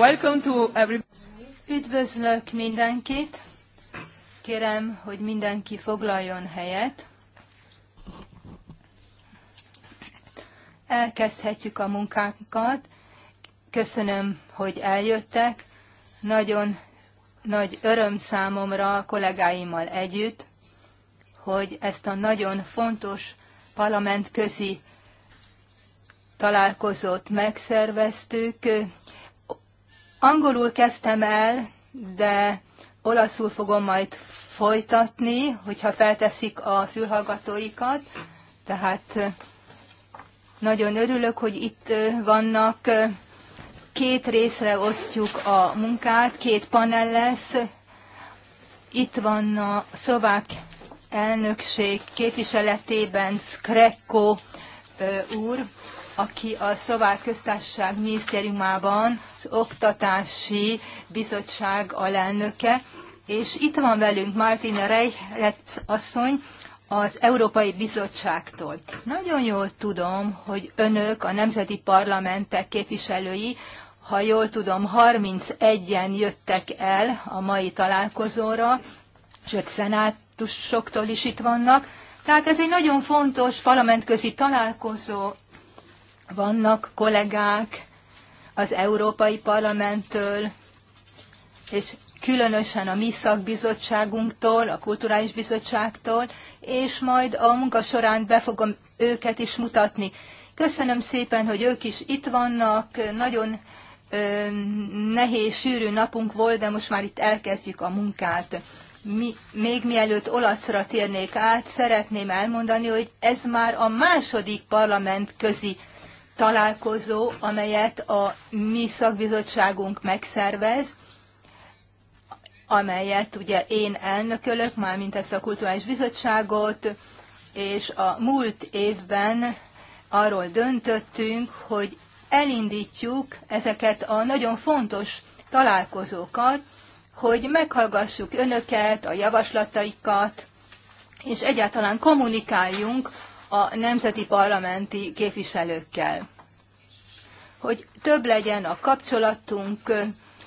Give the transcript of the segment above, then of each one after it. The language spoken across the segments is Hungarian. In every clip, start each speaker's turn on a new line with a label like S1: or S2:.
S1: Welcome to every... Üdvözlök mindenkit! Kérem, hogy mindenki foglaljon helyet. Elkezdhetjük a munkánkat. Köszönöm, hogy eljöttek. Nagyon nagy öröm számomra a kollégáimmal együtt, hogy ezt a nagyon fontos parlamentközi találkozót megszerveztük Angolul kezdtem el, de olaszul fogom majd folytatni, hogyha felteszik a fülhallgatóikat. Tehát nagyon örülök, hogy itt vannak. Két részre osztjuk a munkát, két panel lesz. Itt van a szlovák elnökség képviseletében Skrekko úr, aki a szlovák köztársaság minisztériumában az oktatási bizottság alelnöke, és itt van velünk Martina Reichert asszony, az Európai Bizottságtól. Nagyon jól tudom, hogy önök, a nemzeti parlamentek képviselői, ha jól tudom, 31-en jöttek el a mai találkozóra, sőt, szenátusoktól is itt vannak. Tehát ez egy nagyon fontos parlamentközi találkozó vannak kollégák az Európai Parlamenttől, és különösen a mi szakbizottságunktól, a Kulturális Bizottságtól, és majd a munka során be fogom őket is mutatni. Köszönöm szépen, hogy ők is itt vannak. Nagyon ö, nehéz, sűrű napunk volt, de most már itt elkezdjük a munkát. Mi, még mielőtt olaszra térnék át, szeretném elmondani, hogy ez már a második parlament közi találkozó, amelyet a mi szakbizottságunk megszervez, amelyet ugye én elnökölök, mármint ezt a kulturális bizottságot, és a múlt évben arról döntöttünk, hogy elindítjuk ezeket a nagyon fontos találkozókat, hogy meghallgassuk önöket, a javaslataikat, és egyáltalán kommunikáljunk a nemzeti parlamenti képviselőkkel. Hogy több legyen a kapcsolatunk,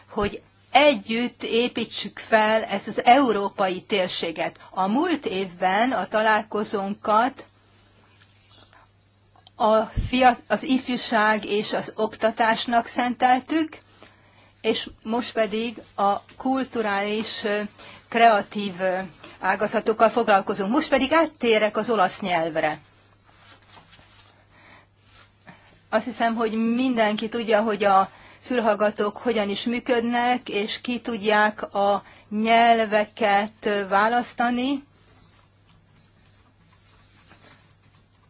S1: hogy együtt építsük fel ezt az európai térséget. A múlt évben a találkozónkat a fiat, az ifjúság és az oktatásnak szenteltük, és most pedig a kulturális, kreatív ágazatokkal foglalkozunk. Most pedig áttérek az olasz nyelvre. Azt hiszem, hogy mindenki tudja, hogy a fülhallgatók hogyan is működnek, és ki tudják a nyelveket választani,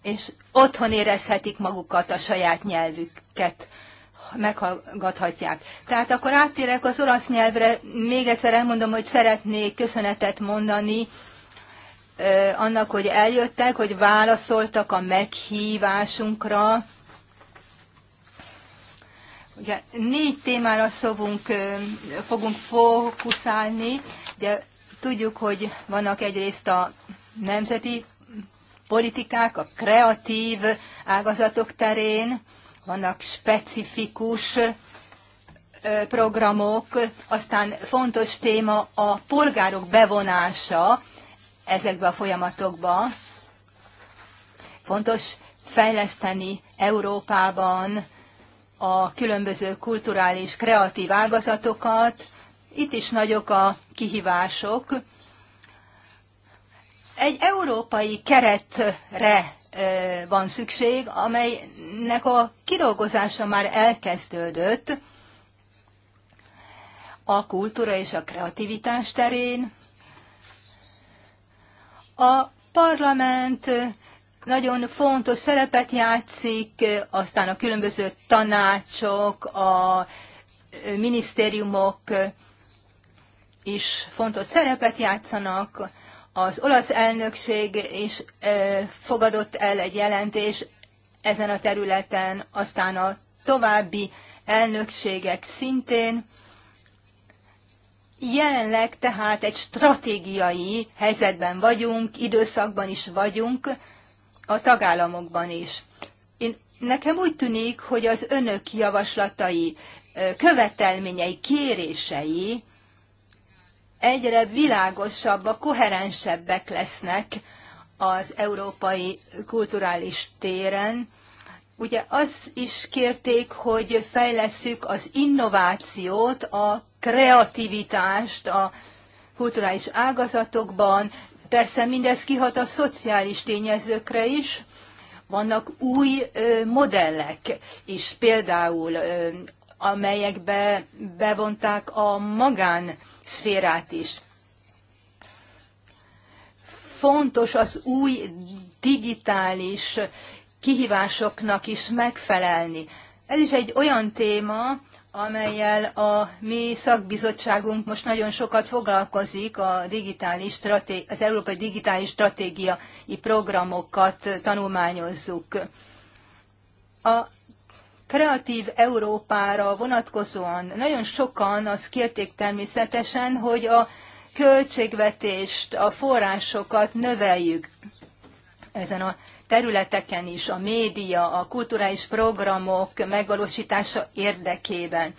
S1: és otthon érezhetik magukat a saját nyelvüket meghallgathatják. Tehát akkor áttérek az olasz nyelvre, még egyszer elmondom, hogy szeretnék köszönetet mondani annak, hogy eljöttek, hogy válaszoltak a meghívásunkra, Ugye négy témára szovunk, fogunk fókuszálni. Ugye tudjuk, hogy vannak egyrészt a nemzeti politikák, a kreatív ágazatok terén, vannak specifikus programok, aztán fontos téma a polgárok bevonása ezekbe a folyamatokba. Fontos fejleszteni Európában a különböző kulturális, kreatív ágazatokat. Itt is nagyok a kihívások. Egy európai keretre van szükség, amelynek a kidolgozása már elkezdődött a kultúra és a kreativitás terén. A parlament nagyon fontos szerepet játszik, aztán a különböző tanácsok, a minisztériumok is fontos szerepet játszanak. Az olasz elnökség is fogadott el egy jelentés ezen a területen, aztán a további elnökségek szintén. Jelenleg tehát egy stratégiai helyzetben vagyunk, időszakban is vagyunk, a tagállamokban is. Én, nekem úgy tűnik, hogy az önök javaslatai, követelményei, kérései egyre világosabbak, koherensebbek lesznek az európai kulturális téren. Ugye azt is kérték, hogy fejlesszük az innovációt, a kreativitást a kulturális ágazatokban, Persze mindez kihat a szociális tényezőkre is, vannak új modellek is, például amelyekbe bevonták a magánszférát is. Fontos az új digitális kihívásoknak is megfelelni. Ez is egy olyan téma, amelyel a mi szakbizottságunk most nagyon sokat foglalkozik a digitális az Európai Digitális Stratégiai Programokat tanulmányozzuk. A kreatív Európára vonatkozóan nagyon sokan azt kérték természetesen, hogy a költségvetést, a forrásokat növeljük ezen a területeken is, a média, a kulturális programok megvalósítása érdekében.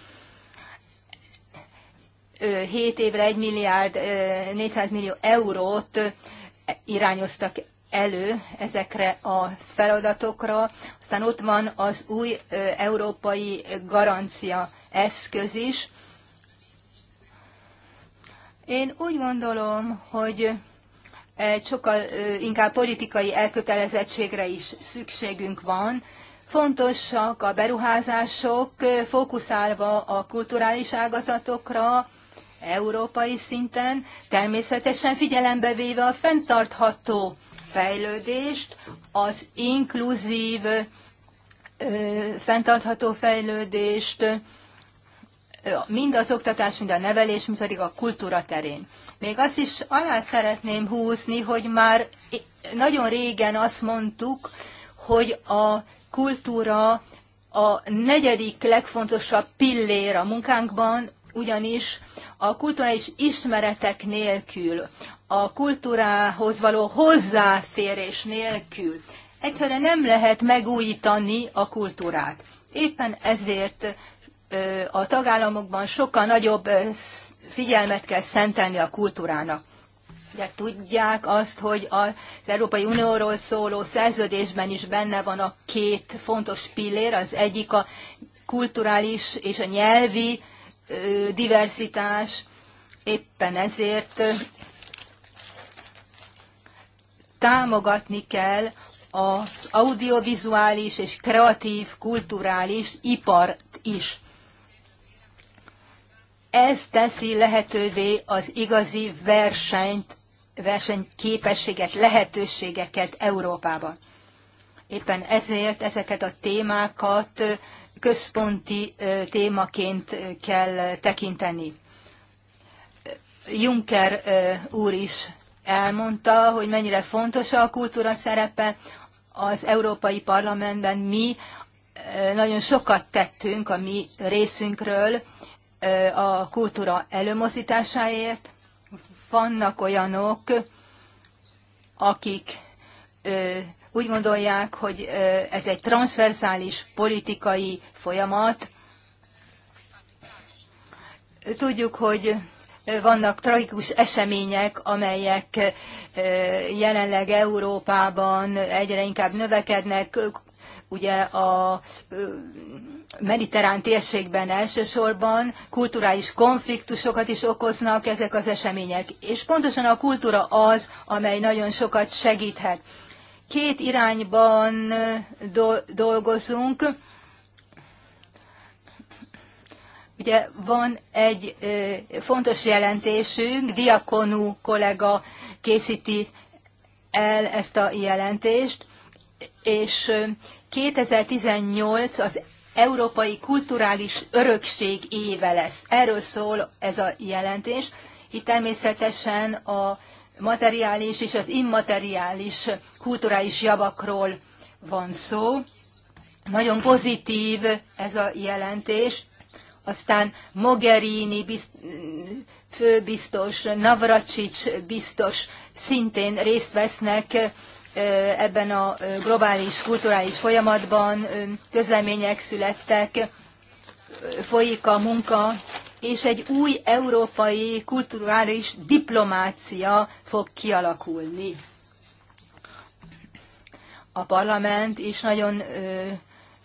S1: 7 évre 1 milliárd 400 millió eurót irányoztak elő ezekre a feladatokra. Aztán ott van az új európai garancia eszköz is. Én úgy gondolom, hogy egy sokkal inkább politikai elkötelezettségre is szükségünk van. Fontosak a beruházások, fókuszálva a kulturális ágazatokra, európai szinten, természetesen figyelembe véve a fenntartható fejlődést, az inkluzív fenntartható fejlődést, mind az oktatás, mind a nevelés, mind pedig a kultúra terén. Még azt is alá szeretném húzni, hogy már nagyon régen azt mondtuk, hogy a kultúra a negyedik legfontosabb pillér a munkánkban, ugyanis a kulturális ismeretek nélkül, a kultúrához való hozzáférés nélkül egyszerűen nem lehet megújítani a kultúrát. Éppen ezért a tagállamokban sokkal nagyobb figyelmet kell szentelni a kultúrának. De tudják azt, hogy az Európai Unióról szóló szerződésben is benne van a két fontos pillér, az egyik a kulturális és a nyelvi diversitás, éppen ezért támogatni kell az audiovizuális és kreatív kulturális ipart is. Ez teszi lehetővé az igazi versenyt, versenyképességet, lehetőségeket Európában. Éppen ezért ezeket a témákat központi témaként kell tekinteni. Juncker úr is elmondta, hogy mennyire fontos a kultúra szerepe. Az Európai Parlamentben mi nagyon sokat tettünk a mi részünkről a kultúra előmozításáért. Vannak olyanok, akik úgy gondolják, hogy ez egy transverzális politikai folyamat. Tudjuk, hogy vannak tragikus események, amelyek jelenleg Európában egyre inkább növekednek. Ugye a mediterrán térségben elsősorban kulturális konfliktusokat is okoznak ezek az események. És pontosan a kultúra az, amely nagyon sokat segíthet. Két irányban do- dolgozunk. Ugye van egy ö, fontos jelentésünk, Diakonú kollega készíti el ezt a jelentést, és 2018 az Európai Kulturális Örökség éve lesz. Erről szól ez a jelentés. Itt természetesen a materiális és az immateriális kulturális javakról van szó. Nagyon pozitív ez a jelentés. Aztán Mogherini főbiztos, Navracsics biztos szintén részt vesznek ebben a globális kulturális folyamatban közlemények születtek, folyik a munka, és egy új európai kulturális diplomácia fog kialakulni. A parlament is nagyon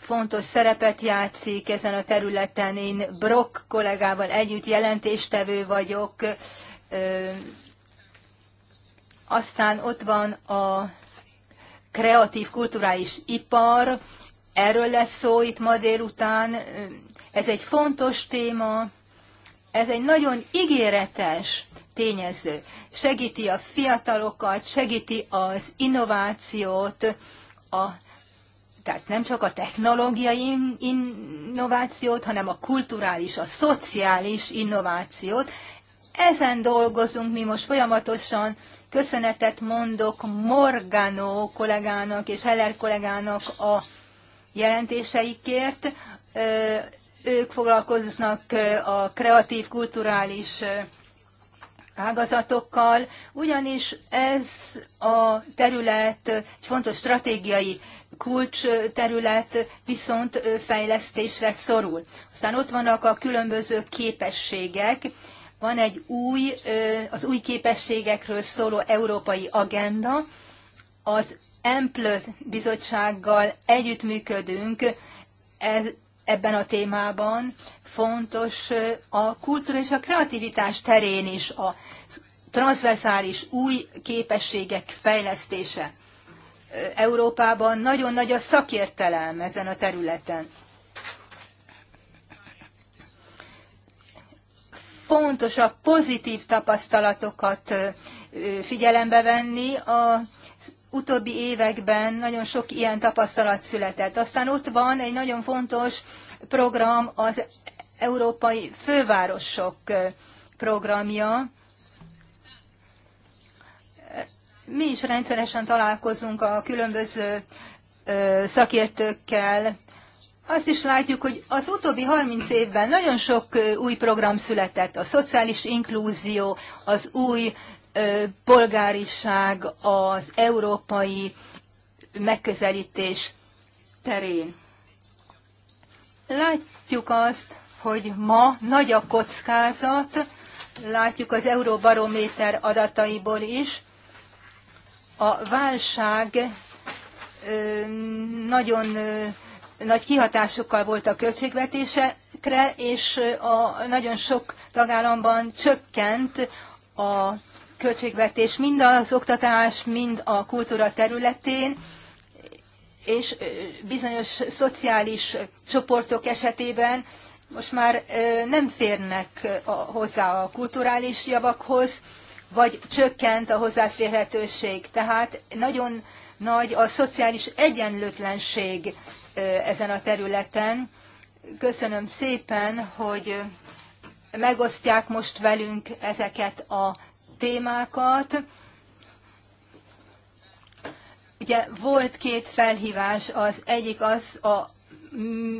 S1: fontos szerepet játszik ezen a területen. Én Brock kollégával együtt jelentéstevő vagyok. Aztán ott van a kreatív kulturális ipar, erről lesz szó itt ma délután. Ez egy fontos téma, ez egy nagyon ígéretes tényező. Segíti a fiatalokat, segíti az innovációt, a, tehát nem csak a technológiai innovációt, hanem a kulturális, a szociális innovációt. Ezen dolgozunk mi most folyamatosan, Köszönetet mondok Morgano kollégának és Heller kollégának a jelentéseikért. Ők foglalkoznak a kreatív, kulturális ágazatokkal, ugyanis ez a terület egy fontos stratégiai kulcs terület viszont fejlesztésre szorul. Aztán ott vannak a különböző képességek, van egy új, az új képességekről szóló európai agenda, az EMPL bizottsággal együttműködünk ez, ebben a témában. Fontos a kultúra és a kreativitás terén is a transzverszális új képességek fejlesztése. Európában nagyon nagy a szakértelem ezen a területen. fontos a pozitív tapasztalatokat figyelembe venni. A utóbbi években nagyon sok ilyen tapasztalat született. Aztán ott van egy nagyon fontos program, az Európai Fővárosok programja. Mi is rendszeresen találkozunk a különböző szakértőkkel, azt is látjuk, hogy az utóbbi 30 évben nagyon sok új program született, a szociális inklúzió, az új polgáriság, az európai megközelítés terén. Látjuk azt, hogy ma nagy a kockázat, látjuk az Euróbarométer adataiból is, a válság nagyon nagy kihatásokkal volt a költségvetésekre, és a nagyon sok tagállamban csökkent a költségvetés mind az oktatás, mind a kultúra területén, és bizonyos szociális csoportok esetében most már nem férnek hozzá a kulturális javakhoz, vagy csökkent a hozzáférhetőség. Tehát nagyon nagy a szociális egyenlőtlenség ezen a területen. Köszönöm szépen, hogy megosztják most velünk ezeket a témákat. Ugye volt két felhívás, az egyik az a,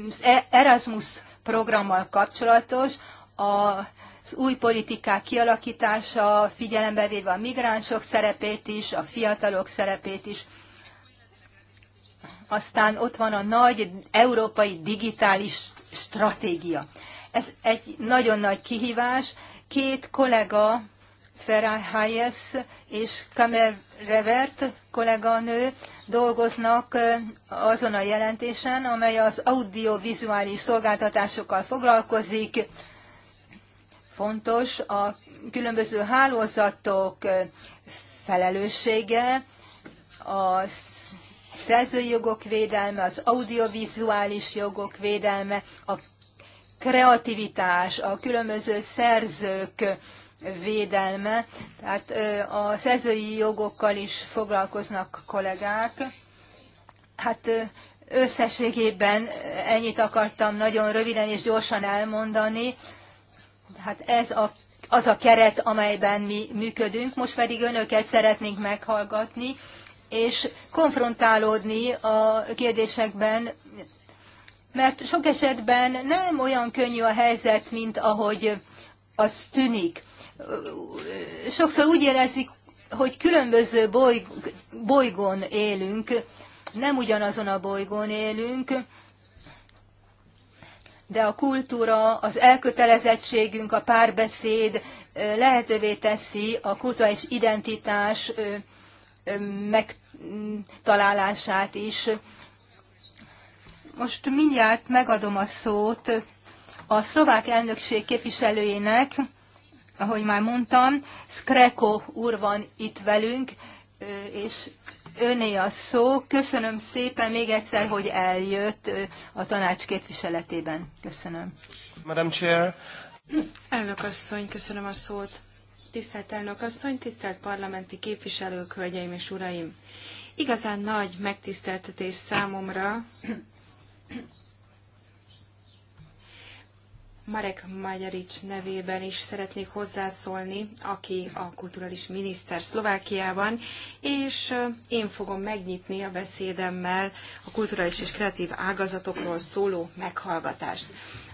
S1: az Erasmus programmal kapcsolatos, az új politikák kialakítása, figyelembe véve a migránsok szerepét is, a fiatalok szerepét is. Aztán ott van a nagy európai digitális stratégia. Ez egy nagyon nagy kihívás. Két kollega, Ferah Hayes és Kamer Revert kolléganő dolgoznak azon a jelentésen, amely az audiovizuális szolgáltatásokkal foglalkozik. Fontos a különböző hálózatok felelőssége, a szerzői jogok védelme, az audiovizuális jogok védelme, a kreativitás, a különböző szerzők védelme, tehát a szerzői jogokkal is foglalkoznak kollégák. Hát összességében ennyit akartam nagyon röviden és gyorsan elmondani. Hát ez a, az a keret, amelyben mi működünk. Most pedig önöket szeretnénk meghallgatni, és konfrontálódni a kérdésekben, mert sok esetben nem olyan könnyű a helyzet, mint ahogy az tűnik. Sokszor úgy érezzük, hogy különböző bolygón élünk, nem ugyanazon a bolygón élünk, de a kultúra, az elkötelezettségünk, a párbeszéd lehetővé teszi a és identitás megtalálását is. Most mindjárt megadom a szót a szlovák elnökség képviselőjének, ahogy már mondtam, Skreko úr van itt velünk, és öné a szó. Köszönöm szépen még egyszer, hogy eljött a tanács képviseletében. Köszönöm.
S2: Madam Chair.
S3: Elnök asszony, köszönöm a szót tisztelt elnök asszony, tisztelt parlamenti képviselők, hölgyeim és uraim! Igazán nagy megtiszteltetés számomra Marek Magyarics nevében is szeretnék hozzászólni, aki a kulturális miniszter Szlovákiában, és én fogom megnyitni a beszédemmel a kulturális és kreatív ágazatokról szóló meghallgatást.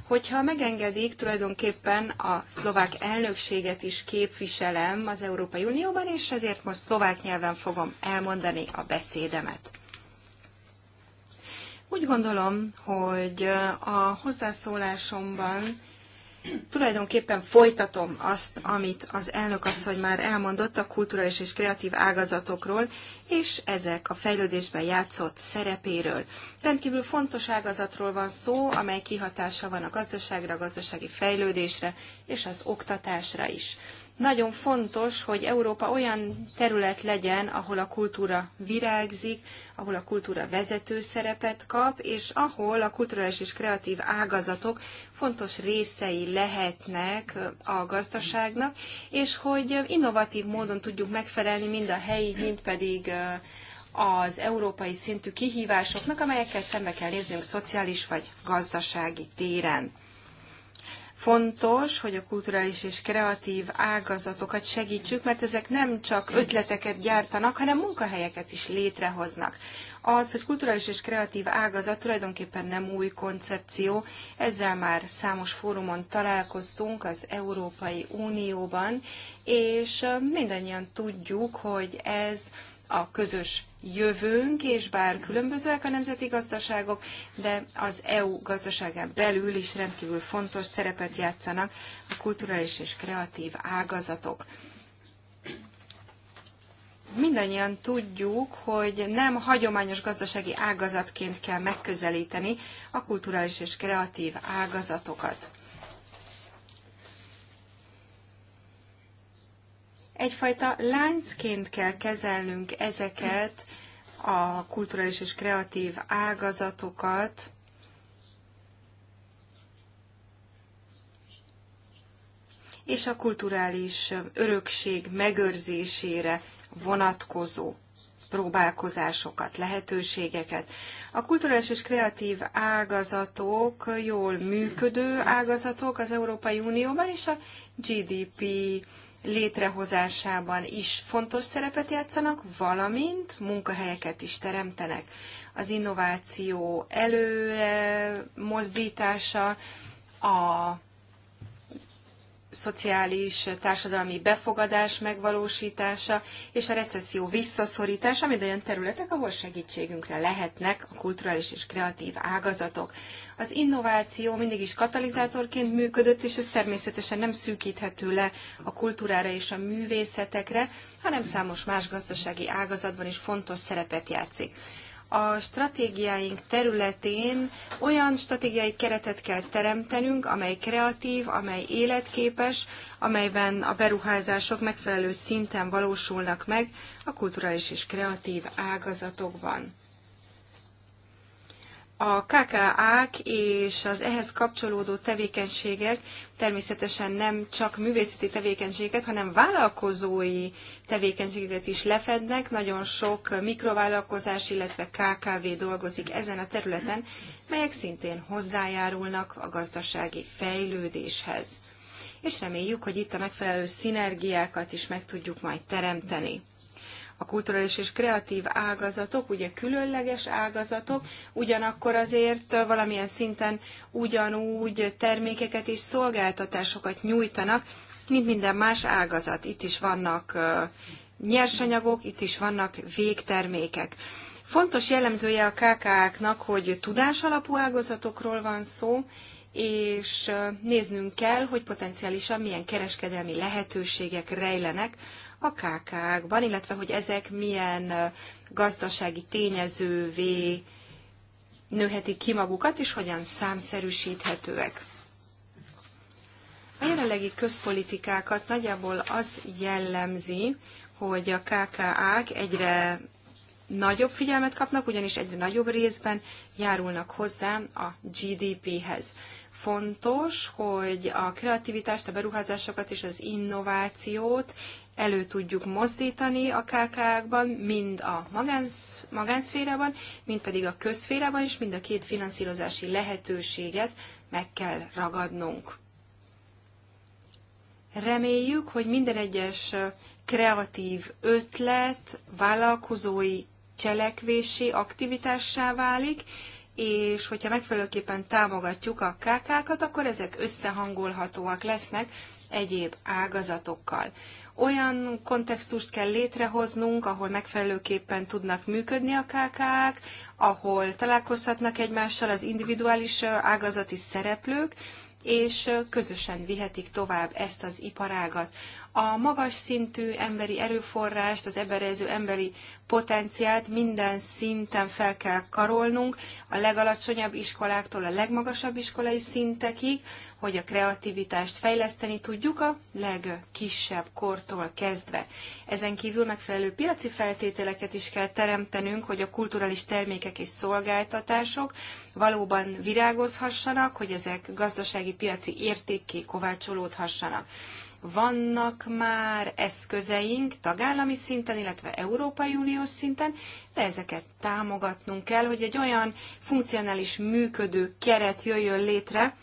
S3: Hogyha megengedik, tulajdonképpen a szlovák elnökséget is képviselem az Európai Unióban, és ezért most szlovák nyelven fogom elmondani a beszédemet. Úgy gondolom, hogy a hozzászólásomban tulajdonképpen folytatom azt, amit az elnök asszony már elmondott a kulturális és kreatív ágazatokról, és ezek a fejlődésben játszott szerepéről. Rendkívül fontos ágazatról van szó, amely kihatása van a gazdaságra, a gazdasági fejlődésre és az oktatásra is. Nagyon fontos, hogy Európa olyan terület legyen, ahol a kultúra virágzik, ahol a kultúra vezető szerepet kap, és ahol a kulturális és kreatív ágazatok fontos részei lehetnek a gazdaságnak, és hogy innovatív módon tudjuk megfelelni mind a helyi, mind pedig az európai szintű kihívásoknak, amelyekkel szembe kell néznünk szociális vagy gazdasági téren. Fontos, hogy a kulturális és kreatív ágazatokat segítsük, mert ezek nem csak ötleteket gyártanak, hanem munkahelyeket is létrehoznak. Az, hogy kulturális és kreatív ágazat tulajdonképpen nem új koncepció, ezzel már számos fórumon találkoztunk az Európai Unióban, és mindannyian tudjuk, hogy ez a közös jövőnk, és bár különbözőek a nemzeti gazdaságok, de az EU gazdaságán belül is rendkívül fontos szerepet játszanak a kulturális és kreatív ágazatok. Mindannyian tudjuk, hogy nem hagyományos gazdasági ágazatként kell megközelíteni a kulturális és kreatív ágazatokat. egyfajta láncként kell kezelnünk ezeket a kulturális és kreatív ágazatokat, és a kulturális örökség megőrzésére vonatkozó próbálkozásokat, lehetőségeket. A kulturális és kreatív ágazatok jól működő ágazatok az Európai Unióban, és a GDP létrehozásában is fontos szerepet játszanak, valamint munkahelyeket is teremtenek. Az innováció előmozdítása, a szociális, társadalmi befogadás megvalósítása és a recesszió visszaszorítása, mind olyan területek, ahol segítségünkre lehetnek a kulturális és kreatív ágazatok. Az innováció mindig is katalizátorként működött, és ez természetesen nem szűkíthető le a kultúrára és a művészetekre, hanem számos más gazdasági ágazatban is fontos szerepet játszik a stratégiáink területén olyan stratégiai keretet kell teremtenünk, amely kreatív, amely életképes, amelyben a beruházások megfelelő szinten valósulnak meg a kulturális és kreatív ágazatokban. A KKA-k és az ehhez kapcsolódó tevékenységek természetesen nem csak művészeti tevékenységet, hanem vállalkozói tevékenységeket is lefednek. Nagyon sok mikrovállalkozás, illetve KKV dolgozik ezen a területen, melyek szintén hozzájárulnak a gazdasági fejlődéshez. És reméljük, hogy itt a megfelelő szinergiákat is meg tudjuk majd teremteni a kulturális és kreatív ágazatok, ugye különleges ágazatok, ugyanakkor azért valamilyen szinten ugyanúgy termékeket és szolgáltatásokat nyújtanak, mint minden más ágazat. Itt is vannak nyersanyagok, itt is vannak végtermékek. Fontos jellemzője a KKK-knak, hogy tudásalapú ágazatokról van szó, és néznünk kell, hogy potenciálisan milyen kereskedelmi lehetőségek rejlenek a KK-kban, illetve hogy ezek milyen gazdasági tényezővé nőhetik ki magukat, és hogyan számszerűsíthetőek. A jelenlegi közpolitikákat nagyjából az jellemzi, hogy a KKA-k egyre nagyobb figyelmet kapnak, ugyanis egyre nagyobb részben járulnak hozzá a GDP-hez. Fontos, hogy a kreativitást, a beruházásokat és az innovációt elő tudjuk mozdítani a kkk ban mind a magánsz, magánszférában, mind pedig a közszférában, és mind a két finanszírozási lehetőséget meg kell ragadnunk. Reméljük, hogy minden egyes kreatív ötlet vállalkozói cselekvési aktivitássá válik, és hogyha megfelelőképpen támogatjuk a KK-kat, akkor ezek összehangolhatóak lesznek egyéb ágazatokkal. Olyan kontextust kell létrehoznunk, ahol megfelelőképpen tudnak működni a KKK-k, ahol találkozhatnak egymással az individuális ágazati szereplők, és közösen vihetik tovább ezt az iparágat. A magas szintű emberi erőforrást, az eberező emberi potenciált minden szinten fel kell karolnunk, a legalacsonyabb iskoláktól a legmagasabb iskolai szintekig, hogy a kreativitást fejleszteni tudjuk a legkisebb kortól kezdve. Ezen kívül megfelelő piaci feltételeket is kell teremtenünk, hogy a kulturális termékek és szolgáltatások valóban virágozhassanak, hogy ezek gazdasági piaci értékké kovácsolódhassanak vannak már eszközeink tagállami szinten, illetve Európai Uniós szinten, de ezeket támogatnunk kell, hogy egy olyan funkcionális működő keret jöjjön létre,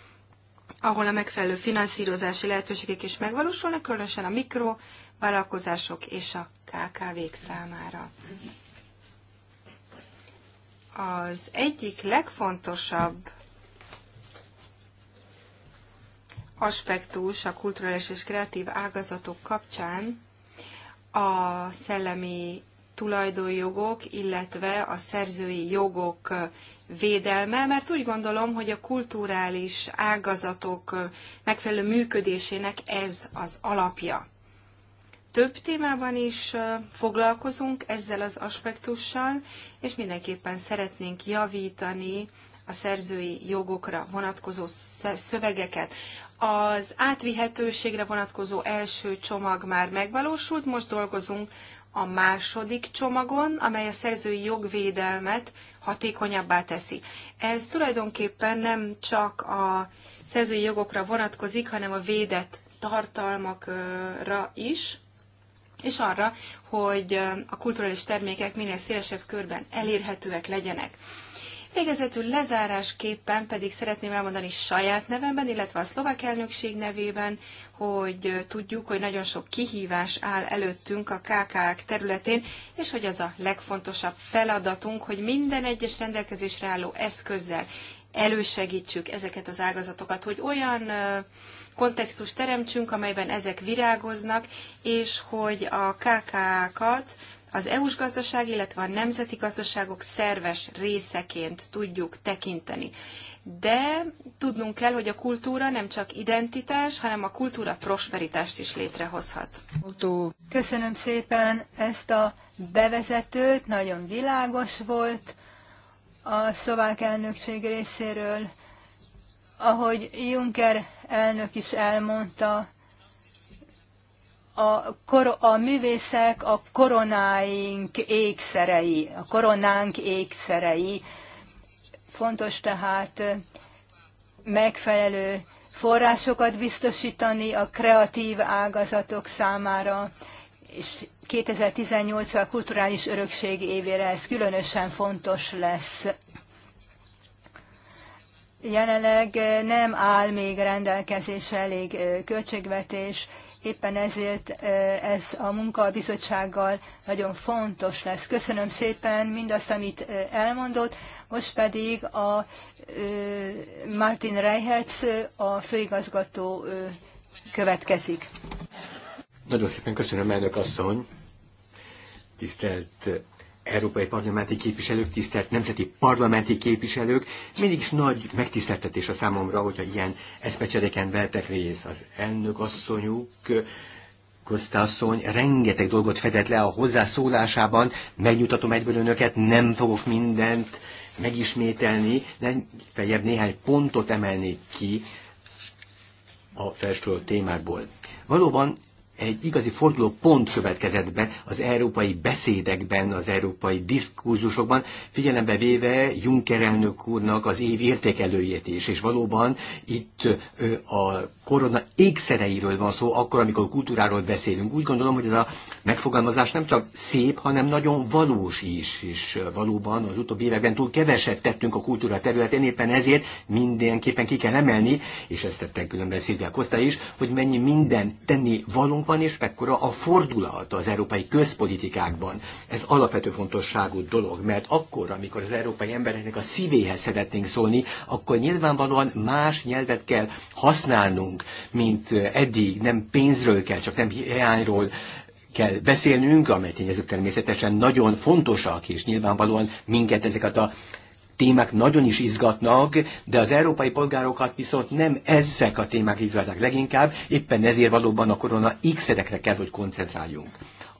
S3: ahol a megfelelő finanszírozási lehetőségek is megvalósulnak, különösen a mikrovállalkozások és a KKV-k számára. Az egyik legfontosabb aspektus a kulturális és kreatív ágazatok kapcsán a szellemi tulajdonjogok, illetve a szerzői jogok védelme, mert úgy gondolom, hogy a kulturális ágazatok megfelelő működésének ez az alapja. Több témában is foglalkozunk ezzel az aspektussal, és mindenképpen szeretnénk javítani a szerzői jogokra vonatkozó szövegeket. Az átvihetőségre vonatkozó első csomag már megvalósult, most dolgozunk a második csomagon, amely a szerzői jogvédelmet hatékonyabbá teszi. Ez tulajdonképpen nem csak a szerzői jogokra vonatkozik, hanem a védett tartalmakra is, és arra, hogy a kulturális termékek minél szélesebb körben elérhetőek legyenek. Végezetül lezárásképpen pedig szeretném elmondani saját nevemben, illetve a szlovák elnökség nevében, hogy tudjuk, hogy nagyon sok kihívás áll előttünk a KKK területén, és hogy az a legfontosabb feladatunk, hogy minden egyes rendelkezésre álló eszközzel elősegítsük ezeket az ágazatokat, hogy olyan kontextus teremtsünk, amelyben ezek virágoznak, és hogy a KK-kat az EU-s gazdaság, illetve a nemzeti gazdaságok szerves részeként tudjuk tekinteni. De tudnunk kell, hogy a kultúra nem csak identitás, hanem a kultúra prosperitást
S1: is létrehozhat. Köszönöm szépen ezt a bevezetőt, nagyon világos volt a szlovák elnökség részéről. Ahogy Juncker elnök is elmondta, a, kor, a művészek a koronáink ékszerei, a koronánk ékszerei. Fontos tehát megfelelő forrásokat biztosítani a kreatív ágazatok számára, és 2018 a kulturális örökség évére ez különösen fontos lesz. Jelenleg nem áll még rendelkezésre elég költségvetés, Éppen ezért ez a munka a bizottsággal nagyon fontos lesz. Köszönöm szépen mindazt, amit elmondott. Most pedig a Martin Reichertz, a főigazgató következik.
S2: Nagyon szépen köszönöm, elnök asszony. Tisztelt európai parlamenti képviselők, tisztelt nemzeti parlamenti képviselők, mindig is nagy megtiszteltetés a számomra, hogyha ilyen eszmecsereken vettek részt. Az elnök asszonyuk, Kosztasszony rengeteg dolgot fedett le a hozzászólásában, megnyugtatom egyből önöket, nem fogok mindent megismételni, nem fejebb néhány pontot emelnék ki a felsorolt témákból. Valóban egy igazi forduló pont következett be az európai beszédekben, az európai diskurzusokban, figyelembe véve Juncker elnök úrnak az év értékelőjét is, és valóban itt a korona ékszereiről van szó, akkor, amikor kultúráról beszélünk. Úgy gondolom, hogy ez a megfogalmazás nem csak szép, hanem nagyon valós is, és valóban az utóbbi években túl keveset tettünk a kultúra területén, éppen ezért mindenképpen ki kell emelni, és ezt tettek különben Szilvia Koszta is, hogy mennyi minden tenni valunk van, és mekkora a fordulat az európai közpolitikákban. Ez alapvető fontosságú dolog, mert akkor, amikor az európai embereknek a szívéhez szeretnénk szólni, akkor nyilvánvalóan más nyelvet kell használnunk, mint eddig, nem pénzről kell, csak nem hiányról kell beszélnünk, amely tényezők természetesen nagyon fontosak, és nyilvánvalóan minket ezeket a témák nagyon is izgatnak, de az európai polgárokat viszont nem ezek a témák izgatnak leginkább, éppen ezért valóban a korona x-erekre kell, hogy koncentráljunk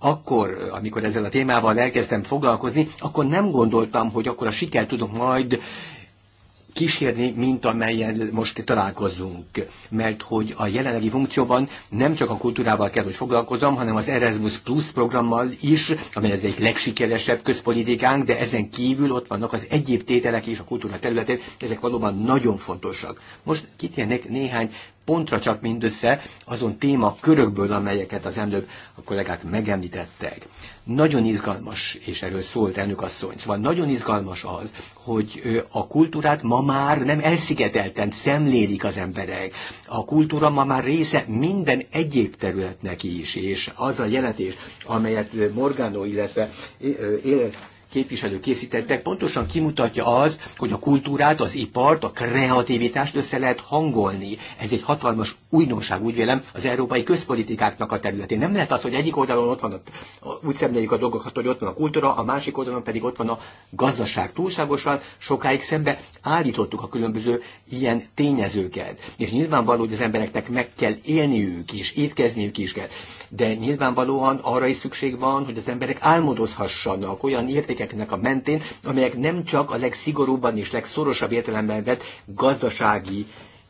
S2: akkor, amikor ezzel a témával elkezdtem foglalkozni, akkor nem gondoltam, hogy akkor a siker tudok majd kísérni, mint amelyen most találkozunk. Mert hogy a jelenlegi funkcióban nem csak a kultúrával kell, hogy foglalkozom, hanem az Erasmus Plus programmal is, amely az egyik legsikeresebb közpolitikánk, de ezen kívül ott vannak az egyéb tételek és a kultúra területén, ezek valóban nagyon fontosak. Most kitérnek néhány pontra csak mindössze azon téma körökből, amelyeket az emlőbb a kollégák megemlítettek. Nagyon izgalmas, és erről szólt elnök asszony, szóval nagyon izgalmas az, hogy a kultúrát ma már nem elszigetelten szemlélik az emberek. A kultúra ma már része minden egyéb területnek is, és az a jelentés, amelyet Morgano, illetve képviselők készítettek, pontosan kimutatja az, hogy a kultúrát, az ipart, a kreativitást össze lehet hangolni. Ez egy hatalmas újdonság, úgy vélem, az európai közpolitikáknak a területén. Nem lehet az, hogy egyik oldalon ott van, a, úgy szemléljük a dolgokat, hogy ott van a kultúra, a másik oldalon pedig ott van a gazdaság. Túlságosan sokáig szembe állítottuk a különböző ilyen tényezőket. És nyilvánvaló, hogy az embereknek meg kell élniük is, étkezniük is kell de nyilvánvalóan arra is szükség van, hogy az emberek álmodozhassanak olyan értékeknek a mentén, amelyek nem csak a legszigorúbban és legszorosabb értelemben vett gazdasági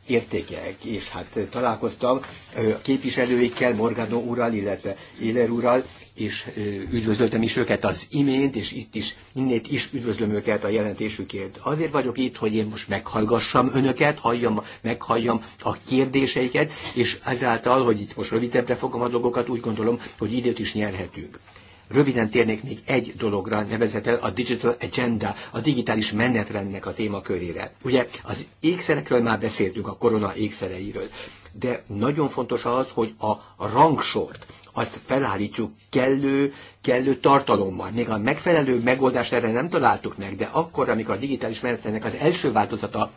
S2: értékek, és hát találkoztam a képviselőikkel, Morgano úrral, illetve Éler úrral, és üdvözöltem is őket az imént, és itt is, innét is üdvözlöm őket a jelentésükért. Azért vagyok itt, hogy én most meghallgassam önöket, halljam, meghalljam a kérdéseiket, és ezáltal, hogy itt most rövidebbre fogom a dolgokat, úgy gondolom, hogy időt is nyerhetünk. Röviden térnék még egy dologra, el a Digital Agenda, a digitális menetrendnek a témakörére. Ugye az ékszerekről már beszéltünk, a korona ékszereiről, de nagyon fontos az, hogy a rangsort, azt felállítsuk kellő, kellő tartalommal. Még a megfelelő megoldást erre nem találtuk meg, de akkor, amikor a digitális menetlenek az első változata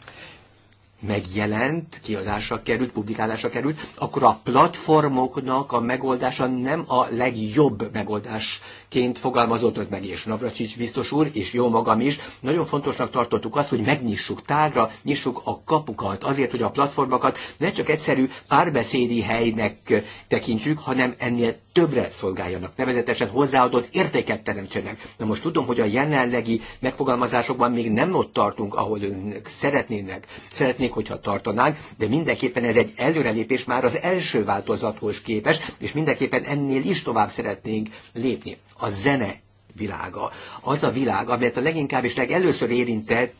S2: megjelent, kiadásra került, publikálásra került, akkor a platformoknak a megoldása nem a legjobb megoldás ként fogalmazott meg, és Navracsics biztos úr, és jó magam is, nagyon fontosnak tartottuk azt, hogy megnyissuk tágra, nyissuk a kapukat, azért, hogy a platformokat ne csak egyszerű párbeszédi helynek tekintsük, hanem ennél többre szolgáljanak, nevezetesen hozzáadott értéket teremtsenek. Na most tudom, hogy a jelenlegi megfogalmazásokban még nem ott tartunk, ahol önök szeretnének, szeretnék, hogyha tartanánk, de mindenképpen ez egy előrelépés már az első változathoz képes, és mindenképpen ennél is tovább szeretnénk lépni a zene világa. Az a világ, amelyet a leginkább és legelőször érintett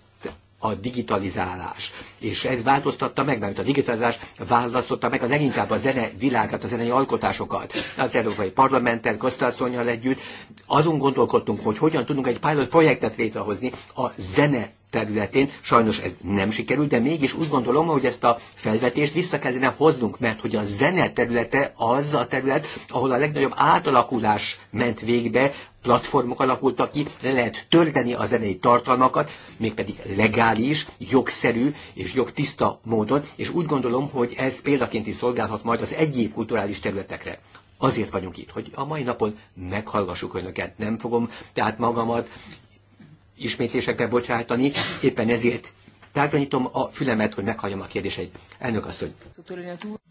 S2: a digitalizálás. És ez változtatta meg, mert a digitalizálás választotta meg a leginkább a zene világát, a zenei alkotásokat. Az Európai Parlamenten, Kosztászonyjal együtt azon gondolkodtunk, hogy hogyan tudunk egy pilot projektet létrehozni a zene területén. Sajnos ez nem sikerült, de mégis úgy gondolom, hogy ezt a felvetést vissza kellene hoznunk, mert hogy a zene területe az a terület, ahol a legnagyobb átalakulás ment végbe, platformok alakultak ki, le lehet tölteni a zenei tartalmakat, mégpedig legális, jogszerű és jogtiszta módon, és úgy gondolom, hogy ez példaként is szolgálhat majd az egyéb kulturális területekre. Azért vagyunk itt, hogy a mai napon meghallgassuk önöket. Nem fogom tehát magamat ismétlésekbe bocsájtani, éppen ezért tárgyalítom a fülemet, hogy meghalljam a kérdéseit. Elnök asszony.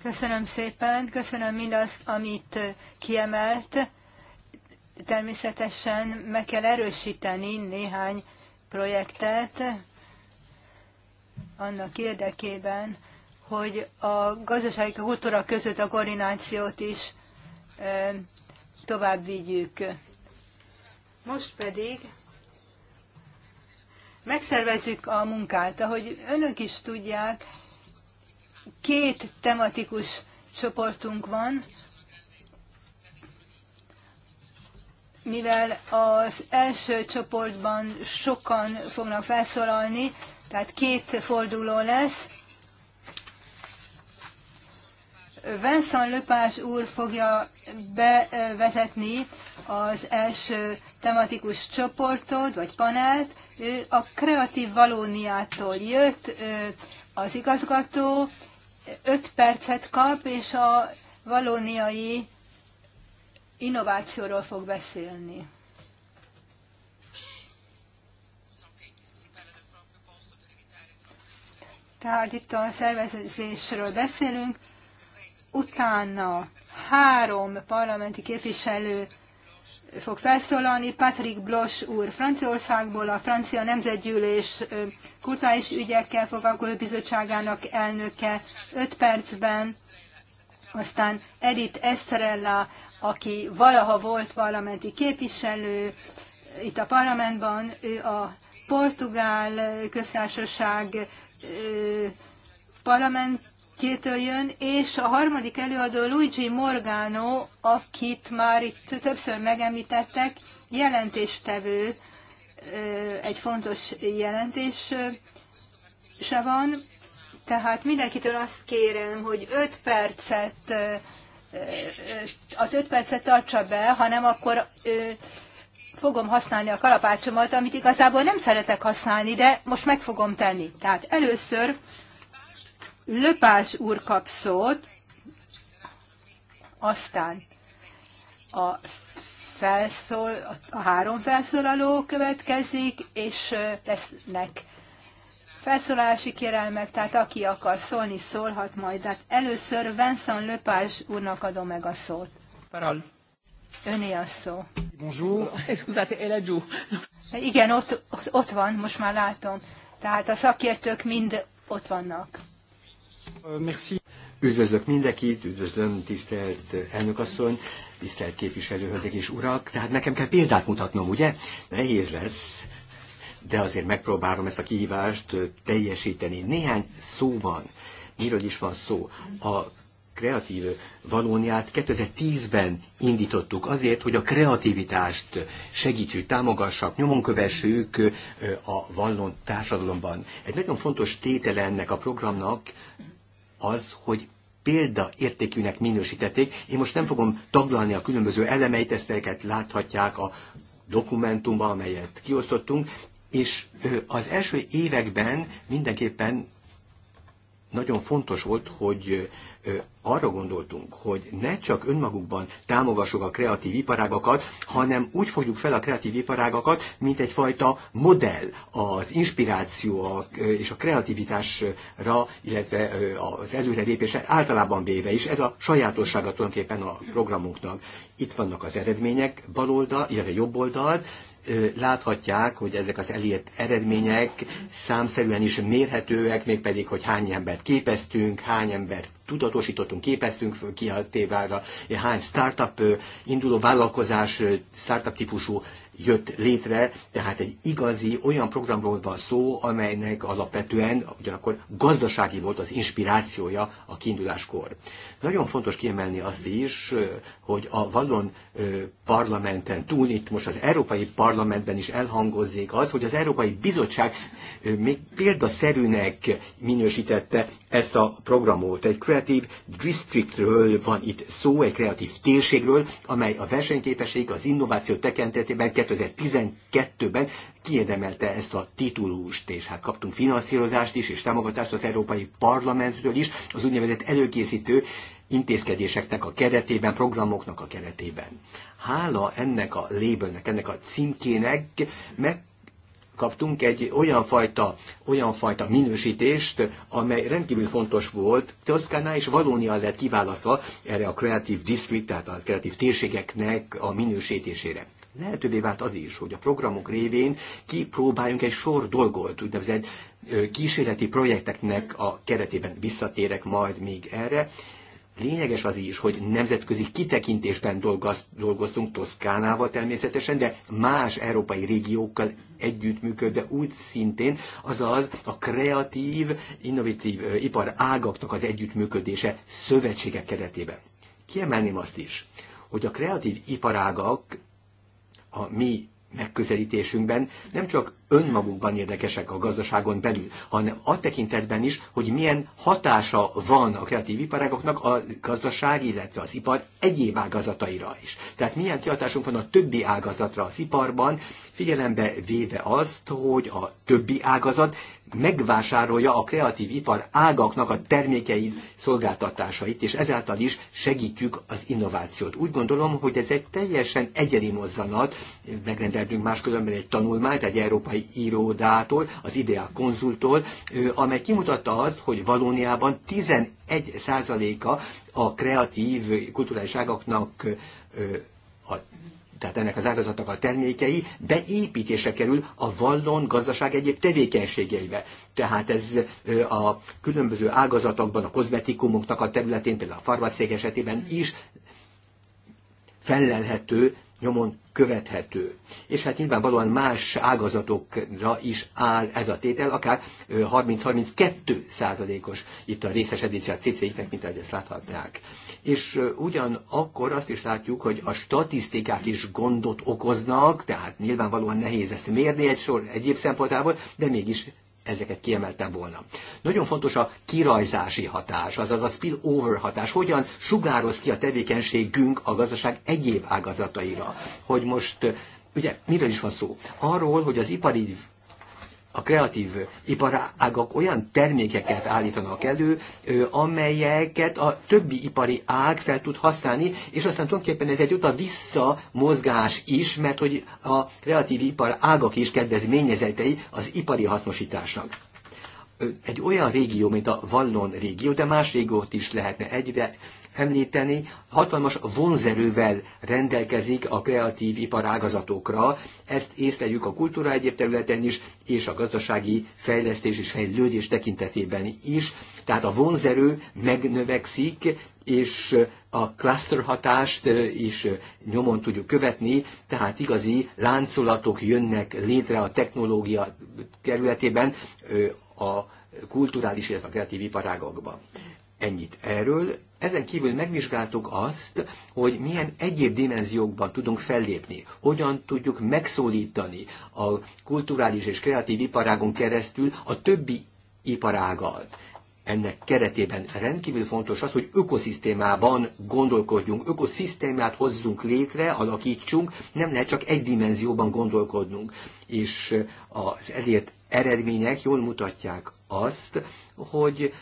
S1: Köszönöm szépen, köszönöm mindazt, amit kiemelt. Természetesen meg kell erősíteni néhány projektet annak érdekében, hogy a gazdasági kultúra között a koordinációt is eh, tovább vigyük. Most pedig megszervezzük a munkát. Ahogy önök is tudják, két tematikus csoportunk van, mivel az első csoportban sokan fognak felszólalni, tehát két forduló lesz, Vincent Lepage úr fogja bevezetni az első tematikus csoportot, vagy panelt. Ő a Kreatív Valóniától jött az igazgató, öt percet kap, és a valóniai innovációról fog beszélni. Tehát itt a szervezésről beszélünk, utána három parlamenti képviselő fog felszólalni. Patrick Blos úr Franciaországból, a Francia Nemzetgyűlés kultúrális ügyekkel foglalkozó bizottságának elnöke 5 percben, aztán Edith Estrella, aki valaha volt parlamenti képviselő itt a parlamentban, ő a Portugál Köztársaság parlament kétől jön, és a harmadik előadó Luigi Morgano, akit már itt többször megemlítettek, jelentéstevő, egy fontos jelentés se van, tehát mindenkitől azt kérem, hogy 5 percet, az 5 percet tartsa be, hanem akkor fogom használni a kalapácsomat, amit igazából nem szeretek használni, de most meg fogom tenni. Tehát először Löpás úr kap szót, aztán a, felszól, a három felszólaló következik, és lesznek felszólalási kérelmek, tehát aki akar szólni, szólhat majd. Tehát először Vincent Löpás úrnak adom meg a szót. Parol. Öné a szó. Bonjour. Excusate, el Igen, ott, ott van, most már látom. Tehát a szakértők mind ott vannak.
S2: Merci. Üdvözlök mindenkit, üdvözlöm tisztelt elnökasszony, tisztelt képviselőhölgyek és urak. Tehát nekem kell példát mutatnom, ugye? Nehéz lesz, de azért megpróbálom ezt a kihívást teljesíteni. Néhány szóban, miről is van szó. A kreatív valóniát 2010-ben indítottuk azért, hogy a kreativitást segítsük, támogassak, nyomon kövessük a vallon társadalomban. Egy nagyon fontos tétele ennek a programnak az, hogy példaértékűnek minősítették. Én most nem fogom taglalni a különböző elemeit, ezt láthatják a dokumentumban, amelyet kiosztottunk, és az első években mindenképpen nagyon fontos volt, hogy arra gondoltunk, hogy ne csak önmagukban támogassuk a kreatív iparágakat, hanem úgy fogjuk fel a kreatív iparágakat, mint egyfajta modell az inspiráció és a kreativitásra, illetve az előrelépésre általában véve is. Ez a sajátossága tulajdonképpen a programunknak. Itt vannak az eredmények bal oldal, illetve jobb oldal, láthatják, hogy ezek az elért eredmények számszerűen is mérhetőek, mégpedig, hogy hány embert képeztünk, hány embert tudatosítottunk, képeztünk ki a tévára, hány startup induló vállalkozás, startup típusú jött létre, tehát egy igazi olyan programról van szó, amelynek alapvetően ugyanakkor gazdasági volt az inspirációja a kiinduláskor. Nagyon fontos kiemelni azt is, hogy a Vallon parlamenten túl, itt most az Európai Parlamentben is elhangozzék az, hogy az Európai Bizottság még példaszerűnek minősítette ezt a programot. Egy Creative Districtről van itt szó, egy kreatív térségről, amely a versenyképesség az innováció tekintetében 2012-ben kiérdemelte ezt a titulust, és hát kaptunk finanszírozást is, és támogatást az Európai Parlamentről is, az úgynevezett előkészítő intézkedéseknek a keretében, programoknak a keretében. Hála ennek a labelnek, ennek a címkének meg kaptunk egy olyan fajta, olyan fajta minősítést, amely rendkívül fontos volt. Toszkána és Valónia lett kiválasztva erre a kreatív district, tehát a kreatív térségeknek a minősítésére. Lehetővé vált az is, hogy a programok révén kipróbáljunk egy sor dolgot, úgynevezett kísérleti projekteknek a keretében visszatérek majd még erre, Lényeges az is, hogy nemzetközi kitekintésben dolgoz, dolgoztunk Toszkánával természetesen, de más európai régiókkal együttműködve úgy szintén, azaz a kreatív, innovatív ipar ágaknak az együttműködése szövetségek keretében. Kiemelném azt is, hogy a kreatív iparágak a mi megközelítésünkben nem csak önmagukban érdekesek a gazdaságon belül, hanem a tekintetben is, hogy milyen hatása van a kreatív iparágoknak a gazdaság, illetve az ipar egyéb ágazataira is. Tehát milyen kihatásunk van a többi ágazatra az iparban, figyelembe véve azt, hogy a többi ágazat megvásárolja a kreatív ipar ágaknak a termékeit, szolgáltatásait, és ezáltal is segítjük az innovációt. Úgy gondolom, hogy ez egy teljesen egyedi mozzanat, megrendeltünk máskülönben egy tanulmányt, egy európai európai irodától, az IDEA konzultól, amely kimutatta azt, hogy Valóniában 11%-a a kreatív kulturális ágaknak a tehát ennek az ágazatnak a termékei beépítése kerül a vallon gazdaság egyéb tevékenységeibe. Tehát ez a különböző ágazatokban, a kozmetikumoknak a területén, például a farmacék esetében is fellelhető nyomon követhető. És hát nyilvánvalóan más ágazatokra is áll ez a tétel, akár 30-32 százalékos itt a részesedése a cc nek mint ahogy ezt láthatnák. És ugyanakkor azt is látjuk, hogy a statisztikák is gondot okoznak, tehát nyilvánvalóan nehéz ezt mérni egy sor egyéb szempontából, de mégis ezeket kiemeltem volna. Nagyon fontos a kirajzási hatás, azaz a spillover hatás, hogyan sugároz ki a tevékenységünk a gazdaság egyéb ágazataira. Hogy most Ugye, miről is van szó? Arról, hogy az ipari a kreatív iparágak olyan termékeket állítanak elő, amelyeket a többi ipari ág fel tud használni, és aztán tulajdonképpen ez egy uta vissza mozgás is, mert hogy a kreatív ipar ágak is kedvezményezetei az ipari hasznosításnak egy olyan régió, mint a Vallon régió, de más régiót is lehetne egyre említeni, hatalmas vonzerővel rendelkezik a kreatív iparágazatokra. Ezt észleljük a kultúra egyéb területen is, és a gazdasági fejlesztés és fejlődés tekintetében is. Tehát a vonzerő megnövekszik, és a cluster hatást is nyomon tudjuk követni, tehát igazi láncolatok jönnek létre a technológia kerületében a kulturális, illetve a kreatív iparágakban. Ennyit erről. Ezen kívül megvizsgáltuk azt, hogy milyen egyéb dimenziókban tudunk fellépni, hogyan tudjuk megszólítani a kulturális és kreatív iparágon keresztül a többi iparágal ennek keretében rendkívül fontos az, hogy ökoszisztémában gondolkodjunk, ökoszisztémát hozzunk létre, alakítsunk, nem lehet csak egy dimenzióban gondolkodnunk. És az elért eredmények jól mutatják azt, hogy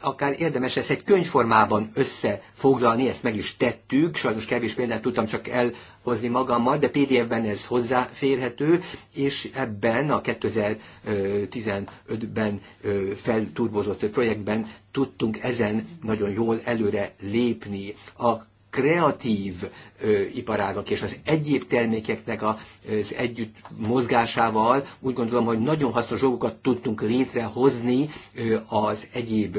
S2: akár érdemes ezt egy könyvformában összefoglalni, ezt meg is tettük, sajnos kevés példát tudtam csak elhozni magammal, de PDF-ben ez hozzáférhető, és ebben a 2015-ben felturbozott projektben tudtunk ezen nagyon jól előre lépni. A kreatív iparágak és az egyéb termékeknek az együtt mozgásával úgy gondolom, hogy nagyon hasznos dolgokat tudtunk létrehozni az egyéb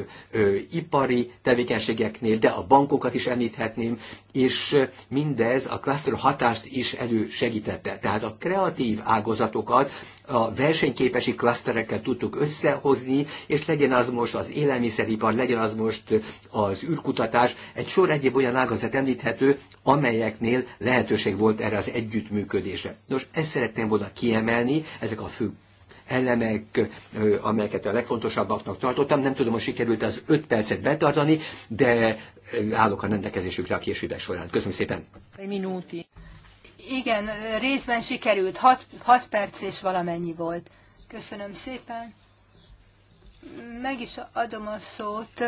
S2: ipari tevékenységeknél, de a bankokat is említhetném, és mindez a cluster hatást is elősegítette. Tehát a kreatív ágazatokat a versenyképesi klaszterekkel tudtuk összehozni, és legyen az most az élelmiszeripar, legyen az most az űrkutatás, egy sor egyéb olyan ágazat említhető, amelyeknél lehetőség volt erre az együttműködésre. Nos, ezt szeretném volna kiemelni, ezek a fő elemek, amelyeket a legfontosabbaknak tartottam. Nem tudom, hogy sikerült az öt percet betartani, de állok a rendelkezésükre a későbbek során. Köszönöm szépen!
S1: Minúti. Igen, részben sikerült. 6 perc és valamennyi volt. Köszönöm szépen. Meg is adom a szót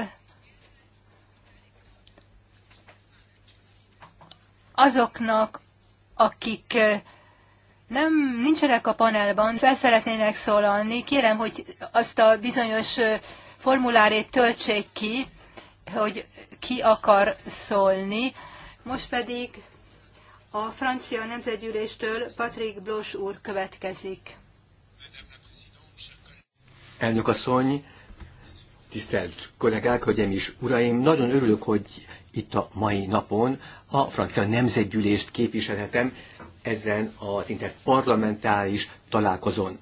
S1: azoknak, akik nem nincsenek a panelban, fel szeretnének szólalni, kérem, hogy azt a bizonyos formulárét töltsék ki, hogy ki akar szólni. Most pedig a francia nemzetgyűléstől Patrick Blos úr következik.
S2: Elnök asszony, tisztelt kollégák, én is, uraim, nagyon örülök, hogy itt a mai napon a francia nemzetgyűlést képviselhetem ezen az interparlamentális találkozón.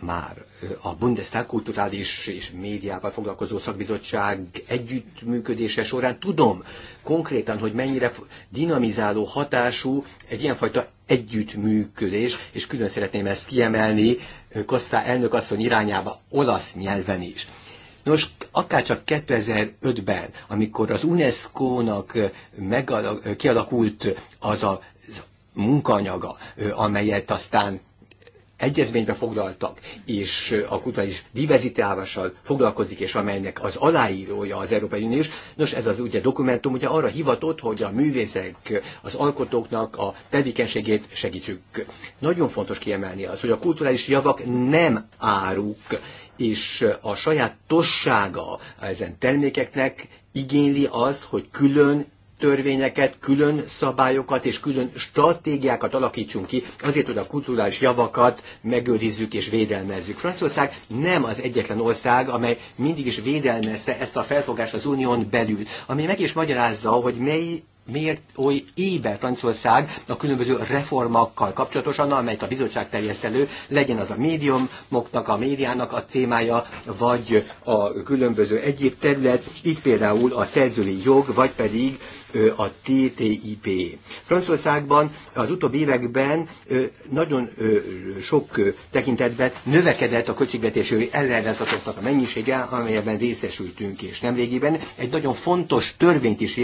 S2: Már a Bundestag kulturális és médiával foglalkozó szakbizottság együttműködése során tudom konkrétan, hogy mennyire dinamizáló hatású egy ilyenfajta együttműködés, és külön szeretném ezt kiemelni Kosztá elnök asszony irányába olasz nyelven is. Nos, akár csak 2005-ben, amikor az UNESCO-nak kialakult az a munkanyaga, amelyet aztán egyezménybe foglaltak, és a is diverzitálással foglalkozik, és amelynek az aláírója az Európai Uniós. Nos, ez az ugye dokumentum ugye arra hivatott, hogy a művészek, az alkotóknak a tevékenységét segítsük. Nagyon fontos kiemelni az, hogy a kulturális javak nem áruk, és a saját tossága ezen termékeknek igényli azt, hogy külön törvényeket, külön szabályokat és külön stratégiákat alakítsunk ki, azért, hogy a kulturális javakat megőrizzük és védelmezzük. Franciaország nem az egyetlen ország, amely mindig is védelmezte ezt a felfogást az unión belül, ami meg is magyarázza, hogy mely miért oly éber Franciaország a különböző reformakkal kapcsolatosan, amelyet a bizottság terjeszt elő, legyen az a médiumoknak, a médiának a témája, vagy a különböző egyéb terület, így például a szerzői jog, vagy pedig a TTIP. Franciaországban az utóbbi években nagyon sok tekintetben növekedett a költségvetési ellenőrzatoknak a mennyisége, amelyben részesültünk, és nemrégiben egy nagyon fontos törvényt is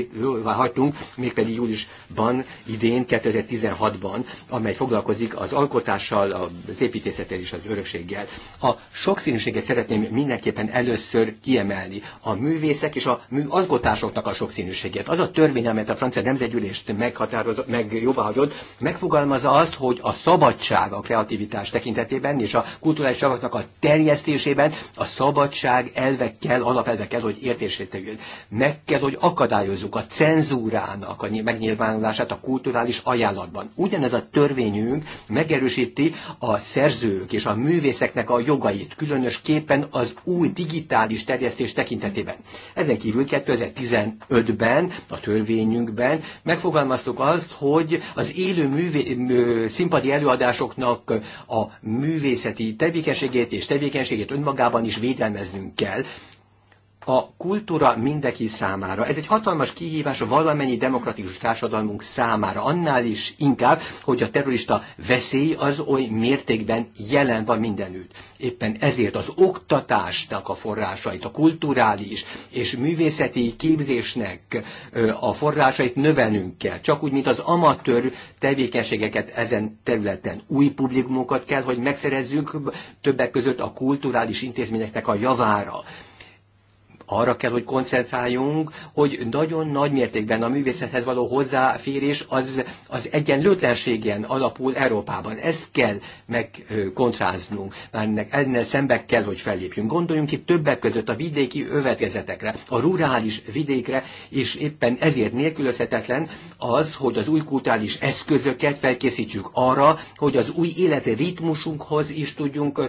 S2: hagytunk mégpedig júliusban, idén, 2016-ban, amely foglalkozik az alkotással, az építészettel és az örökséggel. A sokszínűséget szeretném mindenképpen először kiemelni. A művészek és a műalkotásoknak a sokszínűséget. Az a törvény, amelyet a francia nemzetgyűlést meghatározott, meg megfogalmazza azt, hogy a szabadság a kreativitás tekintetében és a kulturális javaknak a terjesztésében a szabadság elvekkel, alapelvekkel, hogy értését tegyük. Meg kell, hogy akadályozzuk a cenzúrán kultúrának a megnyilvánulását a kulturális ajánlatban. Ugyanez a törvényünk megerősíti a szerzők és a művészeknek a jogait, különösképpen az új digitális terjesztés tekintetében. Ezen kívül 2015-ben a törvényünkben megfogalmaztuk azt, hogy az élő művé, színpadi előadásoknak a művészeti tevékenységét és tevékenységét önmagában is védelmeznünk kell a kultúra mindenki számára. Ez egy hatalmas kihívás valamennyi demokratikus társadalmunk számára. Annál is inkább, hogy a terrorista veszély az oly mértékben jelen van mindenütt. Éppen ezért az oktatásnak a forrásait, a kulturális és művészeti képzésnek a forrásait növelnünk kell. Csak úgy, mint az amatőr tevékenységeket ezen területen. Új publikumokat kell, hogy megszerezzünk többek között a kulturális intézményeknek a javára arra kell, hogy koncentráljunk, hogy nagyon nagy mértékben a művészethez való hozzáférés az, az egyenlőtlenségen alapul Európában. Ezt kell megkontráznunk, mert ennek szembe kell, hogy fellépjünk. Gondoljunk itt többek között a vidéki övetkezetekre, a rurális vidékre, és éppen ezért nélkülözhetetlen az, hogy az új kultális eszközöket felkészítsük arra, hogy az új életi ritmusunkhoz is tudjunk,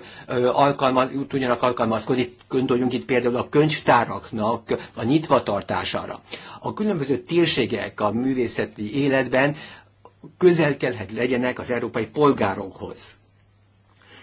S2: alkalmaz, tudjanak alkalmazkodni. Gondoljunk itt például a könyvtár gyáraknak a nyitvatartására. A különböző térségek a művészeti életben közel kellhet legyenek az európai polgárokhoz.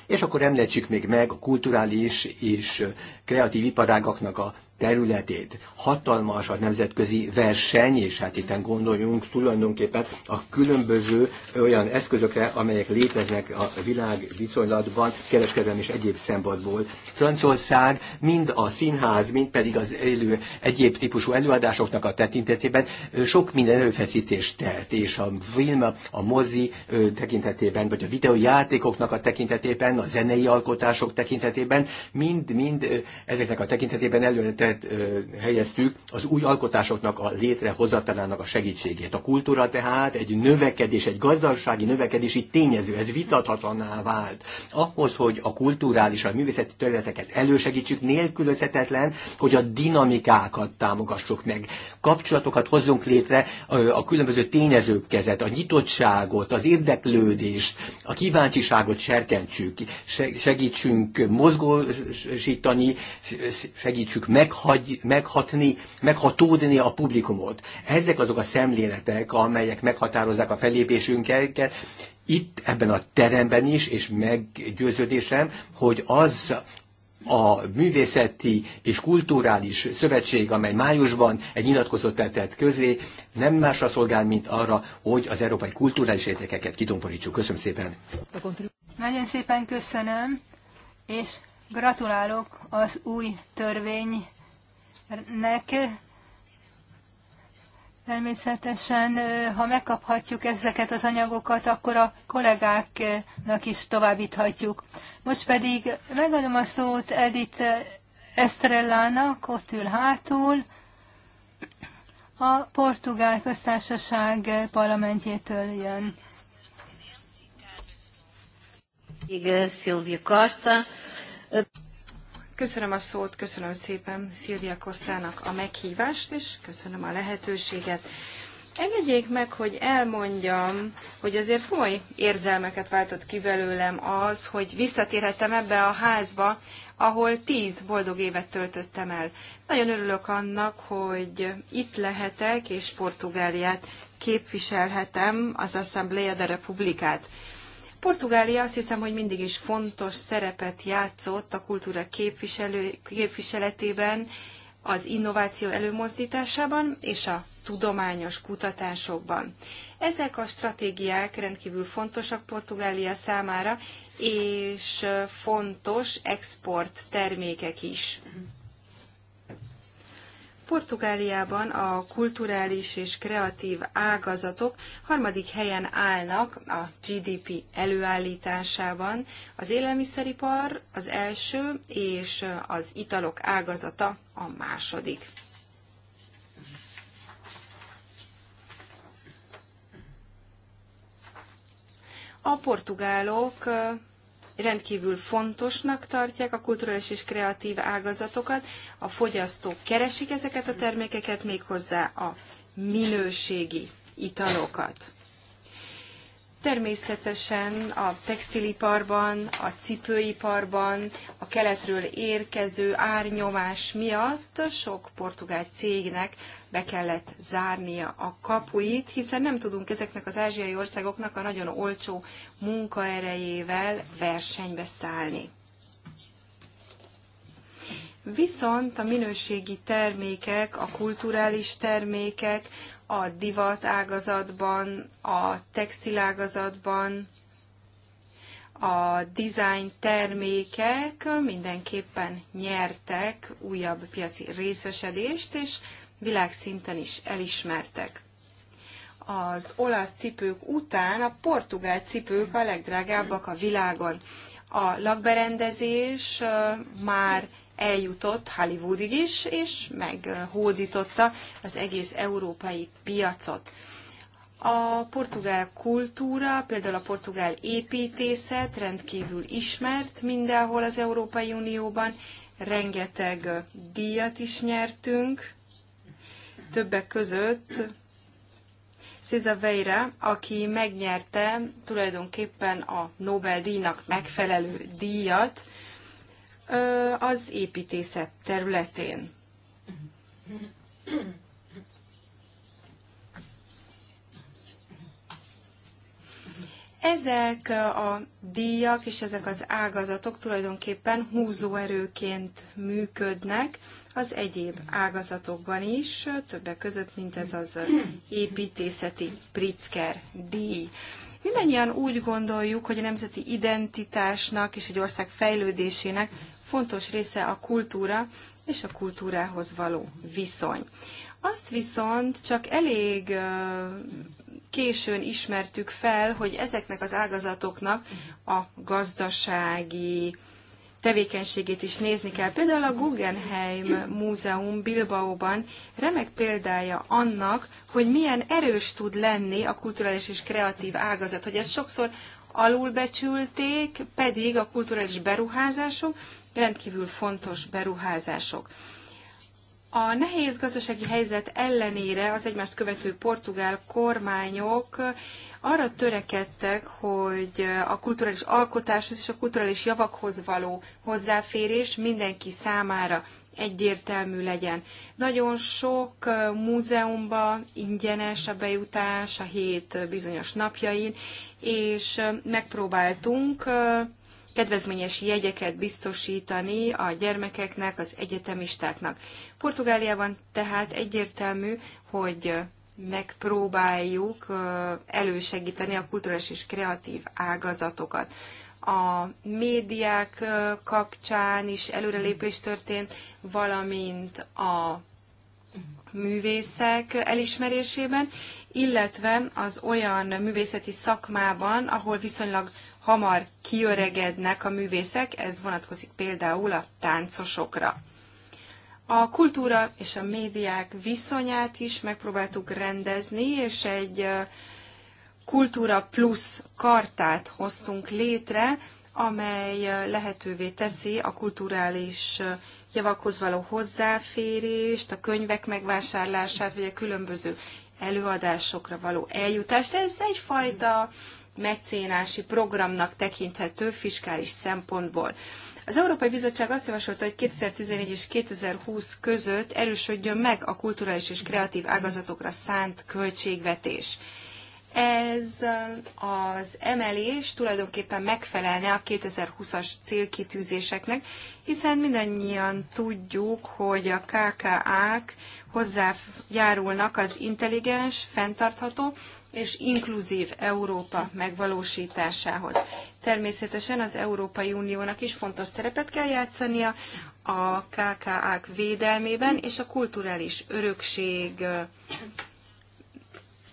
S2: És akkor említsük még meg a kulturális és kreatív iparágaknak a területét. Hatalmas a nemzetközi verseny, és hát itt gondoljunk tulajdonképpen a különböző olyan eszközökre, amelyek léteznek a világ viszonylatban, kereskedelmi és egyéb szempontból. Franciaország mind a színház, mind pedig az élő egyéb típusú előadásoknak a tekintetében sok minden előfeszítést tett, és a film, a mozi tekintetében, vagy a videójátékoknak a tekintetében, a zenei alkotások tekintetében, mind-mind ezeknek a tekintetében előre előtérbe helyeztük az új alkotásoknak a létrehozatalának a segítségét. A kultúra tehát egy növekedés, egy gazdasági növekedési tényező, ez vitathatatlaná vált. Ahhoz, hogy a kulturális, a művészeti területeket elősegítsük, nélkülözhetetlen, hogy a dinamikákat támogassuk meg. Kapcsolatokat hozzunk létre a különböző tényezők kezet, a nyitottságot, az érdeklődést, a kíváncsiságot serkentsük, segítsünk mozgósítani, segítsük meg meghagy, meghatni, meghatódni a publikumot. Ezek azok a szemléletek, amelyek meghatározzák a felépésünket, itt ebben a teremben is, és meggyőződésem, hogy az a Művészeti és Kulturális Szövetség, amely májusban egy nyilatkozott tett közé, nem másra szolgál, mint arra, hogy az európai kulturális értékeket kidomborítsuk. Köszönöm szépen!
S1: Nagyon szépen köszönöm, és gratulálok az új törvény nek. Természetesen, ha megkaphatjuk ezeket az anyagokat, akkor a kollégáknak is továbbíthatjuk. Most pedig megadom a szót Edith Estrellának, ott ül hátul, a Portugál Köztársaság parlamentjétől jön.
S3: Szilvia Costa. Köszönöm a szót, köszönöm szépen Szilvia Kosztának a meghívást, és köszönöm a lehetőséget. Engedjék meg, hogy elmondjam, hogy azért komoly érzelmeket váltott ki belőlem az, hogy visszatérhettem ebbe a házba, ahol tíz boldog évet töltöttem el. Nagyon örülök annak, hogy itt lehetek, és Portugáliát képviselhetem, az Assemblea de Republikát. Portugália azt hiszem, hogy mindig is fontos szerepet játszott a kultúra képviselő, képviseletében, az innováció előmozdításában és a tudományos kutatásokban. Ezek a stratégiák rendkívül fontosak Portugália számára, és fontos export termékek is. Portugáliában a kulturális és kreatív ágazatok harmadik helyen állnak a GDP előállításában. Az élelmiszeripar az első, és az italok ágazata a második. A portugálok rendkívül fontosnak tartják a kulturális és kreatív ágazatokat. A fogyasztók keresik ezeket a termékeket, méghozzá a minőségi italokat. Természetesen a textiliparban, a cipőiparban, a keletről érkező árnyomás miatt sok portugál cégnek be kellett zárnia a kapuit, hiszen nem tudunk ezeknek az ázsiai országoknak a nagyon olcsó munkaerejével versenybe szállni. Viszont a minőségi termékek, a kulturális termékek, a divat ágazatban, a textilágazatban, a design termékek mindenképpen nyertek újabb piaci részesedést, és világszinten is elismertek. Az olasz cipők után a portugál cipők a legdrágábbak a világon. A lakberendezés már eljutott Hollywoodig is, és meghódította az egész európai piacot. A portugál kultúra, például a portugál építészet rendkívül ismert mindenhol az Európai Unióban, rengeteg díjat is nyertünk, többek között César Veira, aki megnyerte tulajdonképpen a Nobel-díjnak megfelelő díjat, az építészet területén. Ezek a díjak és ezek az ágazatok tulajdonképpen húzóerőként működnek az egyéb ágazatokban is, többek között, mint ez az építészeti Pritzker díj. Mindennyian úgy gondoljuk, hogy a nemzeti identitásnak és egy ország fejlődésének fontos része a kultúra és a kultúrához való viszony. Azt viszont csak elég későn ismertük fel, hogy ezeknek az ágazatoknak a gazdasági tevékenységét is nézni kell. Például a Guggenheim Múzeum Bilbaóban remek példája annak, hogy milyen erős tud lenni a kulturális és kreatív ágazat, hogy ezt sokszor alulbecsülték, pedig a kulturális beruházások rendkívül fontos beruházások. A nehéz gazdasági helyzet ellenére az egymást követő portugál kormányok arra törekedtek, hogy a kulturális alkotáshoz és a kulturális javakhoz való hozzáférés mindenki számára egyértelmű legyen. Nagyon sok múzeumba ingyenes a bejutás a hét bizonyos napjain, és megpróbáltunk kedvezményes jegyeket biztosítani a gyermekeknek, az egyetemistáknak. Portugáliában tehát egyértelmű, hogy megpróbáljuk elősegíteni a kulturális és kreatív ágazatokat. A médiák kapcsán is előrelépés történt, valamint a művészek elismerésében, illetve az olyan művészeti szakmában, ahol viszonylag hamar kiöregednek a művészek, ez vonatkozik például a táncosokra. A kultúra és a médiák viszonyát is megpróbáltuk rendezni, és egy kultúra plusz kartát hoztunk létre, amely lehetővé teszi a kulturális javakhoz való hozzáférést, a könyvek megvásárlását, vagy a különböző előadásokra való eljutást. Ez egyfajta mecénási programnak tekinthető fiskális szempontból. Az Európai Bizottság azt javasolta, hogy 2014 és 2020 között erősödjön meg a kulturális és kreatív ágazatokra szánt költségvetés. Ez az emelés tulajdonképpen megfelelne a 2020-as célkitűzéseknek, hiszen mindannyian tudjuk, hogy a KKA-k hozzájárulnak az intelligens, fenntartható és inkluzív Európa megvalósításához. Természetesen az Európai Uniónak is fontos szerepet kell játszania a KKA-k védelmében és a kulturális örökség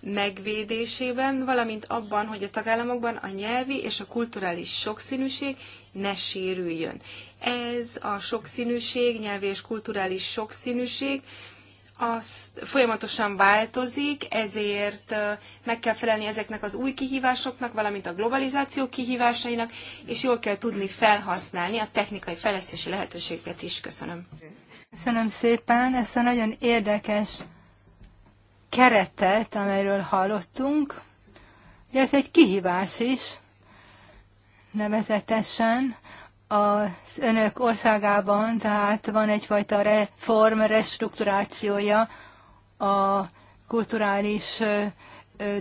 S3: megvédésében, valamint abban, hogy a tagállamokban a nyelvi és a kulturális sokszínűség ne sérüljön. Ez a sokszínűség, nyelvi és kulturális sokszínűség, az folyamatosan változik, ezért meg kell felelni ezeknek az új kihívásoknak, valamint a globalizáció kihívásainak, és jól kell tudni felhasználni a technikai fejlesztési lehetőségeket is. Köszönöm.
S1: Köszönöm szépen, ezt a nagyon érdekes keretet, amelyről hallottunk. Ez egy kihívás is, nevezetesen az önök országában, tehát van egyfajta reform, restrukturációja a kulturális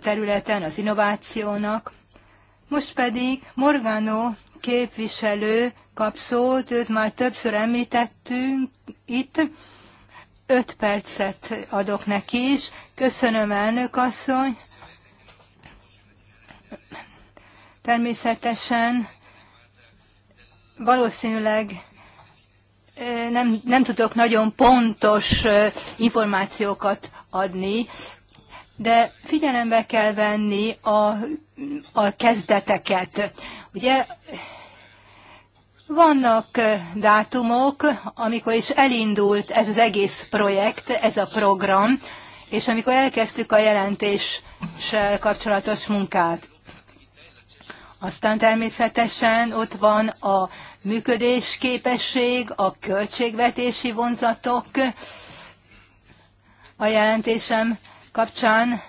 S1: területen az innovációnak. Most pedig Morgano képviselő kap szót, őt már többször említettünk itt, öt percet adok neki is. Köszönöm, elnök asszony. Természetesen valószínűleg nem, nem tudok nagyon pontos információkat adni, de figyelembe kell venni a, a kezdeteket. Ugye vannak dátumok, amikor is elindult ez az egész projekt, ez a program, és amikor elkezdtük a jelentéssel kapcsolatos munkát. Aztán természetesen ott van a működésképesség, a költségvetési vonzatok. A jelentésem kapcsán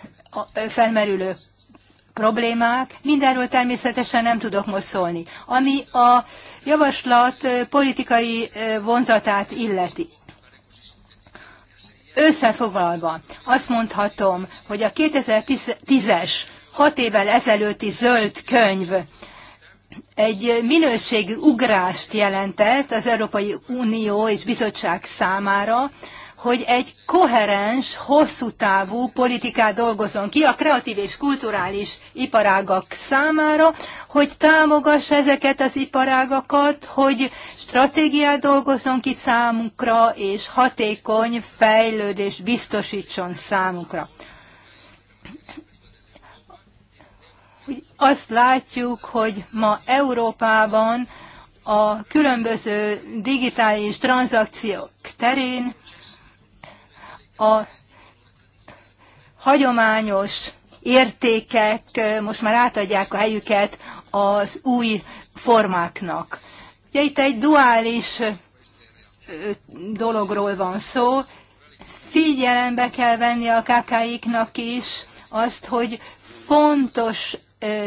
S1: felmerülő problémák, mindenről természetesen nem tudok most szólni. Ami a javaslat politikai vonzatát illeti. Összefoglalva azt mondhatom, hogy a 2010-es, hat évvel ezelőtti zöld könyv egy minőségi ugrást jelentett az Európai Unió és Bizottság számára, hogy egy koherens, hosszú távú politikát dolgozzon ki a kreatív és kulturális iparágak számára, hogy támogassa ezeket az iparágakat, hogy stratégiát dolgozzon ki számukra, és hatékony fejlődés biztosítson számukra. Azt látjuk, hogy ma Európában a különböző digitális tranzakciók terén a hagyományos értékek most már átadják a helyüket az új formáknak. Ugye itt egy duális dologról van szó, figyelembe kell venni a kákáiknak is azt, hogy fontos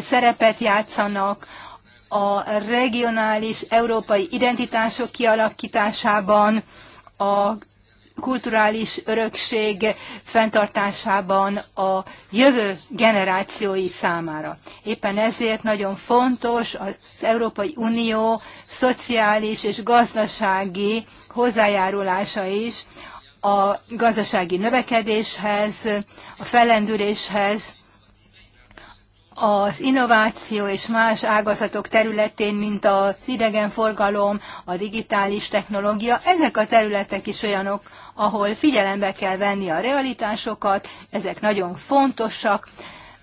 S1: szerepet játszanak a regionális európai identitások kialakításában, a kulturális örökség fenntartásában a jövő generációi számára. Éppen ezért nagyon fontos az Európai Unió szociális és gazdasági hozzájárulása is a gazdasági növekedéshez, a fellendüléshez, az innováció és más ágazatok területén, mint az idegenforgalom, a digitális technológia, ezek a területek is olyanok, ahol figyelembe kell venni a realitásokat, ezek nagyon fontosak.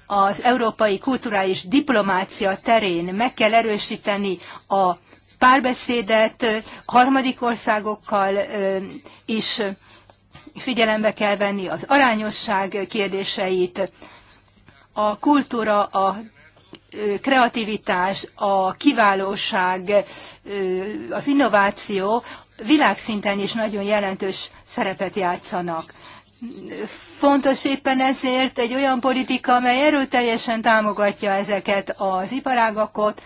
S1: Az európai kulturális diplomácia terén meg kell erősíteni a párbeszédet harmadik országokkal is figyelembe kell venni az arányosság kérdéseit, a kultúra, a kreativitás, a kiválóság, az innováció világszinten is nagyon jelentős szerepet játszanak. Fontos éppen ezért egy olyan politika, amely erőteljesen támogatja ezeket az iparágakat,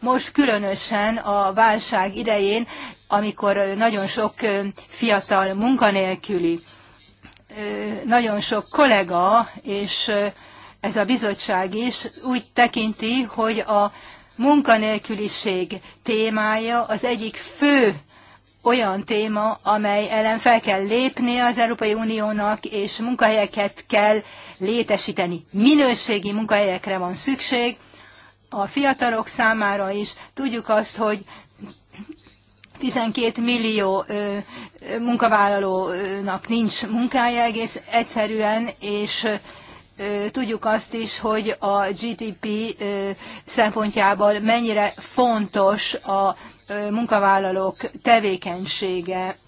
S1: most különösen a válság idején, amikor nagyon sok fiatal munkanélküli, nagyon sok kollega és ez a bizottság is úgy tekinti, hogy a munkanélküliség témája az egyik fő olyan téma, amely ellen fel kell lépni az Európai Uniónak, és munkahelyeket kell létesíteni. Minőségi munkahelyekre van szükség, a fiatalok számára is. Tudjuk azt, hogy 12 millió ö, munkavállalónak nincs munkája egész egyszerűen, és tudjuk azt is, hogy a GDP szempontjából mennyire fontos a munkavállalók tevékenysége.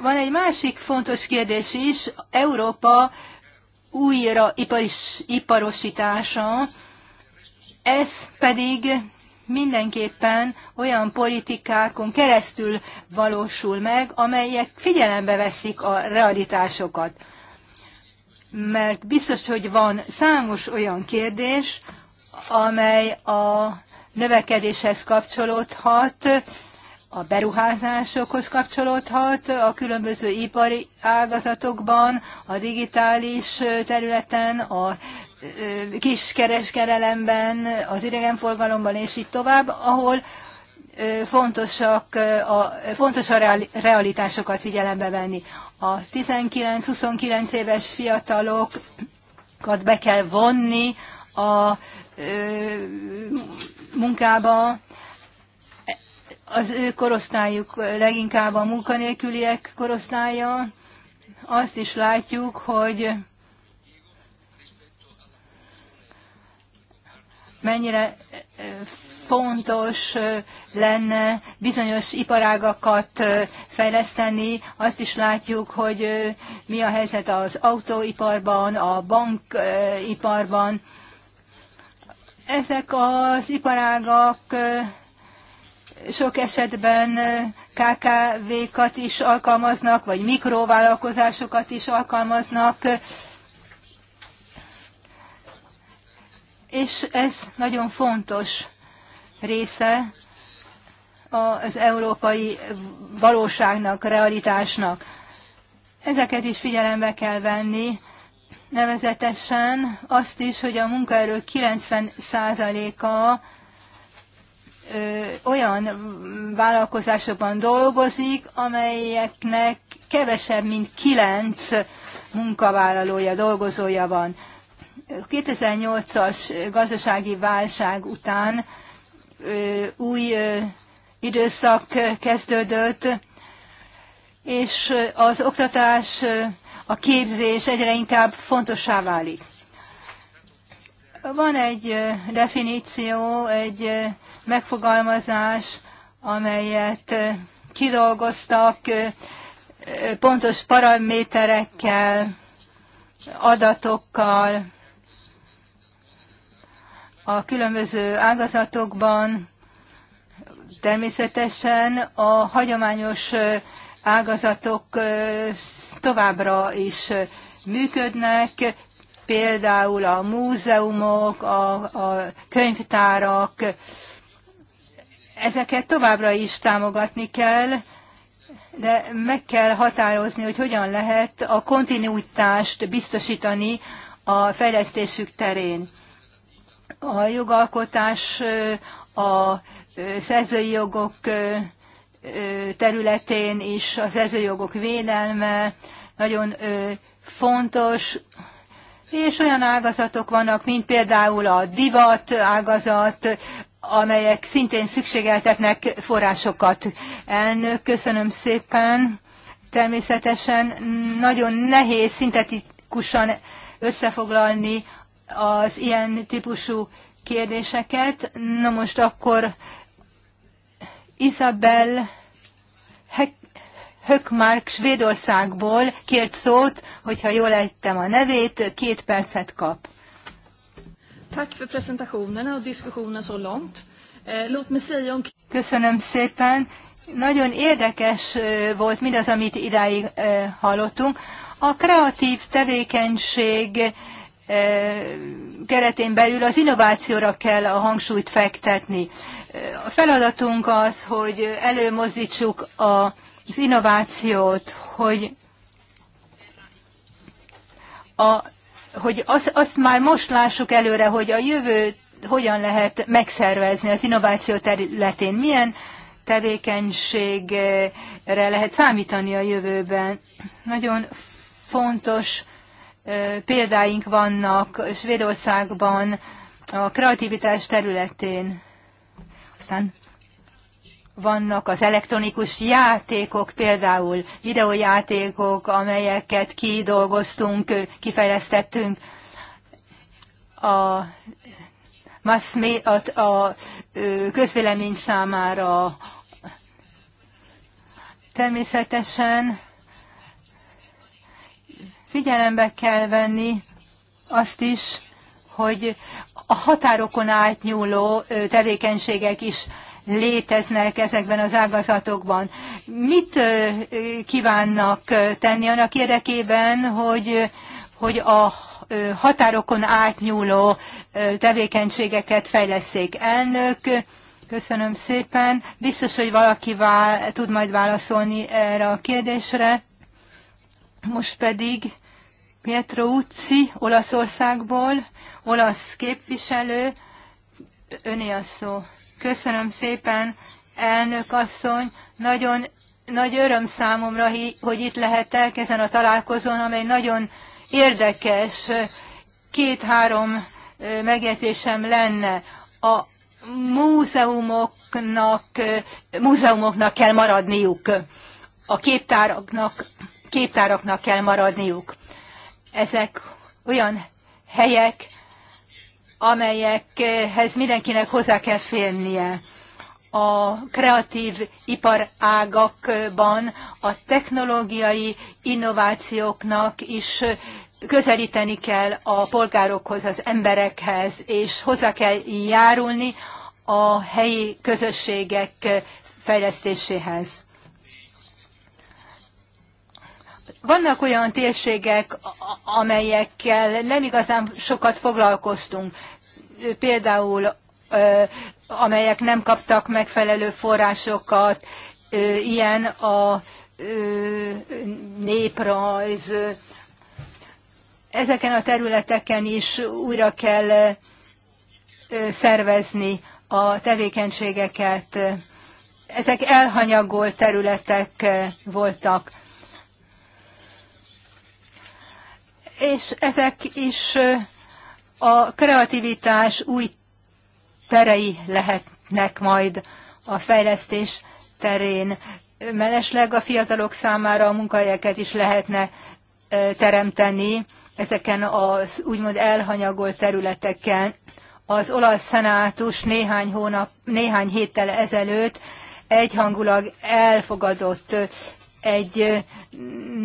S1: Van egy másik fontos kérdés is, Európa újra iparis, iparosítása, ez pedig mindenképpen olyan politikákon keresztül valósul meg, amelyek figyelembe veszik a realitásokat. Mert biztos, hogy van számos olyan kérdés, amely a növekedéshez kapcsolódhat, a beruházásokhoz kapcsolódhat, a különböző ipari ágazatokban, a digitális területen, a kiskereskedelemben, az idegenforgalomban és így tovább, ahol fontosak a, fontos a realitásokat figyelembe venni. A 19-29 éves fiatalokat be kell vonni a munkába, az ő korosztályuk leginkább a munkanélküliek korosztálya. Azt is látjuk, hogy mennyire fontos lenne bizonyos iparágakat fejleszteni. Azt is látjuk, hogy mi a helyzet az autóiparban, a bankiparban. Ezek az iparágak sok esetben KKV-kat is alkalmaznak, vagy mikrovállalkozásokat is alkalmaznak és ez nagyon fontos része az európai valóságnak, realitásnak. Ezeket is figyelembe kell venni, nevezetesen azt is, hogy a munkaerő 90%-a olyan vállalkozásokban dolgozik, amelyeknek kevesebb, mint 9 munkavállalója, dolgozója van. 2008-as gazdasági válság után új időszak kezdődött, és az oktatás, a képzés egyre inkább fontossá válik. Van egy definíció, egy megfogalmazás, amelyet kidolgoztak pontos paraméterekkel, adatokkal, a különböző ágazatokban, természetesen a hagyományos ágazatok továbbra is működnek, például a múzeumok, a, a könyvtárak, ezeket továbbra is támogatni kell, de meg kell határozni, hogy hogyan lehet a kontinuitást biztosítani a fejlesztésük terén. A jogalkotás a szerzői jogok területén is, a szerzői jogok védelme nagyon fontos, és olyan ágazatok vannak, mint például a divat ágazat, amelyek szintén szükségeltetnek forrásokat. Elnök, köszönöm szépen. Természetesen nagyon nehéz szintetikusan összefoglalni az ilyen típusú kérdéseket. Na most akkor Isabel Höckmark Svédországból kért szót, hogyha jól ejtem a nevét, két percet kap.
S3: Tack för presentationerna och diskussionen
S1: så långt. Eh, låt mig säga om... Köszönöm szépen. Nagyon érdekes volt mindaz, amit idáig hallottunk. A kreatív tevékenység keretén belül az innovációra kell a hangsúlyt fektetni. A feladatunk az, hogy előmozdítsuk az innovációt, hogy, a, hogy azt, azt már most lássuk előre, hogy a jövőt hogyan lehet megszervezni az innováció területén, milyen tevékenységre lehet számítani a jövőben. Nagyon fontos példáink vannak Svédországban a kreativitás területén. Aztán vannak az elektronikus játékok, például videójátékok, amelyeket kidolgoztunk, kifejlesztettünk. A, a, a közvélemény számára természetesen Figyelembe kell venni azt is, hogy a határokon átnyúló tevékenységek is léteznek ezekben az ágazatokban. Mit kívánnak tenni annak érdekében, hogy, hogy a határokon átnyúló tevékenységeket fejleszék? Elnök, köszönöm szépen. Biztos, hogy valaki vál, tud majd válaszolni erre a kérdésre. Most pedig Pietro Uzzi Olaszországból, olasz képviselő, öné a szó. Köszönöm szépen, elnök asszony, nagyon nagy öröm számomra, hogy itt lehetek ezen a találkozón, amely nagyon érdekes. Két-három megjegyzésem lenne. A múzeumoknak, múzeumoknak kell maradniuk, a képtáraknak, képtáraknak kell maradniuk ezek olyan helyek, amelyekhez mindenkinek hozzá kell férnie. A kreatív iparágakban a technológiai innovációknak is közelíteni kell a polgárokhoz, az emberekhez, és hozzá kell járulni a helyi közösségek fejlesztéséhez. Vannak olyan térségek, amelyekkel nem igazán sokat foglalkoztunk, például amelyek nem kaptak megfelelő forrásokat, ilyen a néprajz. Ezeken a területeken is újra kell szervezni a tevékenységeket. Ezek elhanyagolt területek voltak. és ezek is a kreativitás új terei lehetnek majd a fejlesztés terén. Melesleg a fiatalok számára a munkahelyeket is lehetne teremteni ezeken az úgymond elhanyagolt területeken. Az olasz szenátus néhány, hónap, néhány héttel ezelőtt egyhangulag elfogadott egy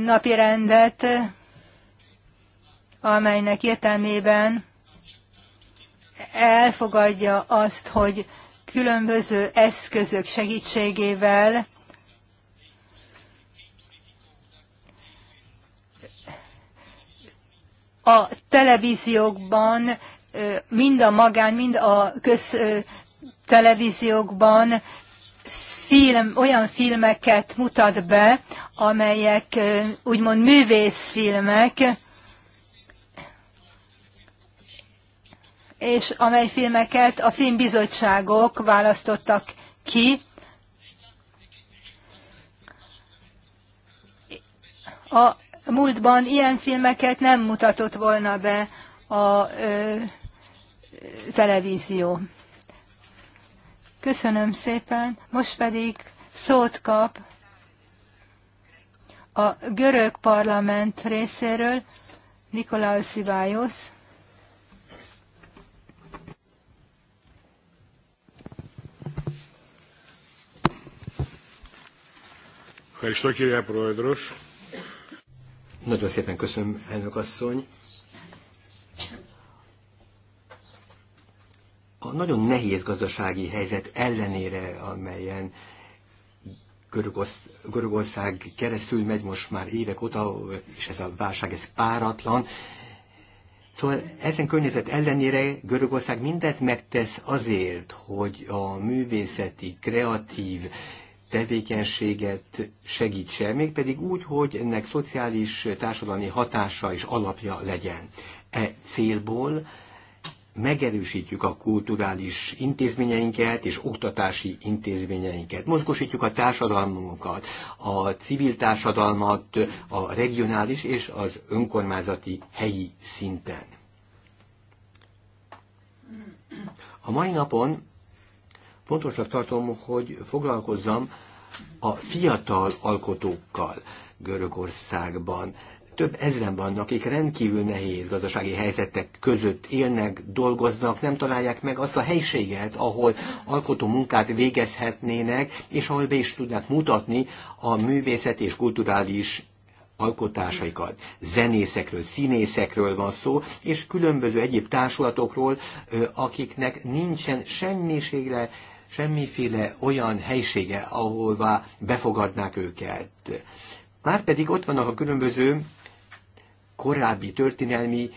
S1: napirendet, amelynek értelmében elfogadja azt, hogy különböző eszközök segítségével a televíziókban, mind a magán, mind a köztelevíziókban film, olyan filmeket mutat be, amelyek úgymond művészfilmek, és amely filmeket a filmbizottságok választottak ki. A múltban ilyen filmeket nem mutatott volna be a ö, televízió. Köszönöm szépen, most pedig szót kap a görög parlament részéről Nikolaus Sivályosz.
S2: Ευχαριστώ κυρία Πρόεδρος. Nagyon szépen köszönöm, elnök asszony. A nagyon nehéz gazdasági helyzet ellenére, amelyen Görögország keresztül megy most már évek óta, és ez a válság, ez páratlan, Szóval ezen környezet ellenére Görögország mindent megtesz azért, hogy a művészeti, kreatív tevékenységet segítse, mégpedig úgy, hogy ennek szociális társadalmi hatása és alapja legyen. E célból megerősítjük a kulturális intézményeinket és oktatási intézményeinket. Mozgósítjuk a társadalmunkat, a civil társadalmat a regionális és az önkormányzati helyi szinten. A mai napon Fontosnak tartom, hogy foglalkozzam a fiatal alkotókkal Görögországban. Több ezren vannak, akik rendkívül nehéz gazdasági helyzetek között élnek, dolgoznak, nem találják meg azt a helységet, ahol alkotó munkát végezhetnének, és ahol be is tudnak mutatni a művészet és kulturális alkotásaikat. Zenészekről, színészekről van szó, és különböző egyéb társulatokról, akiknek nincsen semmiségre semmiféle olyan helysége, ahová befogadnák őket. Márpedig ott vannak a különböző korábbi történelmi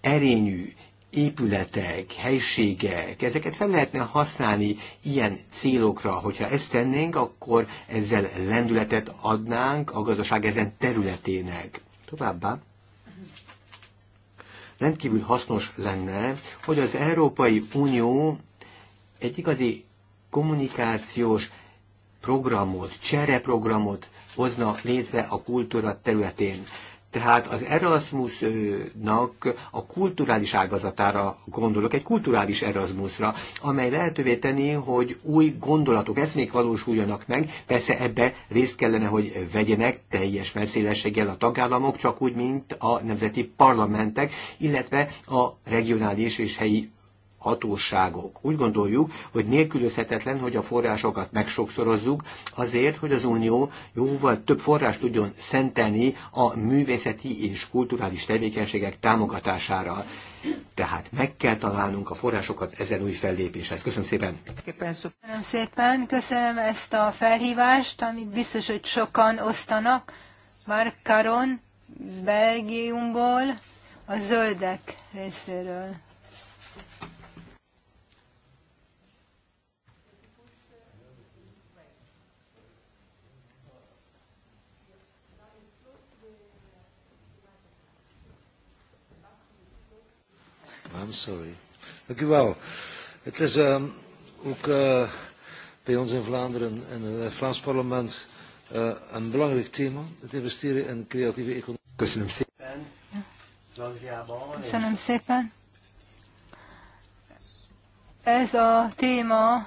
S2: erényű épületek, helységek, ezeket fel lehetne használni ilyen célokra. Hogyha ezt tennénk, akkor ezzel lendületet adnánk a gazdaság ezen területének. Továbbá rendkívül hasznos lenne, hogy az Európai Unió egy igazi kommunikációs programot, csereprogramot hozna létre a kultúra területén. Tehát az Erasmusnak a kulturális ágazatára gondolok, egy kulturális Erasmusra, amely lehetővé tenni, hogy új gondolatok, eszmék valósuljanak meg, persze ebbe részt kellene, hogy vegyenek teljes messzélességgel a tagállamok, csak úgy, mint a nemzeti parlamentek, illetve a regionális és helyi hatóságok. Úgy gondoljuk, hogy nélkülözhetetlen, hogy a forrásokat megsokszorozzuk azért, hogy az Unió jóval több forrást tudjon szentelni a művészeti és kulturális tevékenységek támogatására. Tehát meg kell találnunk a forrásokat ezen új fellépéshez. Köszönöm szépen!
S1: Köszönöm szépen, köszönöm ezt a felhívást, amit biztos, hogy sokan osztanak. Mark Caron, Belgiumból, a zöldek részéről.
S3: I'm sorry. Dank u wel. Het is um, ook uh, bij ons in Vlaanderen, in het eh, Vlaams parlement, uh, een belangrijk thema. Het investeren in creatieve economie.
S2: Köszönöm szépen.
S1: Köszönöm Ez a téma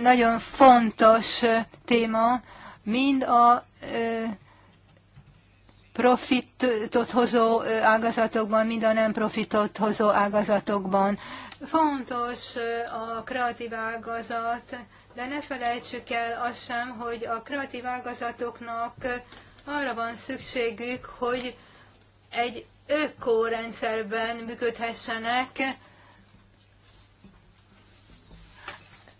S1: nagyon fontos téma, mind a profitot hozó ágazatokban, mind a nem profitot hozó ágazatokban. Fontos a kreatív ágazat, de ne felejtsük el azt sem, hogy a kreatív ágazatoknak arra van szükségük, hogy egy ökórendszerben működhessenek.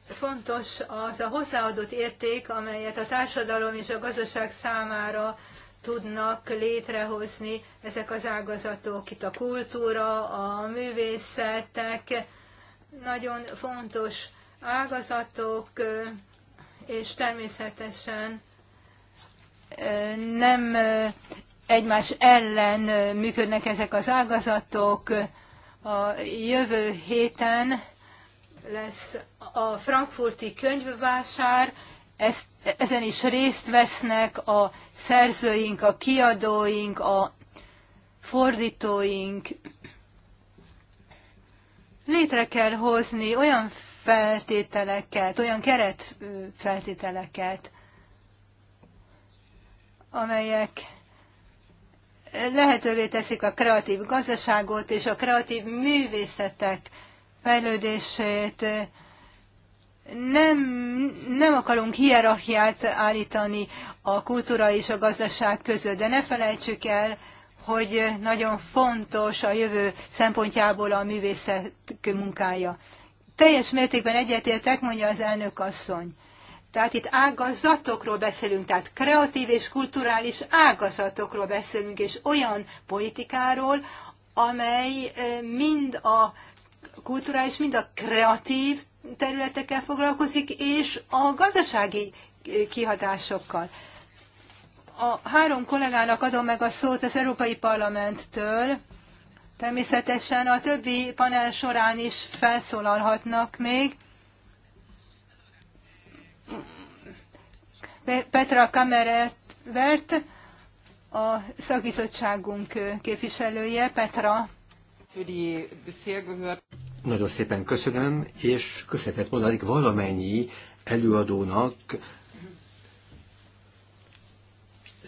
S1: Fontos az a hozzáadott érték, amelyet a társadalom és a gazdaság számára tudnak létrehozni ezek az ágazatok, itt a kultúra, a művészetek, nagyon fontos ágazatok, és természetesen nem egymás ellen működnek ezek az ágazatok. A jövő héten lesz a frankfurti könyvvásár, ezt, ezen is részt vesznek a szerzőink, a kiadóink, a fordítóink. Létre kell hozni olyan feltételeket, olyan keretfeltételeket, amelyek lehetővé teszik a kreatív gazdaságot és a kreatív művészetek fejlődését, nem, nem akarunk hierarchiát állítani a kultúra és a gazdaság között, de ne felejtsük el, hogy nagyon fontos a jövő szempontjából a művészet munkája. Teljes mértékben egyetértek, mondja az elnök asszony. Tehát itt ágazatokról beszélünk, tehát kreatív és kulturális ágazatokról beszélünk, és olyan politikáról, amely eh, mind a kulturális, mind a kreatív területekkel foglalkozik, és a gazdasági kihatásokkal. A három kollégának adom meg a szót az Európai Parlamenttől. Természetesen a többi panel során is felszólalhatnak még. Petra vert. a szakizottságunk képviselője. Petra.
S2: Nagyon szépen köszönöm, és köszönetet mondanék valamennyi előadónak.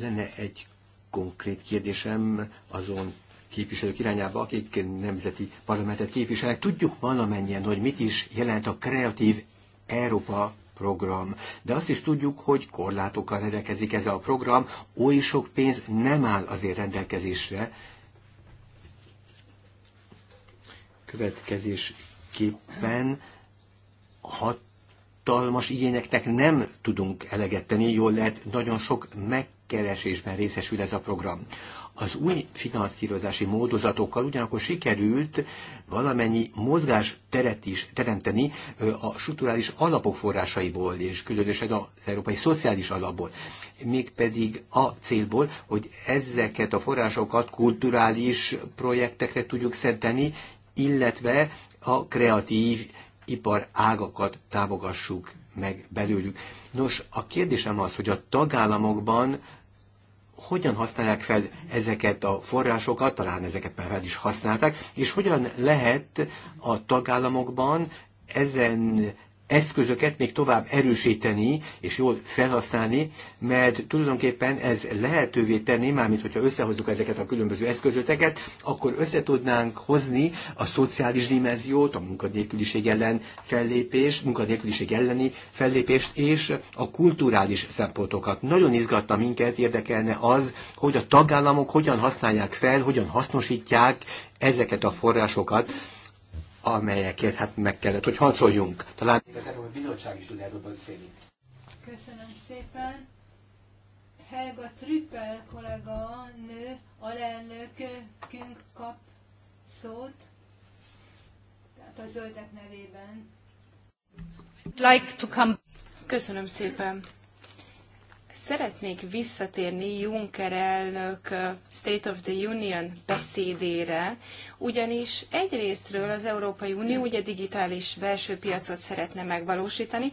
S2: Lenne egy konkrét kérdésem azon képviselők irányába, akik nemzeti parlamentet képviselnek. Tudjuk valamennyien, hogy mit is jelent a kreatív Európa program. De azt is tudjuk, hogy korlátokkal rendelkezik ez a program, oly sok pénz nem áll azért rendelkezésre, Következésképpen hatalmas igényeknek nem tudunk eleget tenni, jól lehet, nagyon sok megkeresésben részesül ez a program. Az új finanszírozási módozatokkal ugyanakkor sikerült valamennyi mozgás teret is teremteni a strukturális alapok forrásaiból, és különösen az európai szociális alapból mégpedig a célból, hogy ezeket a forrásokat kulturális projektekre tudjuk szenteni, illetve a kreatív iparágakat támogassuk meg belőlük. Nos, a kérdésem az, hogy a tagállamokban hogyan használják fel ezeket a forrásokat, talán ezeket már fel is használták, és hogyan lehet a tagállamokban ezen eszközöket még tovább erősíteni és jól felhasználni, mert tulajdonképpen ez lehetővé tenni, mármint hogyha összehozzuk ezeket a különböző eszközöteket, akkor összetudnánk hozni a szociális dimenziót, a munkanélküliség ellen fellépést, munkanélküliség elleni fellépést és a kulturális szempontokat. Nagyon izgatta minket, érdekelne az, hogy a tagállamok hogyan használják fel, hogyan hasznosítják ezeket a forrásokat, amelyekért hát meg kellett, hogy hancoljunk. Talán az Európai bizottság is tud erről beszélni.
S1: Köszönöm szépen. Helga Trüppel kollega, nő, alelnökünk kap szót, tehát a zöldek nevében.
S3: Like to come. Köszönöm szépen. Szeretnék visszatérni Juncker elnök State of the Union beszédére, ugyanis egyrésztről az Európai Unió ugye digitális belső piacot szeretne megvalósítani,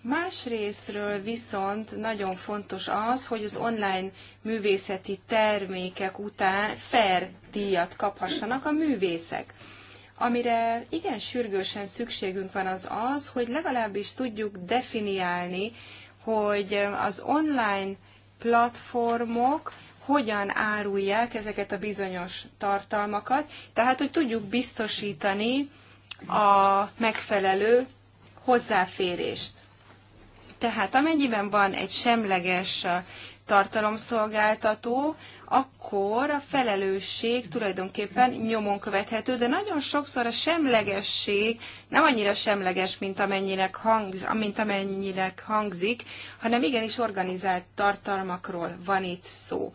S3: másrésztről viszont nagyon fontos az, hogy az online művészeti termékek után fair díjat kaphassanak a művészek. Amire igen sürgősen szükségünk van az az, hogy legalábbis tudjuk definiálni, hogy az online platformok hogyan árulják ezeket a bizonyos tartalmakat, tehát hogy tudjuk biztosítani a megfelelő hozzáférést. Tehát amennyiben van egy semleges tartalomszolgáltató, akkor a felelősség tulajdonképpen nyomon követhető, de nagyon sokszor a semlegesség nem annyira semleges, mint, amennyinek hangz, mint amennyinek hangzik, hanem igenis organizált tartalmakról van itt szó.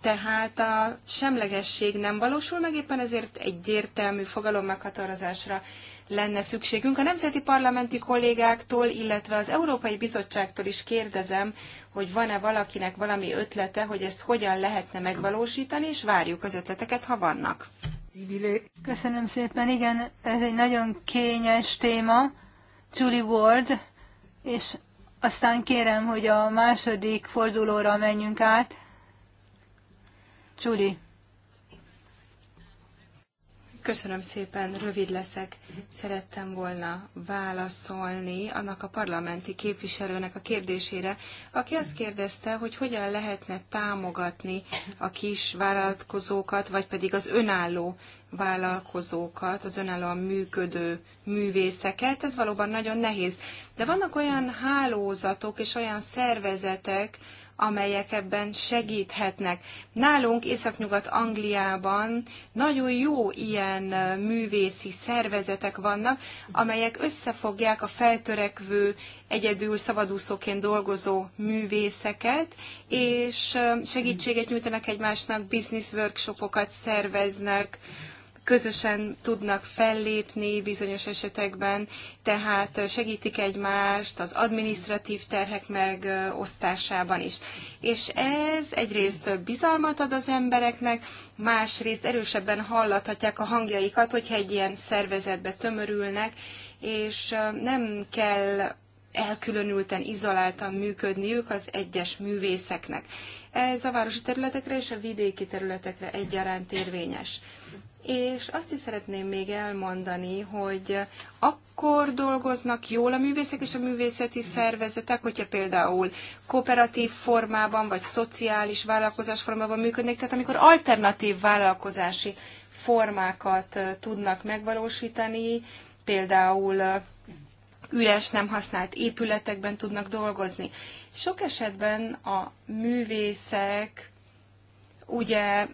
S3: Tehát a semlegesség nem valósul meg, éppen ezért egyértelmű fogalom meghatározásra lenne szükségünk. A nemzeti parlamenti kollégáktól, illetve az Európai Bizottságtól is kérdezem, hogy van-e valakinek valami ötlete, hogy ezt hogyan lehetne megvalósítani, és várjuk az ötleteket, ha vannak.
S1: Köszönöm szépen. Igen, ez egy nagyon kényes téma. Julie Ward, és aztán kérem, hogy a második fordulóra menjünk át. Julie.
S3: Köszönöm szépen, rövid leszek. Szerettem volna válaszolni annak a parlamenti képviselőnek a kérdésére, aki azt kérdezte, hogy hogyan lehetne támogatni a kis vállalkozókat, vagy pedig az önálló vállalkozókat, az önállóan működő művészeket. Ez valóban nagyon nehéz. De vannak olyan hálózatok és olyan szervezetek, amelyek ebben segíthetnek. Nálunk északnyugat Angliában nagyon jó ilyen művészi szervezetek vannak, amelyek összefogják a feltörekvő, egyedül szabadúszóként dolgozó művészeket, és segítséget nyújtanak egymásnak, business workshopokat szerveznek, közösen tudnak fellépni bizonyos esetekben, tehát segítik egymást az administratív terhek megosztásában is. És ez egyrészt bizalmat ad az embereknek, másrészt erősebben hallathatják a hangjaikat, hogyha egy ilyen szervezetbe tömörülnek, és nem kell elkülönülten, izoláltan működniük az egyes művészeknek. Ez a városi területekre és a vidéki területekre egyaránt érvényes. És azt is szeretném még elmondani, hogy akkor dolgoznak jól a művészek és a művészeti szervezetek, hogyha például kooperatív formában vagy szociális vállalkozás formában működnek, tehát amikor alternatív vállalkozási formákat tudnak megvalósítani, például üres, nem használt épületekben tudnak dolgozni. Sok esetben a művészek ugye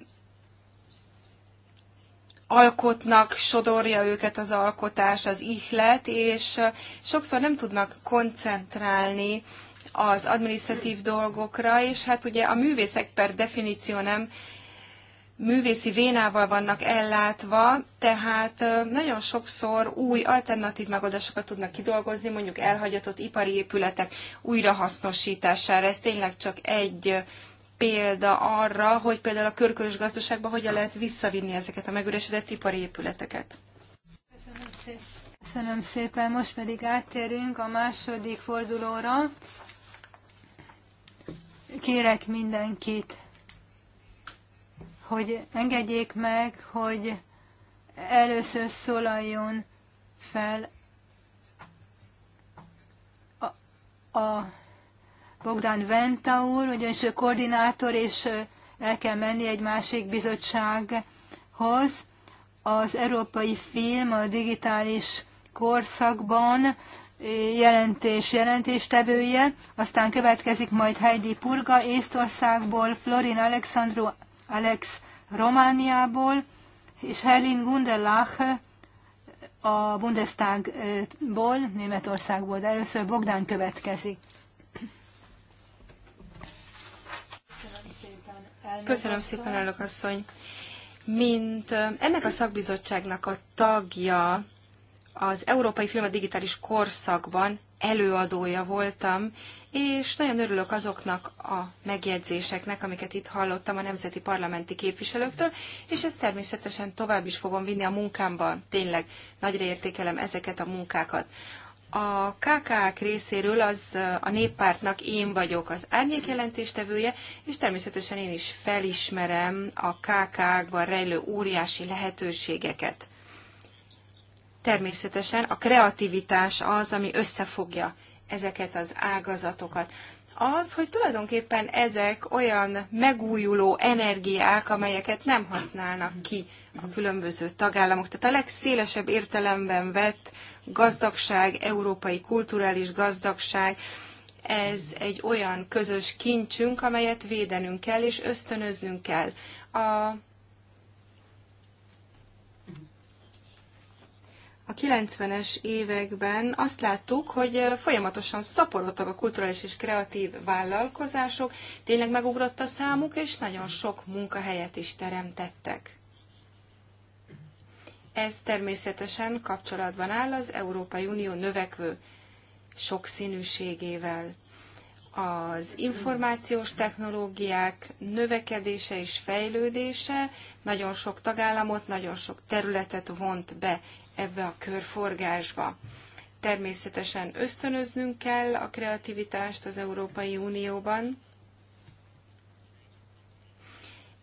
S3: alkotnak, sodorja őket az alkotás, az ihlet, és sokszor nem tudnak koncentrálni az administratív dolgokra, és hát ugye a művészek per definíció nem művészi vénával vannak ellátva, tehát nagyon sokszor új alternatív megoldásokat tudnak kidolgozni, mondjuk elhagyatott ipari épületek újrahasznosítására. Ez tényleg csak egy példa arra, hogy például a körkörös gazdaságban hogyan lehet visszavinni ezeket a megüresedett ipari épületeket.
S1: Köszönöm szépen. Köszönöm szépen. Most pedig áttérünk a második fordulóra. Kérek mindenkit hogy engedjék meg, hogy először szólaljon fel a, a Bogdán Venta úr, ugyanis ő koordinátor, és el kell menni egy másik bizottsághoz. Az európai film a digitális korszakban jelentés jelentéstevője, aztán következik majd Heidi Purga Észtországból, Florin Alexandru Alex Romániából, és Herlin Gundelach a Bundestagból, Németországból, de először Bogdán következik. Köszönöm szépen, elnök Köszönöm szépen, elnök asszony. Mint ennek a
S3: szakbizottságnak a tagja az Európai Film a Digitális Korszakban előadója voltam, és nagyon örülök azoknak a megjegyzéseknek, amiket itt hallottam a nemzeti parlamenti képviselőktől, és ezt természetesen tovább is fogom vinni a munkámba. Tényleg nagyra értékelem ezeket a munkákat. A KKK részéről az a néppártnak én vagyok az árnyék jelentéstevője, és természetesen én is felismerem a KKK-ban rejlő óriási lehetőségeket. Természetesen a kreativitás az, ami összefogja ezeket az ágazatokat. Az, hogy tulajdonképpen ezek olyan megújuló energiák, amelyeket nem használnak ki a különböző tagállamok. Tehát a legszélesebb értelemben vett gazdagság, európai kulturális gazdagság, ez egy olyan közös kincsünk, amelyet védenünk kell és ösztönöznünk kell. A a 90-es években azt láttuk, hogy folyamatosan szaporodtak a kulturális és kreatív vállalkozások, tényleg megugrott a számuk, és nagyon sok munkahelyet is teremtettek. Ez természetesen kapcsolatban áll az Európai Unió növekvő sokszínűségével. Az információs technológiák növekedése és fejlődése nagyon sok tagállamot, nagyon sok területet vont be ebbe a körforgásba. Természetesen ösztönöznünk kell a kreativitást az Európai Unióban,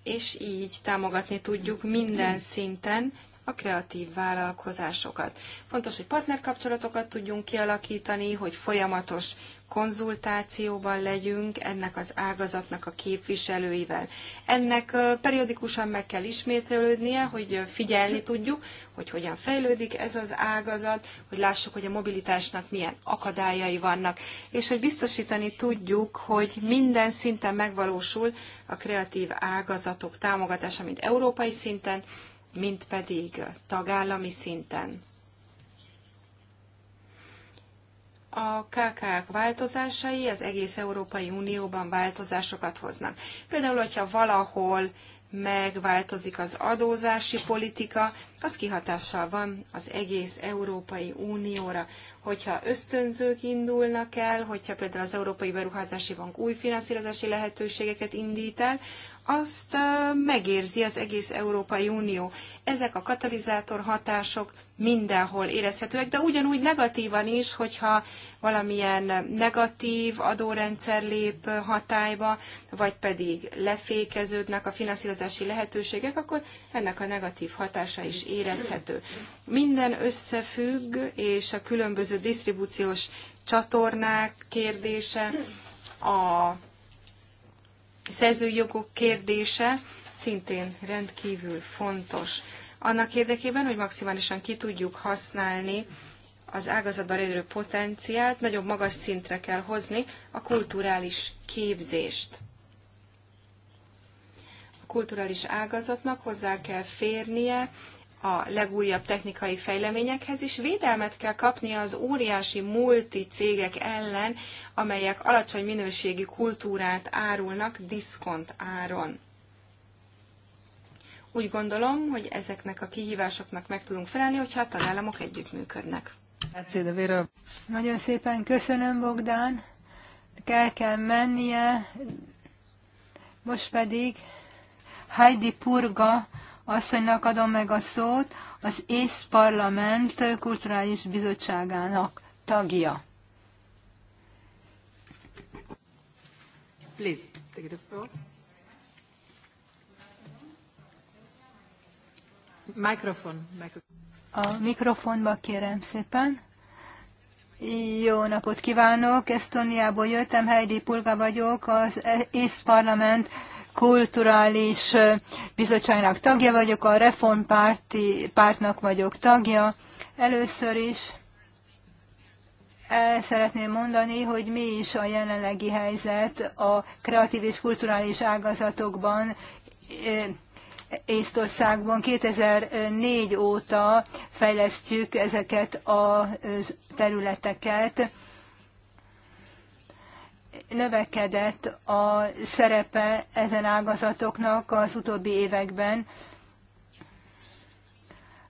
S3: és így támogatni tudjuk minden szinten a kreatív vállalkozásokat. Fontos, hogy partnerkapcsolatokat tudjunk kialakítani, hogy folyamatos konzultációban legyünk ennek az ágazatnak a képviselőivel. Ennek periodikusan meg kell ismételődnie, hogy figyelni tudjuk, hogy hogyan fejlődik ez az ágazat, hogy lássuk, hogy a mobilitásnak milyen akadályai vannak, és hogy biztosítani tudjuk, hogy minden szinten megvalósul a kreatív ágazatok támogatása, mint európai szinten, mint pedig tagállami szinten. a KK-k változásai az egész Európai Unióban változásokat hoznak. Például, hogyha valahol megváltozik az adózási politika, az kihatással van az egész Európai Unióra. Hogyha ösztönzők indulnak el, hogyha például az Európai Beruházási Bank új finanszírozási lehetőségeket indít el, azt megérzi az egész Európai Unió. Ezek a katalizátor hatások mindenhol érezhetőek, de ugyanúgy negatívan is, hogyha valamilyen negatív adórendszer lép hatályba, vagy pedig lefékeződnek a finanszírozási lehetőségek, akkor ennek a negatív hatása is érezhető. Minden összefügg, és a különböző disztribúciós csatornák kérdése, a szerzőjogok kérdése szintén rendkívül fontos annak érdekében, hogy maximálisan ki tudjuk használni az ágazatban rejlő potenciált, nagyobb magas szintre kell hozni a kulturális képzést. A kulturális ágazatnak hozzá kell férnie a legújabb technikai fejleményekhez is védelmet kell kapnia az óriási multi cégek ellen, amelyek alacsony minőségi kultúrát árulnak diszkont áron. Úgy gondolom, hogy ezeknek a kihívásoknak meg tudunk felelni, hogyha a tagállamok együttműködnek.
S1: Nagyon szépen köszönöm, Bogdán. Kell kell mennie. Most pedig Heidi Purga asszonynak adom meg a szót, az ész parlament kulturális bizottságának tagja.
S3: Please, take the floor.
S1: Mikrofon. A mikrofonba kérem szépen. Jó napot kívánok! Esztoniából jöttem, Heidi Pulga vagyok, az ész parlament kulturális bizottságnak tagja vagyok, a Reform Párti, pártnak vagyok tagja. Először is el szeretném mondani, hogy mi is a jelenlegi helyzet a kreatív és kulturális ágazatokban Észtországban 2004 óta fejlesztjük ezeket a területeket. Növekedett a szerepe ezen ágazatoknak az utóbbi években.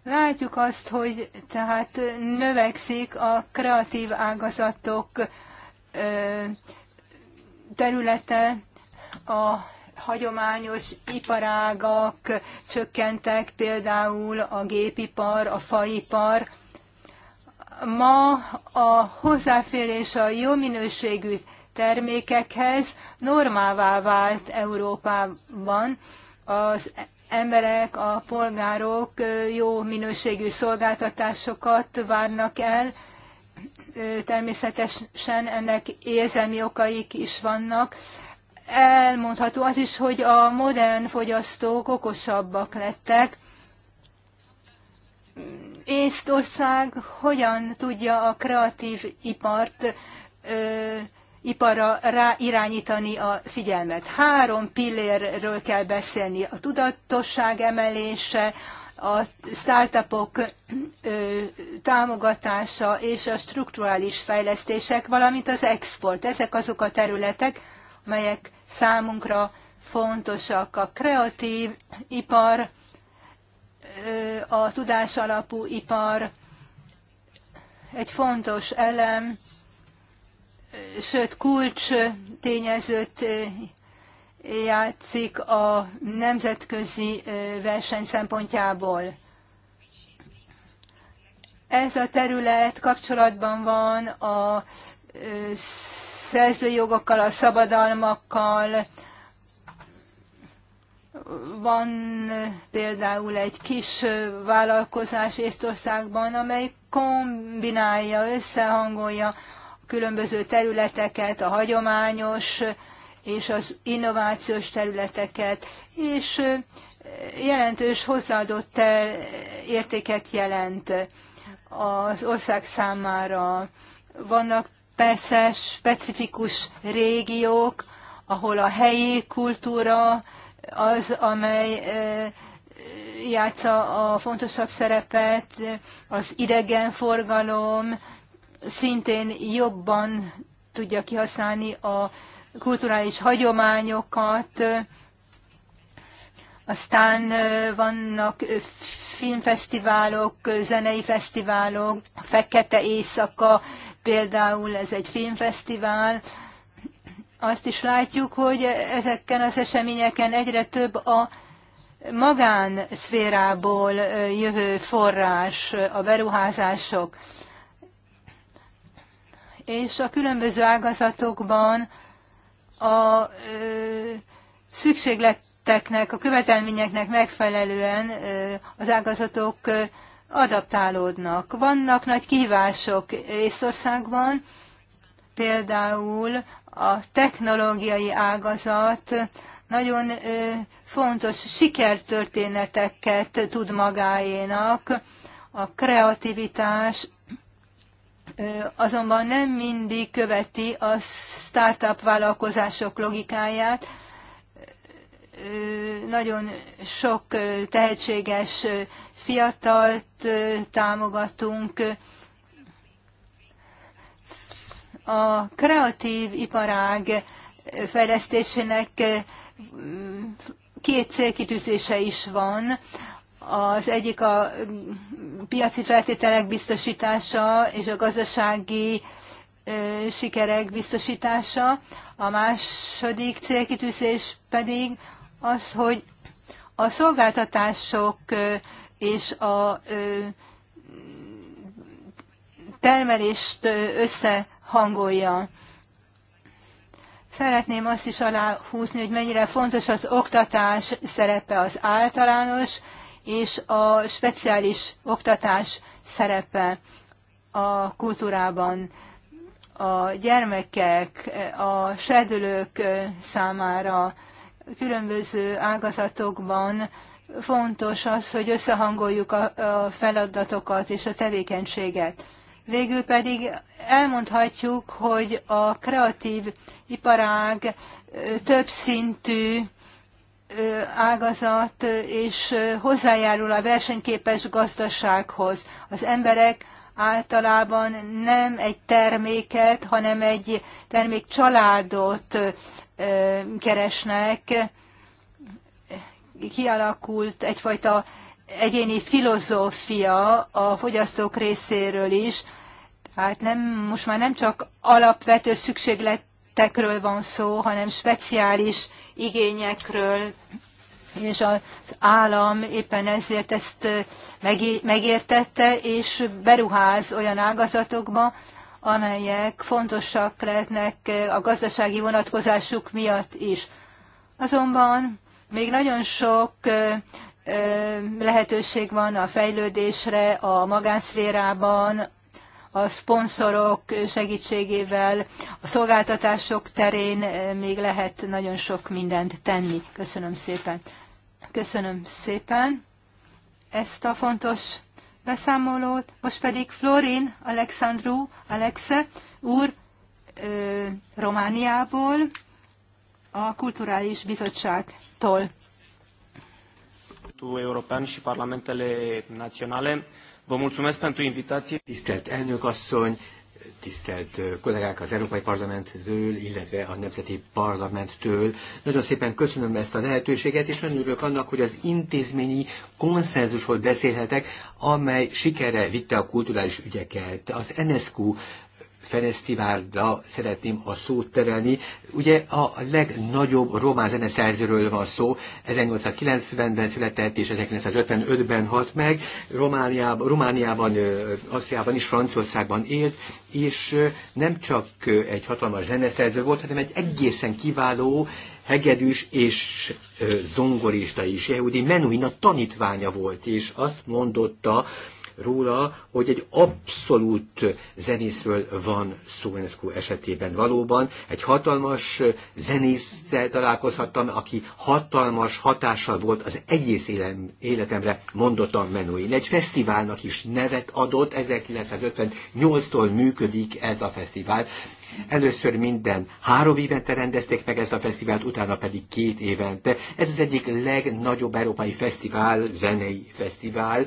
S1: Látjuk azt, hogy tehát növekszik a kreatív ágazatok területe, a hagyományos iparágak csökkentek, például a gépipar, a faipar. Ma a hozzáférés a jó minőségű termékekhez normává vált Európában. Az emberek, a polgárok jó minőségű szolgáltatásokat várnak el, természetesen ennek érzelmi okaik is vannak, elmondható az is, hogy a modern fogyasztók okosabbak lettek. Észtország hogyan tudja a kreatív ipart ö, iparra ráirányítani a figyelmet. Három pillérről kell beszélni. A tudatosság emelése, a startupok ö, támogatása és a strukturális fejlesztések, valamint az export. Ezek azok a területek, melyek számunkra fontosak. A kreatív ipar, a tudásalapú ipar egy fontos elem, sőt kulcs tényezőt játszik a nemzetközi verseny szempontjából. Ez a terület kapcsolatban van a szerzőjogokkal, a szabadalmakkal. Van például egy kis vállalkozás Észtországban, amely kombinálja, összehangolja a különböző területeket, a hagyományos és az innovációs területeket, és jelentős hozzáadott értéket jelent az ország számára. Vannak persze specifikus régiók, ahol a helyi kultúra az, amely játsza a fontosabb szerepet, az idegenforgalom szintén jobban tudja kihasználni a kulturális hagyományokat, aztán vannak filmfesztiválok, zenei fesztiválok, Fekete Éjszaka például ez egy filmfesztivál, azt is látjuk, hogy ezeken az eseményeken egyre több a magánszférából jövő forrás, a beruházások. És a különböző ágazatokban a szükségleteknek, a követelményeknek megfelelően az ágazatok adaptálódnak. Vannak nagy kihívások Észországban, például a technológiai ágazat nagyon fontos sikertörténeteket tud magáénak, a kreativitás azonban nem mindig követi a startup vállalkozások logikáját. Nagyon sok tehetséges fiatalt támogatunk, a kreatív iparág fejlesztésének két célkitűzése is van. Az egyik a piaci feltételek biztosítása és a gazdasági sikerek biztosítása, a második célkitűzés pedig az, hogy a szolgáltatások és a termelést összehangolja. Szeretném azt is aláhúzni, hogy mennyire fontos az oktatás szerepe, az általános és a speciális oktatás szerepe a kultúrában a gyermekek, a sedülők számára különböző ágazatokban fontos az, hogy összehangoljuk a, a feladatokat és a tevékenységet. Végül pedig elmondhatjuk, hogy a kreatív iparág többszintű ágazat és hozzájárul a versenyképes gazdasághoz. Az emberek általában nem egy terméket, hanem egy termékcsaládot keresnek, kialakult egyfajta egyéni filozófia a fogyasztók részéről is, hát nem, most már nem csak alapvető szükségletekről van szó, hanem speciális igényekről, és az állam éppen ezért ezt megértette, és beruház olyan ágazatokba, amelyek fontosak lehetnek a gazdasági vonatkozásuk miatt is. Azonban még nagyon sok lehetőség van a fejlődésre a magánszférában, a szponzorok segítségével, a szolgáltatások terén még lehet nagyon sok mindent tenni. Köszönöm szépen. Köszönöm szépen ezt a fontos beszámolót. Most pedig Florin Alexandru Alexe úr Romániából a Kulturális Bizottságtól.
S2: European și Parlamentele Naționale. Vă mulțumesc pentru invitație. Tisztelt elnök asszony, tisztelt kollégák az Európai Parlamenttől, illetve a Nemzeti Parlamenttől. Nagyon szépen köszönöm ezt a lehetőséget, és örülök annak, hogy az intézményi konszenzusról beszélhetek, amely sikere vitte a kulturális ügyeket. Az NSQ Ferenc szeretném a szót terelni. Ugye a legnagyobb román zeneszerzőről van szó, 1890-ben született és 1955-ben halt meg, Romániában, Romániában, Ausztriában és Franciaországban élt, és nem csak egy hatalmas zeneszerző volt, hanem egy egészen kiváló hegedűs és zongorista is, Ehudi Menuhin a tanítványa volt, és azt mondotta, róla, hogy egy abszolút zenészről van szó Enescu esetében. Valóban egy hatalmas zenésszel találkozhattam, aki hatalmas hatással volt az egész életemre, mondottam Menóin. Egy fesztiválnak is nevet adott, 1958-tól működik ez a fesztivál. Először minden három évente rendezték meg ezt a fesztivált, utána pedig két évente. Ez az egyik legnagyobb európai fesztivál, zenei fesztivál,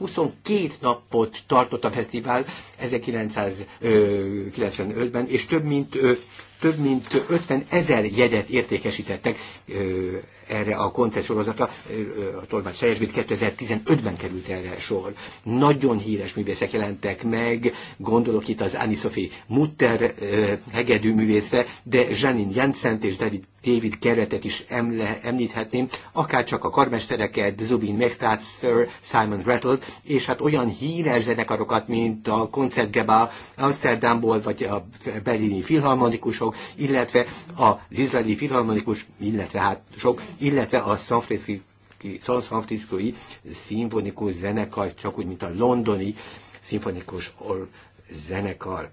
S2: 22 napot tartott a fesztivál 1995-ben, és több mint, több mint 50 ezer jegyet értékesítettek erre a koncert sorozatra a Tolmács Szeresbit 2015-ben került erre sor. Nagyon híres művészek jelentek meg, gondolok itt az Anisofi Sophie Mutter hegedű művészre, de Janine Jenszent és David David Keretet is emle, említhetném, akár csak a karmestereket, Zubin Mehtát, Sir Simon Rattle, és hát olyan híres zenekarokat, mint a Concertgebá Amsterdamból, vagy a berlini filharmonikusok, illetve az izraeli filharmonikus, illetve hát sok illetve a Francisco-i szimfonikus zenekar, csak úgy, mint a londoni szimfonikus zenekar.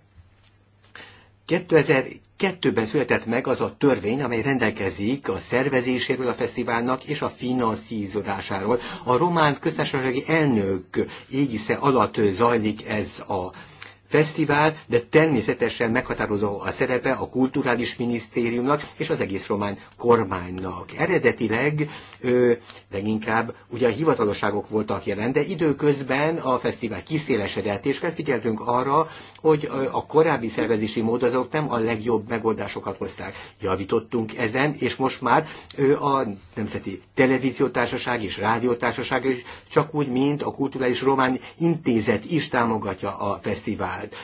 S2: 2002-ben született meg az a törvény, amely rendelkezik a szervezéséről a fesztiválnak és a finanszírozásáról. A román köztársasági elnök égisze alatt zajlik ez a fesztivál, de természetesen meghatározó a szerepe a kulturális minisztériumnak és az egész román kormánynak. Eredetileg ö, leginkább ugye a hivatalosságok voltak jelen, de időközben a fesztivál kiszélesedett, és felfigyeltünk arra, hogy a korábbi szervezési mód azok nem a legjobb megoldásokat hozták. Javítottunk ezen, és most már a Nemzeti Televíziótársaság és Rádiótársaság is csak úgy, mint a Kulturális Román Intézet is támogatja a fesztivált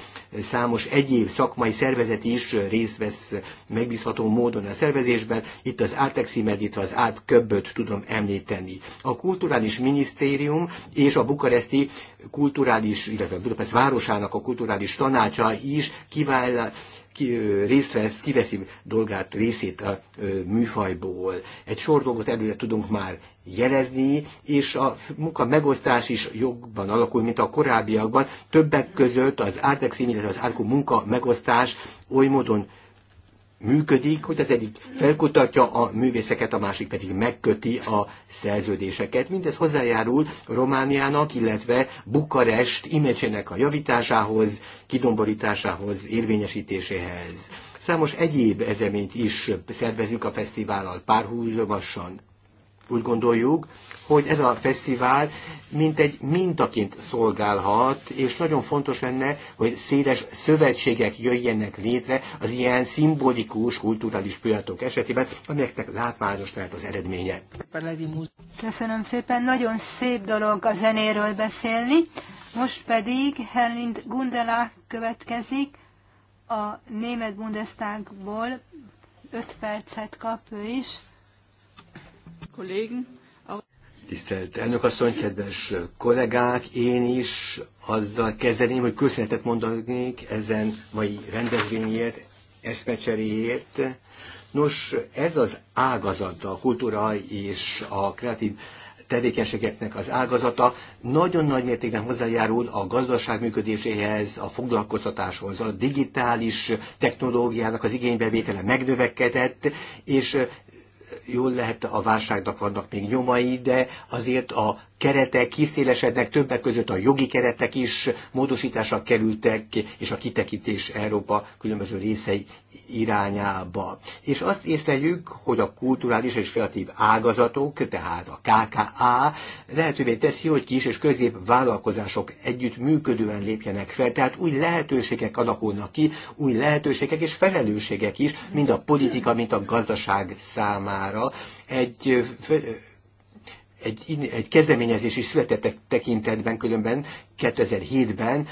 S2: számos egyéb szakmai szervezet is részt vesz megbízható módon a szervezésben. Itt az Áteximed, itt az Átköbböt tudom említeni. A Kulturális Minisztérium és a bukaresti kulturális, illetve Budapest városának a kulturális tanácsa is kiváló ki, részt vesz, kiveszi dolgát, részét a műfajból. Egy sor dolgot előre tudunk már jelezni, és a munka megosztás is jobban alakul, mint a korábbiakban. Többek között az Árdex, illetve az Árkó munka megosztás oly módon működik, hogy az egyik felkutatja a művészeket, a másik pedig megköti a szerződéseket. Mindez hozzájárul Romániának, illetve Bukarest imecsének a javításához, kidomborításához, érvényesítéséhez. Számos egyéb ezeményt is szervezünk a fesztivállal párhuzamosan úgy gondoljuk, hogy ez a fesztivál mint egy mintaként szolgálhat, és nagyon fontos lenne, hogy széles szövetségek jöjjenek létre az ilyen szimbolikus kulturális pillanatok esetében, amelyeknek látványos lehet az eredménye.
S1: Köszönöm szépen, nagyon szép dolog a zenéről beszélni. Most pedig Helind Gundelá következik, a Német Bundestagból 5 percet kap ő is.
S2: Tisztelt elnök, asszony, kedves kollégák, én is azzal kezdeném, hogy köszönetet mondanék ezen mai rendezvényért, eszmecseréért. Nos, ez az ágazata, a kultúra és a kreatív tevékenységeknek az ágazata nagyon nagy mértékben hozzájárul a gazdaság működéséhez, a foglalkoztatáshoz, a digitális technológiának az igénybevétele megnövekedett, és jól lehet a válságnak vannak még nyomai, de azért a keretek kiszélesednek, többek között a jogi keretek is módosításra kerültek, és a kitekintés Európa különböző részei irányába. És azt észleljük, hogy a kulturális és kreatív ágazatok, tehát a KKA lehetővé teszi, hogy kis és közép vállalkozások együtt működően lépjenek fel, tehát új lehetőségek alakulnak ki, új lehetőségek és felelősségek is, mind a politika, mind a gazdaság számára. Egy egy, egy kezdeményezés is született tekintetben különben 2007-ben,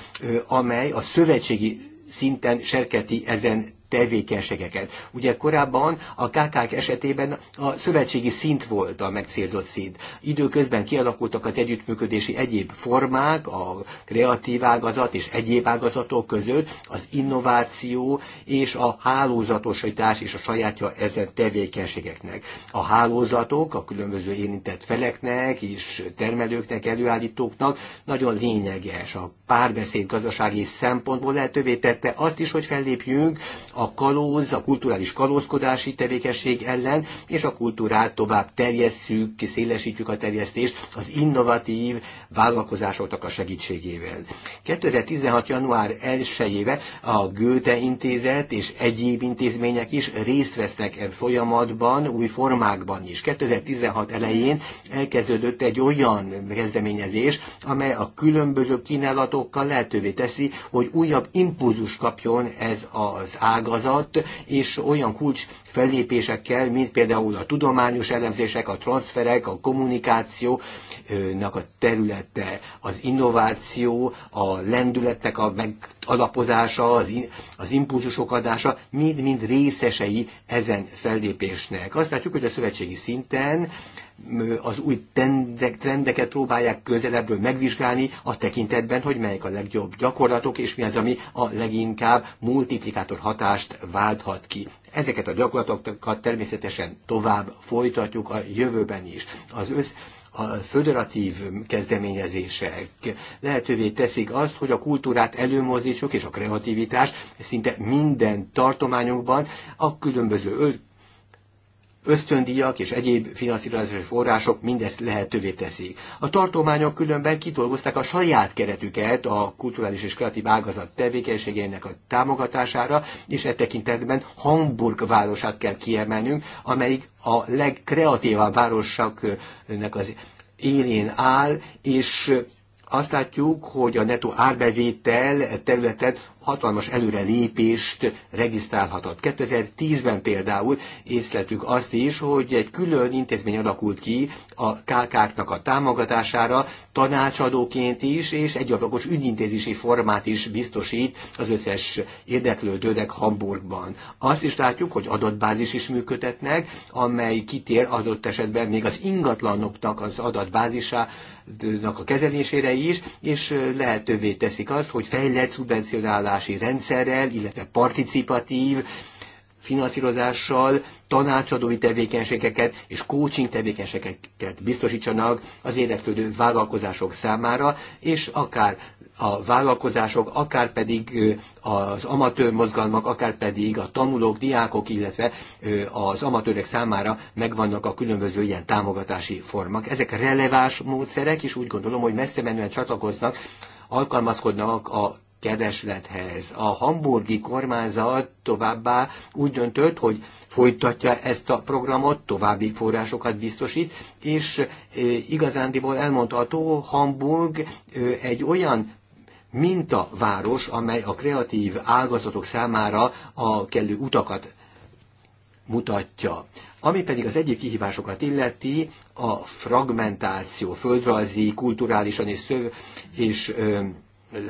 S2: amely a szövetségi szinten serketi ezen tevékenységeket. Ugye korábban a KKK esetében a szövetségi szint volt a megcélzott szint. Időközben kialakultak az együttműködési egyéb formák, a kreatív ágazat és egyéb ágazatok között, az innováció és a hálózatosítás és a sajátja ezen tevékenységeknek. A hálózatok a különböző érintett feleknek és termelőknek, előállítóknak nagyon lényeges. A párbeszéd gazdasági szempontból lehetővé tette azt is, hogy fellépjünk a a kalóz, a kulturális kalózkodási tevékenység ellen, és a kultúrát tovább terjesszük, szélesítjük a terjesztést az innovatív vállalkozásoknak a segítségével. 2016. január 1-ével a Goethe Intézet és egyéb intézmények is részt vesznek e folyamatban, új formákban is. 2016 elején elkezdődött egy olyan kezdeményezés, amely a különböző kínálatokkal lehetővé teszi, hogy újabb impulzus kapjon ez az ága ágazat, és olyan kulcs fellépésekkel, mint például a tudományos elemzések, a transferek, a kommunikációnak a területe, az innováció, a lendületnek a megalapozása, az, in, az impulzusok adása, mind-mind részesei ezen fellépésnek. Azt látjuk, hogy a szövetségi szinten az új trendeket próbálják közelebbről megvizsgálni a tekintetben, hogy melyek a legjobb gyakorlatok, és mi az, ami a leginkább multiplikátor hatást válthat ki. Ezeket a gyakorlatokat természetesen tovább folytatjuk a jövőben is. Az össz, a föderatív kezdeményezések lehetővé teszik azt, hogy a kultúrát előmozdítsuk, és a kreativitás szinte minden tartományunkban a különböző ösztöndíjak és egyéb finanszírozási források mindezt lehetővé teszik. A tartományok különben kidolgozták a saját keretüket a kulturális és kreatív ágazat tevékenységének a támogatására, és e tekintetben Hamburg városát kell kiemelnünk, amelyik a legkreatívabb városoknak az élén áll, és azt látjuk, hogy a netto árbevétel területet hatalmas előrelépést regisztrálhatott. 2010-ben például észletük azt is, hogy egy külön intézmény alakult ki a kk a támogatására, tanácsadóként is, és egy ablakos ügyintézési formát is biztosít az összes érdeklődőnek Hamburgban. Azt is látjuk, hogy adatbázis is működtetnek, amely kitér adott esetben még az ingatlanoknak az adatbázisa a kezelésére is, és lehetővé teszik azt, hogy fejlett szubvencionálási rendszerrel, illetve participatív finanszírozással, tanácsadói tevékenységeket és coaching tevékenységeket biztosítsanak az érdeklődő vállalkozások számára, és akár a vállalkozások, akár pedig az amatőr mozgalmak, akár pedig a tanulók, diákok, illetve az amatőrek számára megvannak a különböző ilyen támogatási formák. Ezek releváns módszerek, és úgy gondolom, hogy messze menően csatlakoznak, alkalmazkodnak a kereslethez. A hamburgi kormányzat továbbá úgy döntött, hogy folytatja ezt a programot, további forrásokat biztosít, és igazándiból elmondható, Hamburg egy olyan mintaváros, amely a kreatív ágazatok számára a kellő utakat mutatja. Ami pedig az egyéb kihívásokat illeti, a fragmentáció földrajzi, kulturálisan és, szöv, és ö,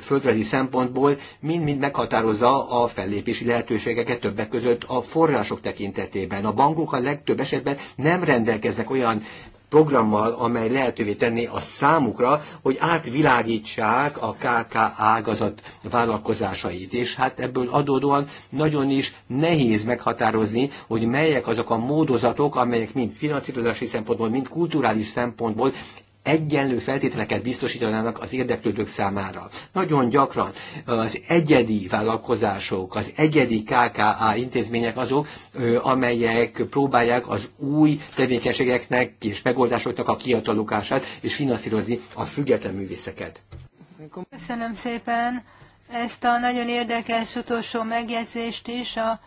S2: földrajzi szempontból mind-mind meghatározza a fellépési lehetőségeket többek között a források tekintetében. A bankok a legtöbb esetben nem rendelkeznek olyan programmal, amely lehetővé tenné a számukra, hogy átvilágítsák a KK ágazat vállalkozásait. És hát ebből adódóan nagyon is nehéz meghatározni, hogy melyek azok a módozatok, amelyek mind finanszírozási szempontból, mind kulturális szempontból egyenlő feltételeket biztosítanának az érdeklődők számára. Nagyon gyakran az egyedi vállalkozások, az egyedi KKA intézmények azok, amelyek próbálják az új tevékenységeknek és megoldásoknak a kiatalukását és finanszírozni a független művészeket.
S1: Köszönöm szépen ezt a nagyon érdekes utolsó megjegyzést is a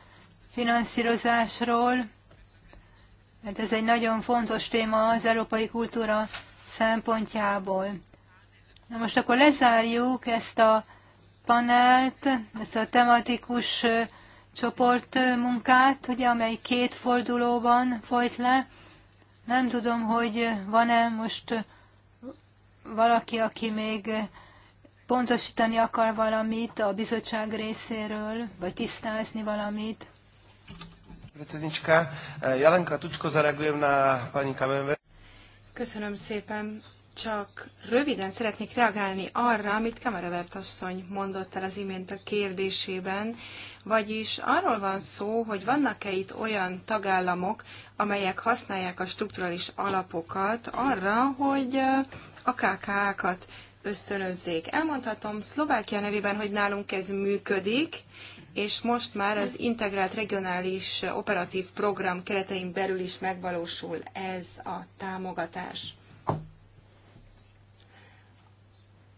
S1: finanszírozásról. mert ez egy nagyon fontos téma az európai kultúra szempontjából. Na most akkor lezárjuk ezt a panelt, ezt a tematikus csoportmunkát, ugye, amely két fordulóban folyt le. Nem tudom, hogy van-e most valaki, aki még pontosítani akar valamit a bizottság részéről, vagy tisztázni valamit.
S3: Predsednička, eh, Jelenka len zareagujem na pani Kamenve. Köszönöm szépen. Csak röviden szeretnék reagálni arra, amit Kamerevert asszony mondott el az imént a kérdésében, vagyis arról van szó, hogy vannak-e itt olyan tagállamok, amelyek használják a strukturális alapokat arra, hogy eh, a KK-kat ösztönözzék. Elmondhatom Szlovákia nevében, hogy nálunk ez működik, és most már az integrált regionális operatív program keretein belül is megvalósul ez a támogatás.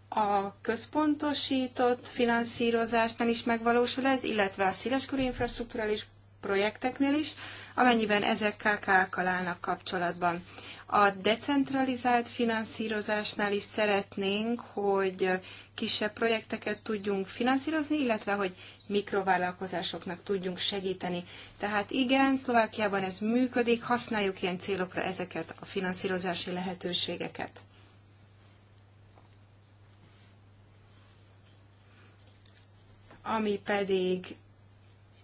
S3: a központosított finanszírozásnál is megvalósul ez, illetve a széleskörű infrastruktúrális projekteknél is, amennyiben ezek KKK-kal állnak kapcsolatban. A decentralizált finanszírozásnál is szeretnénk, hogy kisebb projekteket tudjunk finanszírozni, illetve hogy mikrovállalkozásoknak tudjunk segíteni. Tehát igen, Szlovákiában ez működik, használjuk ilyen célokra ezeket a finanszírozási lehetőségeket. Ami pedig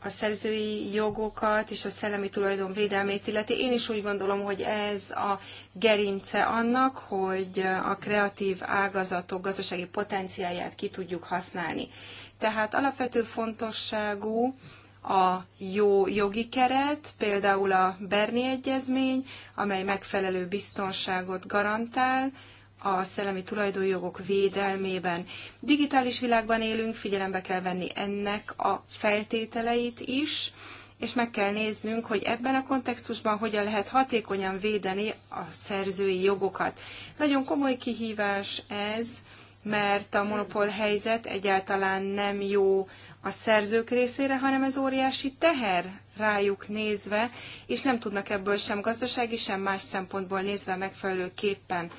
S3: a szerzői jogokat és a szellemi tulajdon védelmét illeti. Én is úgy gondolom, hogy ez a gerince annak, hogy a kreatív ágazatok gazdasági potenciáját ki tudjuk használni. Tehát alapvető fontosságú a jó jogi keret, például a Berni Egyezmény, amely megfelelő biztonságot garantál, a szellemi tulajdonjogok védelmében. Digitális világban élünk, figyelembe kell venni ennek a feltételeit is, és meg kell néznünk, hogy ebben a kontextusban hogyan lehet hatékonyan védeni a szerzői jogokat. Nagyon komoly kihívás ez, mert a monopól helyzet egyáltalán nem jó a szerzők részére, hanem ez óriási teher rájuk nézve, és nem tudnak ebből sem gazdasági, sem más szempontból nézve megfelelőképpen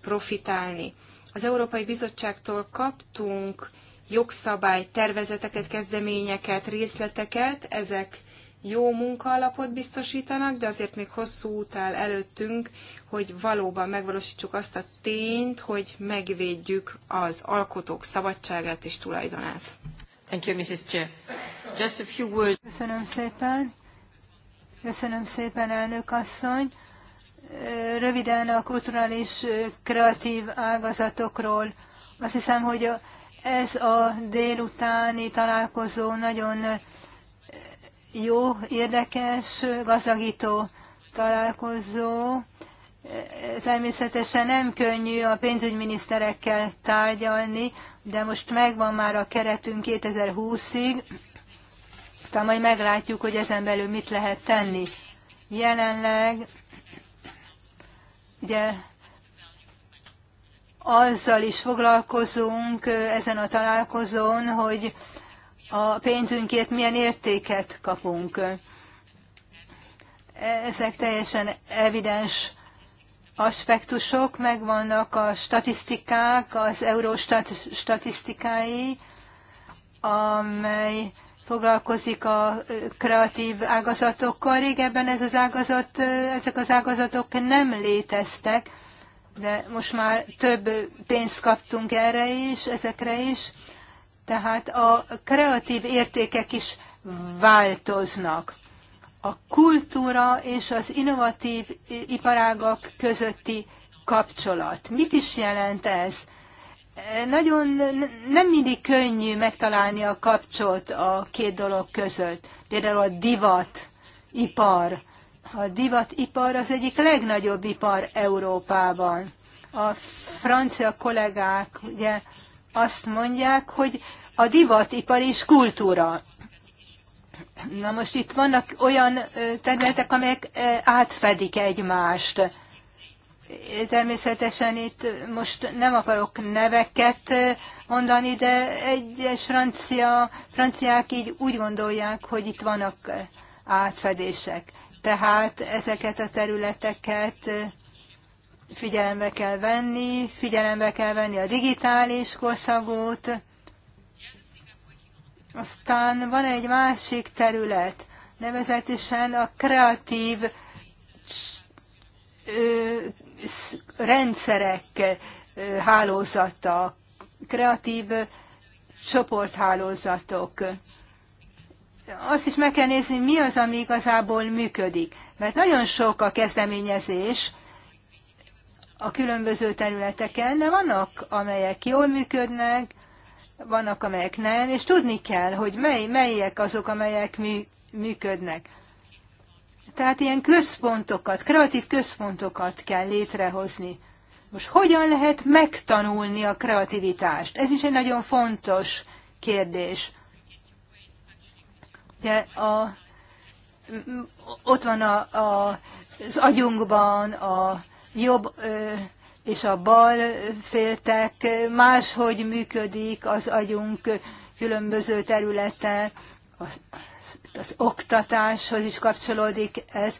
S3: profitálni. Az Európai Bizottságtól kaptunk jogszabály, tervezeteket, kezdeményeket, részleteket, ezek jó munkaalapot biztosítanak, de azért még hosszú út áll előttünk, hogy valóban megvalósítsuk azt a tényt, hogy megvédjük az alkotók szabadságát és tulajdonát. Thank you, Mrs. Chair. Just a few words. Köszönöm
S1: szépen. Köszönöm szépen, elnök asszony röviden a kulturális kreatív ágazatokról. Azt hiszem, hogy ez a délutáni találkozó nagyon jó, érdekes, gazdagító találkozó. Természetesen nem könnyű a pénzügyminiszterekkel tárgyalni, de most megvan már a keretünk 2020-ig, aztán majd meglátjuk, hogy ezen belül mit lehet tenni. Jelenleg Ugye azzal is foglalkozunk ezen a találkozón, hogy a pénzünkért milyen értéket kapunk. E-, ezek teljesen evidens aspektusok, megvannak a statisztikák, az Eurostat statisztikái, amely foglalkozik a kreatív ágazatokkal. Régebben ez az ágazat, ezek az ágazatok nem léteztek, de most már több pénzt kaptunk erre is, ezekre is. Tehát a kreatív értékek is változnak. A kultúra és az innovatív iparágak közötti kapcsolat. Mit is jelent ez? nagyon nem mindig könnyű megtalálni a kapcsot a két dolog között. Például a divat ipar. A divatipar az egyik legnagyobb ipar Európában. A francia kollégák ugye azt mondják, hogy a divatipar is kultúra. Na most itt vannak olyan területek, amelyek átfedik egymást. Természetesen itt most nem akarok neveket mondani, de egyes francia, franciák így úgy gondolják, hogy itt vannak átfedések. Tehát ezeket a területeket figyelembe kell venni, figyelembe kell venni a digitális korszakot. Aztán van egy másik terület, nevezetesen a kreatív rendszerek eh, hálózata, kreatív eh, csoporthálózatok. Azt is meg kell nézni, mi az, ami igazából működik. Mert nagyon sok a kezdeményezés a különböző területeken, de vannak, amelyek jól működnek, vannak, amelyek nem, és tudni kell, hogy mely, melyek azok, amelyek mű, működnek. Tehát ilyen központokat, kreatív központokat kell létrehozni. Most hogyan lehet megtanulni a kreativitást? Ez is egy nagyon fontos kérdés. Ugye a, ott van a, a, az agyunkban a jobb ö, és a bal féltek, máshogy működik az agyunk különböző területen, a az oktatáshoz is kapcsolódik ez.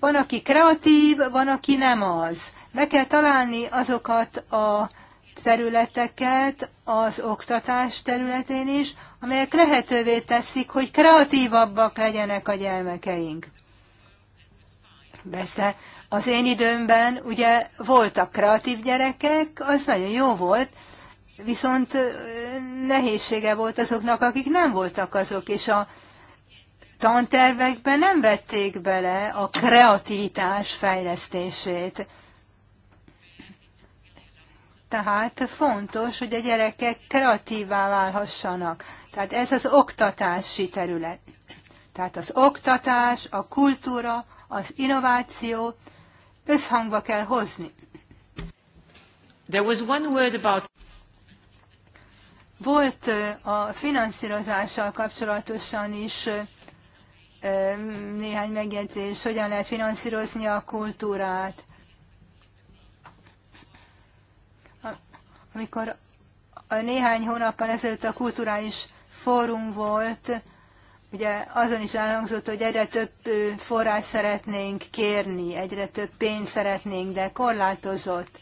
S1: Van, aki kreatív, van, aki nem az. Be kell találni azokat a területeket az oktatás területén is, amelyek lehetővé teszik, hogy kreatívabbak legyenek a gyermekeink. Persze az én időmben ugye voltak kreatív gyerekek, az nagyon jó volt, viszont nehézsége volt azoknak, akik nem voltak azok, és a tantervekbe nem vették bele a kreativitás fejlesztését. Tehát fontos, hogy a gyerekek kreatívá válhassanak. Tehát ez az oktatási terület. Tehát az oktatás, a kultúra, az innováció összhangba kell hozni. There was one word about volt a finanszírozással kapcsolatosan is néhány megjegyzés, hogyan lehet finanszírozni a kultúrát. Amikor a néhány hónappal ezelőtt a kulturális fórum volt, ugye azon is elhangzott, hogy egyre több forrás szeretnénk kérni, egyre több pénzt szeretnénk, de korlátozott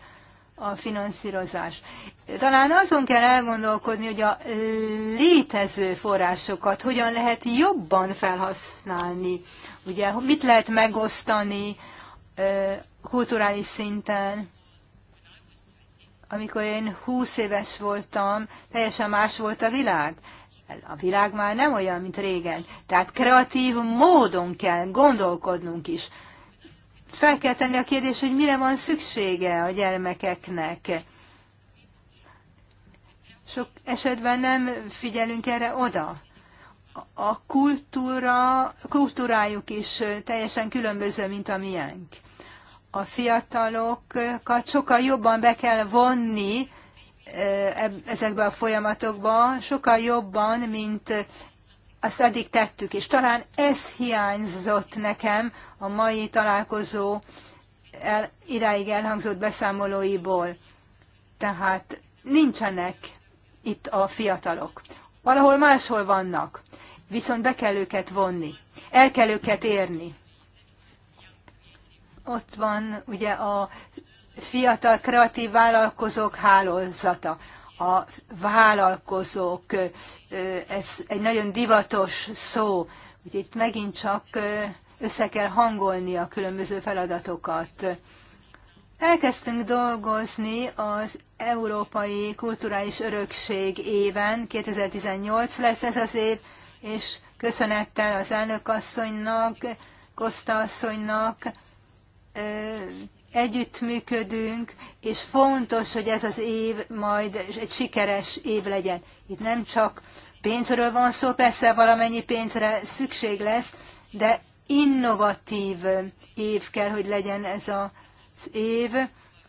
S1: a finanszírozás. Talán azon kell elgondolkodni, hogy a létező forrásokat hogyan lehet jobban felhasználni. Ugye, mit lehet megosztani kulturális szinten. Amikor én 20 éves voltam, teljesen más volt a világ. A világ már nem olyan, mint régen. Tehát kreatív módon kell gondolkodnunk is fel kell tenni a kérdést, hogy mire van szüksége a gyermekeknek. Sok esetben nem figyelünk erre oda. A kultúra, kultúrájuk is teljesen különböző, mint a miénk. A fiatalokat sokkal jobban be kell vonni eh, ezekbe a folyamatokba, sokkal jobban, mint azt eddig tettük, és talán ez hiányzott nekem a mai találkozó el, idáig elhangzott beszámolóiból. Tehát nincsenek itt a fiatalok. Valahol máshol vannak, viszont be kell őket vonni, el kell őket érni. Ott van ugye a fiatal kreatív vállalkozók hálózata a vállalkozók, ez egy nagyon divatos szó, hogy itt megint csak össze kell hangolni a különböző feladatokat. Elkezdtünk dolgozni az Európai Kulturális Örökség éven, 2018 lesz ez az év, és köszönettel az elnökasszonynak, Kosta asszonynak, együttműködünk, és fontos, hogy ez az év majd egy sikeres év legyen. Itt nem csak pénzről van szó, persze valamennyi pénzre szükség lesz, de innovatív év kell, hogy legyen ez az év.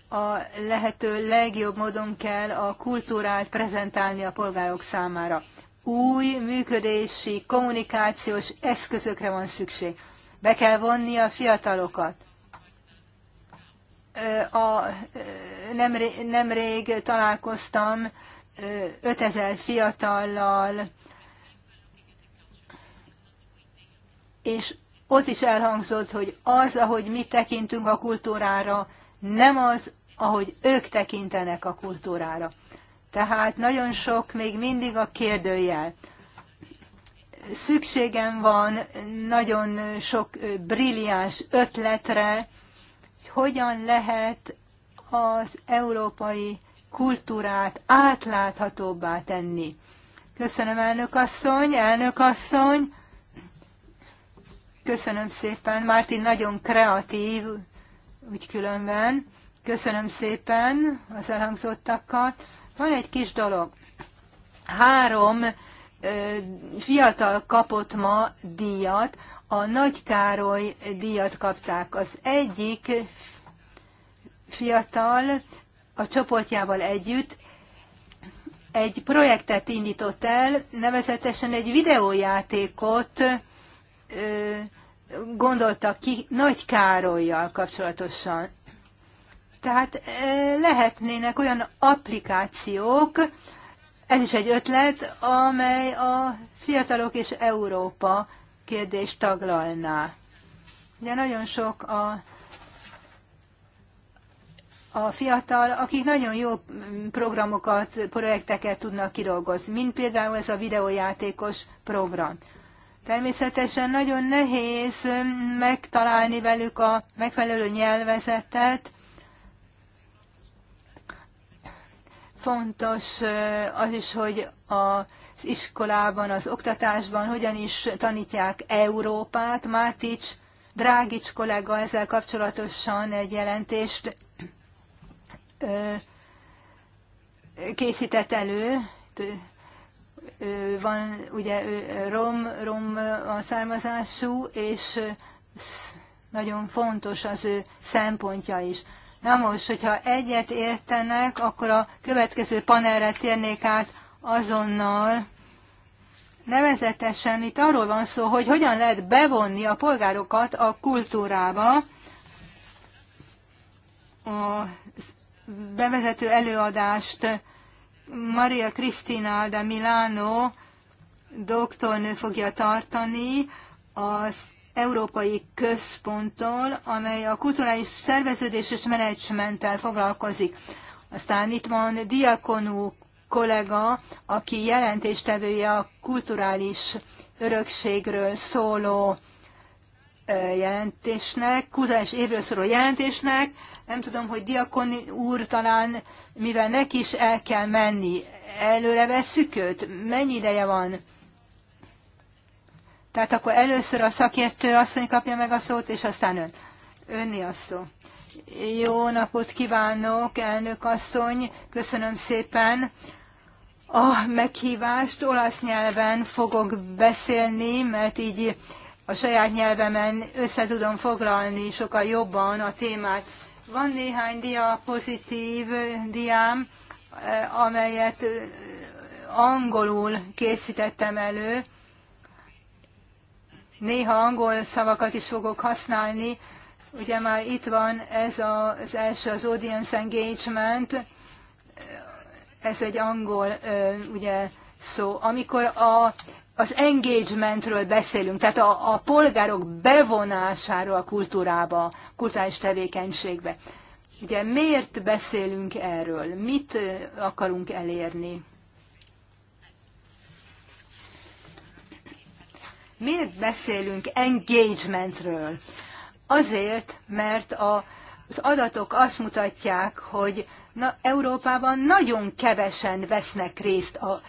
S1: A lehető legjobb módon kell a kultúrát prezentálni a polgárok számára. Új működési, kommunikációs eszközökre van szükség. Be kell vonni a fiatalokat a, nemrég, nemrég találkoztam 5000 fiatallal, és ott is elhangzott, hogy az, ahogy mi tekintünk a kultúrára, nem az, ahogy ők tekintenek a kultúrára. Tehát nagyon sok még mindig a kérdőjel. Szükségem van nagyon sok brilliáns ötletre, hogyan lehet az európai kultúrát átláthatóbbá tenni. Köszönöm, elnök asszony, elnök asszony. Köszönöm szépen. Mártin nagyon kreatív, úgy különben. Köszönöm szépen az elhangzottakat. Van egy kis dolog. Három ö, fiatal kapott ma díjat, a Nagy Károly díjat kapták. Az egyik fiatal a csoportjával együtt egy projektet indított el, nevezetesen egy videójátékot gondoltak ki Nagy Károlyjal kapcsolatosan. Tehát lehetnének olyan applikációk, ez is egy ötlet, amely a fiatalok és Európa kérdést taglalná. Ugye nagyon sok a, a fiatal, akik nagyon jó programokat, projekteket tudnak kidolgozni, mint például ez a videójátékos program. Természetesen nagyon nehéz megtalálni velük a megfelelő nyelvezetet. Fontos eh, az is, hogy a az iskolában, az oktatásban hogyan is tanítják Európát. Mátics Drágics kollega ezzel kapcsolatosan egy jelentést készített elő, Ö, van, ugye ö, rom, rom a származású, és nagyon fontos az ő szempontja is. Na most, hogyha egyet értenek, akkor a következő panelre térnék át, azonnal. Nevezetesen itt arról van szó, hogy hogyan lehet bevonni a polgárokat a kultúrába. A bevezető előadást Maria Cristina de Milano doktornő fogja tartani az Európai Központtól, amely a kulturális szerveződés és menedzsmenttel foglalkozik. Aztán itt van Diakonú kollega, aki jelentéstevője a kulturális örökségről szóló jelentésnek, kulturális évről szóló jelentésnek. Nem tudom, hogy Diakon úr talán, mivel neki is el kell menni, előre veszük őt? Mennyi ideje van? Tehát akkor először a szakértő asszony kapja meg a szót, és aztán ön. Önni a szó. Jó napot kívánok, elnök asszony, köszönöm szépen a meghívást. Olasz nyelven fogok beszélni, mert így a saját nyelvemen össze tudom foglalni sokkal jobban a témát. Van néhány diapozitív diám, eh, amelyet eh, angolul készítettem elő. Néha angol szavakat is fogok használni. Ugye már itt van ez az első, az audience engagement, ez egy angol ugye, szó, amikor a, az engagementről beszélünk, tehát a, a polgárok bevonásáról a kultúrába, kulturális tevékenységbe. Ugye miért beszélünk erről? Mit akarunk elérni? Miért beszélünk engagementről? Azért, mert a, az adatok azt mutatják, hogy Na, Európában nagyon kevesen vesznek részt a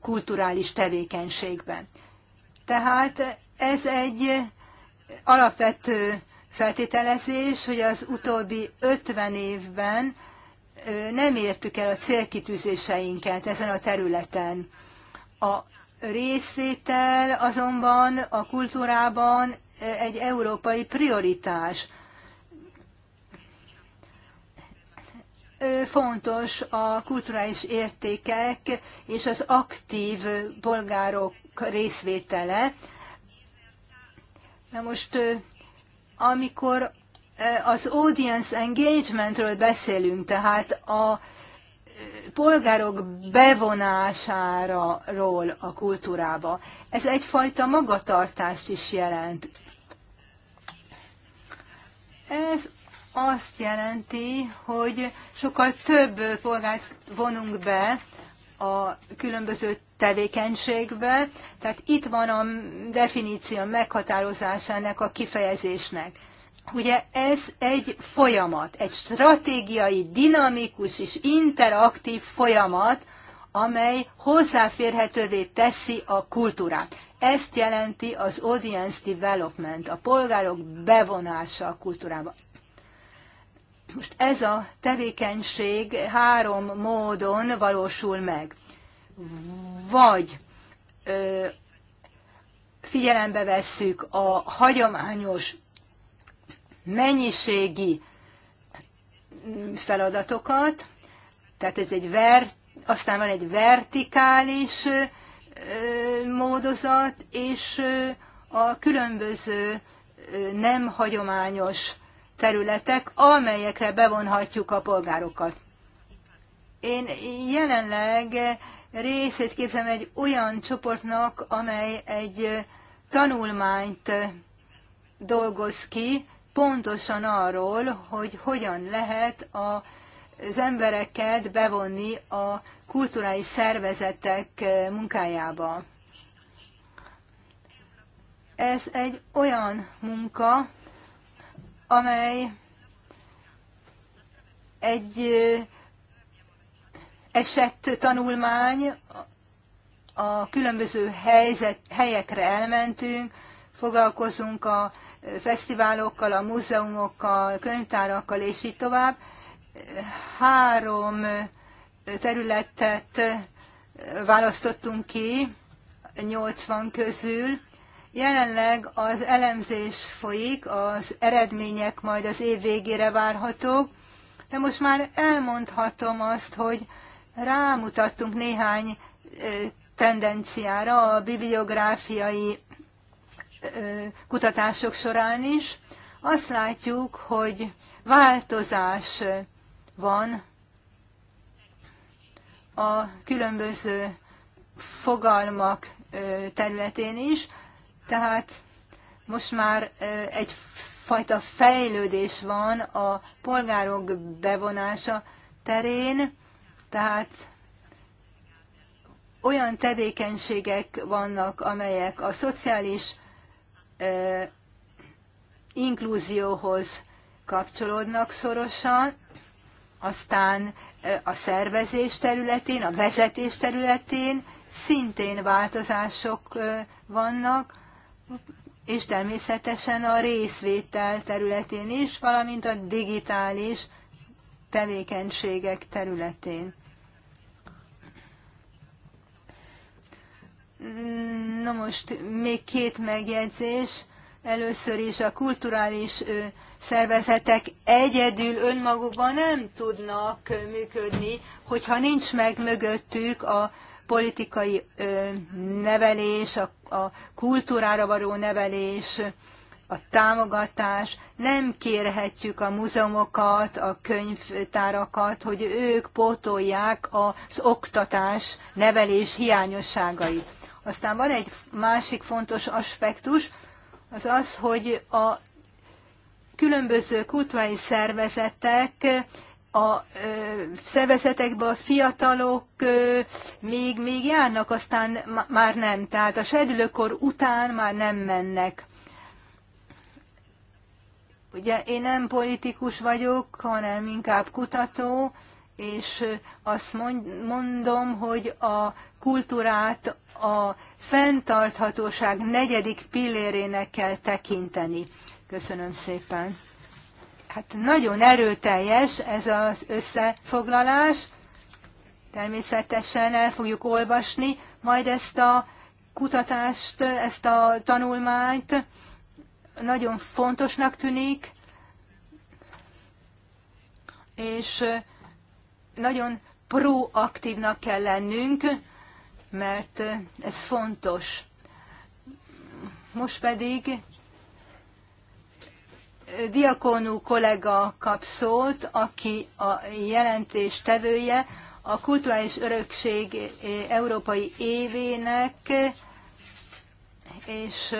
S1: kulturális tevékenységben. Tehát ez egy alapvető feltételezés, hogy az utóbbi 50 évben nem értük el a célkitűzéseinket ezen a területen. A részvétel azonban a kultúrában egy európai prioritás. fontos a kulturális értékek és az aktív polgárok részvétele. Na most, amikor az audience engagementről beszélünk, tehát a polgárok bevonásáról a kultúrába. Ez egyfajta magatartást is jelent. Ez azt jelenti, hogy sokkal több polgárt vonunk be a különböző tevékenységbe, tehát itt van a definíció meghatározásának a kifejezésnek. Ugye ez egy folyamat, egy stratégiai, dinamikus és interaktív folyamat, amely hozzáférhetővé teszi a kultúrát. Ezt jelenti az audience development, a polgárok bevonása a kultúrába. Most ez a tevékenység három módon valósul meg. Vagy ö, figyelembe vesszük a hagyományos mennyiségi feladatokat, tehát ez egy ver, aztán van egy vertikális ö, módozat, és ö, a különböző ö, nem hagyományos területek, amelyekre bevonhatjuk a polgárokat. Én jelenleg részét képzem egy olyan csoportnak, amely egy tanulmányt dolgoz ki, pontosan arról, hogy hogyan lehet a, az embereket bevonni a kulturális szervezetek munkájába. Ez egy olyan munka, amely egy esett tanulmány, a különböző helyzet, helyekre elmentünk, foglalkozunk a fesztiválokkal, a múzeumokkal, könyvtárakkal és így tovább. Három területet választottunk ki 80 közül, Jelenleg az elemzés folyik, az eredmények majd az év végére várhatók, de most már elmondhatom azt, hogy rámutattunk néhány tendenciára a bibliográfiai kutatások során is. Azt látjuk, hogy változás van a különböző fogalmak területén is. Tehát most már egyfajta fejlődés van a polgárok bevonása terén, tehát olyan tevékenységek vannak, amelyek a szociális inklúzióhoz inkluzióhoz kapcsolódnak szorosan, aztán a szervezés területén, a vezetés területén szintén változások vannak, és természetesen a részvétel területén is, valamint a digitális tevékenységek területén. Na most még két megjegyzés. Először is a kulturális szervezetek egyedül önmagukban nem tudnak működni, hogyha nincs meg mögöttük a politikai nevelés, a, a kultúrára való nevelés, a támogatás. Nem kérhetjük a múzeumokat, a könyvtárakat, hogy ők pótolják az oktatás, nevelés hiányosságait. Aztán van egy másik fontos aspektus, az az, hogy a különböző kulturális szervezetek a ö, szervezetekben a fiatalok ö, még, még járnak, aztán már nem. Tehát a sedülőkor után már nem mennek. Ugye én nem politikus vagyok, hanem inkább kutató, és azt mondom, hogy a kultúrát a fenntarthatóság negyedik pillérének kell tekinteni. Köszönöm szépen! Hát nagyon erőteljes ez az összefoglalás. Természetesen el fogjuk olvasni majd ezt a kutatást, ezt a tanulmányt. Nagyon fontosnak tűnik, és nagyon proaktívnak kell lennünk, mert ez fontos. Most pedig Diakonú kollega kap szót, aki a jelentés tevője a kulturális örökség eh, európai évének, és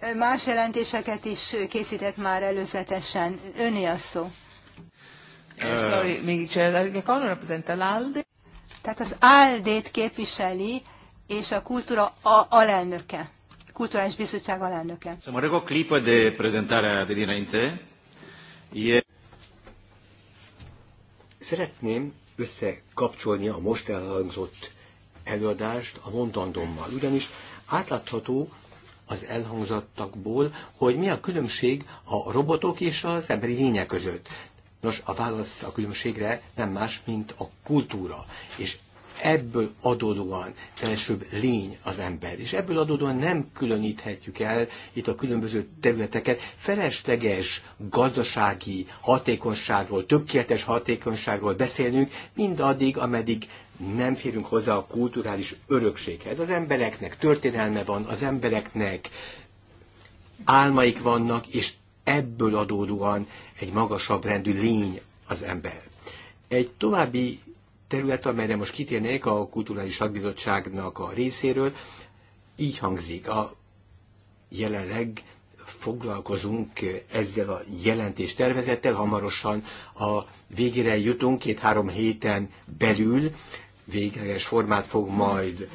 S1: eh, más jelentéseket is készített már előzetesen. Öné a szó. Eh, Tehát az áldét képviseli, és a kultúra a alelnöke. Kulturális Bizottság alelnöke.
S3: de
S2: e- Szeretném összekapcsolni a most elhangzott előadást a mondandommal, ugyanis átlátható az elhangzottakból, hogy mi a különbség a robotok és az emberi lények között. Nos, a válasz a különbségre nem más, mint a kultúra. És ebből adódóan felsőbb lény az ember, és ebből adódóan nem különíthetjük el itt a különböző területeket. Felesleges gazdasági hatékonyságról, tökéletes hatékonyságról beszélünk, mindaddig, ameddig nem férünk hozzá a kulturális örökséghez. Az embereknek történelme van, az embereknek álmaik vannak, és ebből adódóan egy magasabb rendű lény az ember. Egy további terület, amelyre most kitérnék a Kulturális Szakbizottságnak a részéről, így hangzik. A jelenleg foglalkozunk ezzel a jelentéstervezettel, hamarosan a végére jutunk, két-három héten belül végleges formát fog majd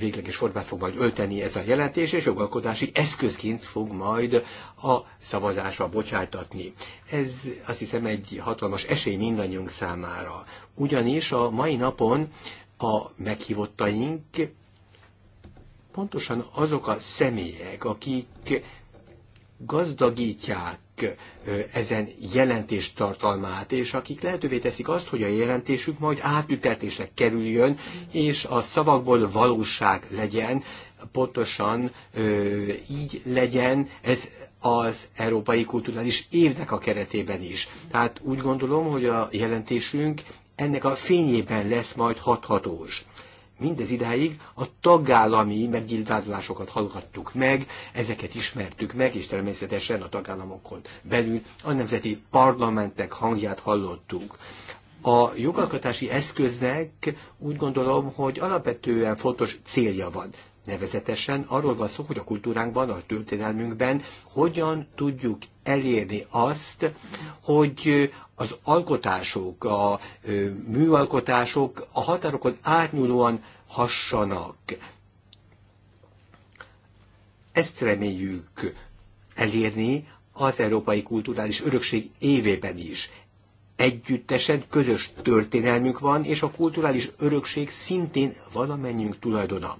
S2: végleges formát fog majd ölteni ez a jelentés, és jogalkotási eszközként fog majd a szavazásra bocsájtatni. Ez azt hiszem egy hatalmas esély mindannyiunk számára. Ugyanis a mai napon a meghívottaink pontosan azok a személyek, akik gazdagítják ezen jelentés tartalmát, és akik lehetővé teszik azt, hogy a jelentésük majd átütetésre kerüljön, és a szavakból valóság legyen, pontosan ö, így legyen, ez az európai kulturális évnek a keretében is. Tehát úgy gondolom, hogy a jelentésünk ennek a fényében lesz majd hathatós. Mindez idáig a tagállami megnyilvánulásokat hallgattuk meg, ezeket ismertük meg, és természetesen a tagállamokon belül a nemzeti parlamentek hangját hallottuk. A jogalkotási eszköznek úgy gondolom, hogy alapvetően fontos célja van. Nevezetesen arról van szó, hogy a kultúránkban, a történelmünkben hogyan tudjuk elérni azt, hogy az alkotások, a műalkotások a határokon átnyúlóan hassanak. Ezt reméljük elérni az Európai Kulturális Örökség évében is. Együttesen közös történelmünk van, és a kulturális örökség szintén valamennyünk tulajdona.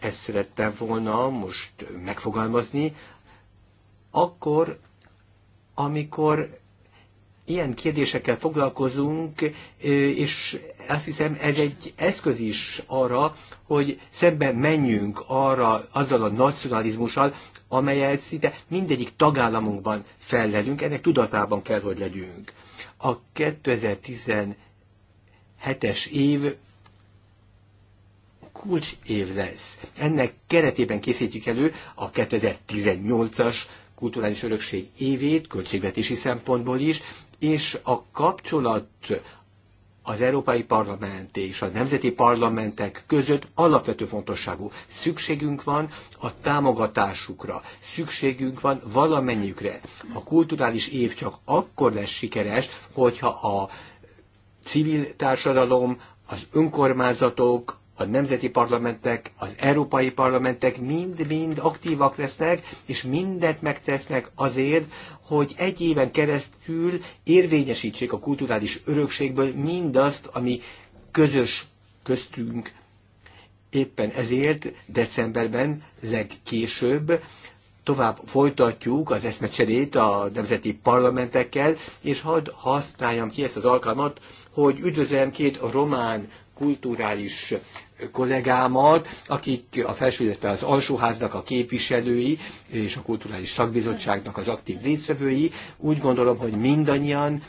S2: Ezt szerettem volna most megfogalmazni, akkor, amikor ilyen kérdésekkel foglalkozunk, és azt hiszem ez egy eszköz is arra, hogy szembe menjünk arra, azzal a nacionalizmussal, amelyet szinte mindegyik tagállamunkban fellelünk, ennek tudatában kell, hogy legyünk. A 2017-es év kulcs év lesz. Ennek keretében készítjük elő a 2018-as kulturális örökség évét, költségvetési szempontból is, és a kapcsolat az Európai Parlament és a nemzeti parlamentek között alapvető fontosságú. Szükségünk van a támogatásukra, szükségünk van valamennyikre. A kulturális év csak akkor lesz sikeres, hogyha a civil társadalom, az önkormányzatok, a nemzeti parlamentek, az európai parlamentek mind-mind aktívak lesznek, és mindent megtesznek azért, hogy egy éven keresztül érvényesítsék a kulturális örökségből mindazt, ami közös köztünk. Éppen ezért decemberben legkésőbb tovább folytatjuk az eszmecserét a nemzeti parlamentekkel, és hadd használjam ki ezt az alkalmat, hogy üdvözlöm két román kulturális kollégámat, akik a felső, az alsóháznak a képviselői és a kulturális szakbizottságnak az aktív részvevői. Úgy gondolom, hogy mindannyian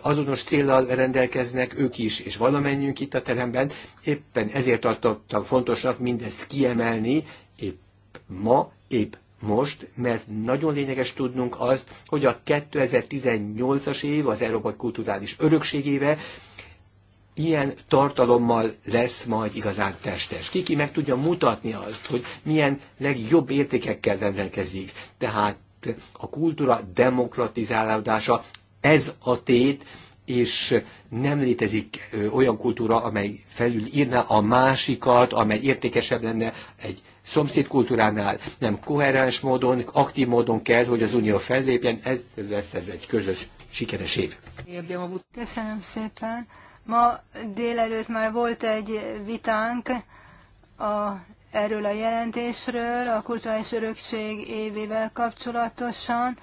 S2: azonos célral rendelkeznek ők is, és valamennyünk itt a teremben. Éppen ezért tartottam fontosnak mindezt kiemelni, épp ma, épp most, mert nagyon lényeges tudnunk azt, hogy a 2018-as év az Európai Kulturális Örökségével ilyen tartalommal lesz majd igazán testes. Kiki meg tudja mutatni azt, hogy milyen legjobb értékekkel rendelkezik. Tehát a kultúra demokratizálódása ez a tét, és nem létezik olyan kultúra, amely felül írná a másikat, amely értékesebb lenne egy szomszéd kultúránál, nem koherens módon, aktív módon kell, hogy az Unió fellépjen, ez lesz ez egy közös sikeres év.
S1: Köszönöm szépen. Ma délelőtt már volt egy vitánk a, erről a jelentésről, a kulturális örökség évével kapcsolatosan,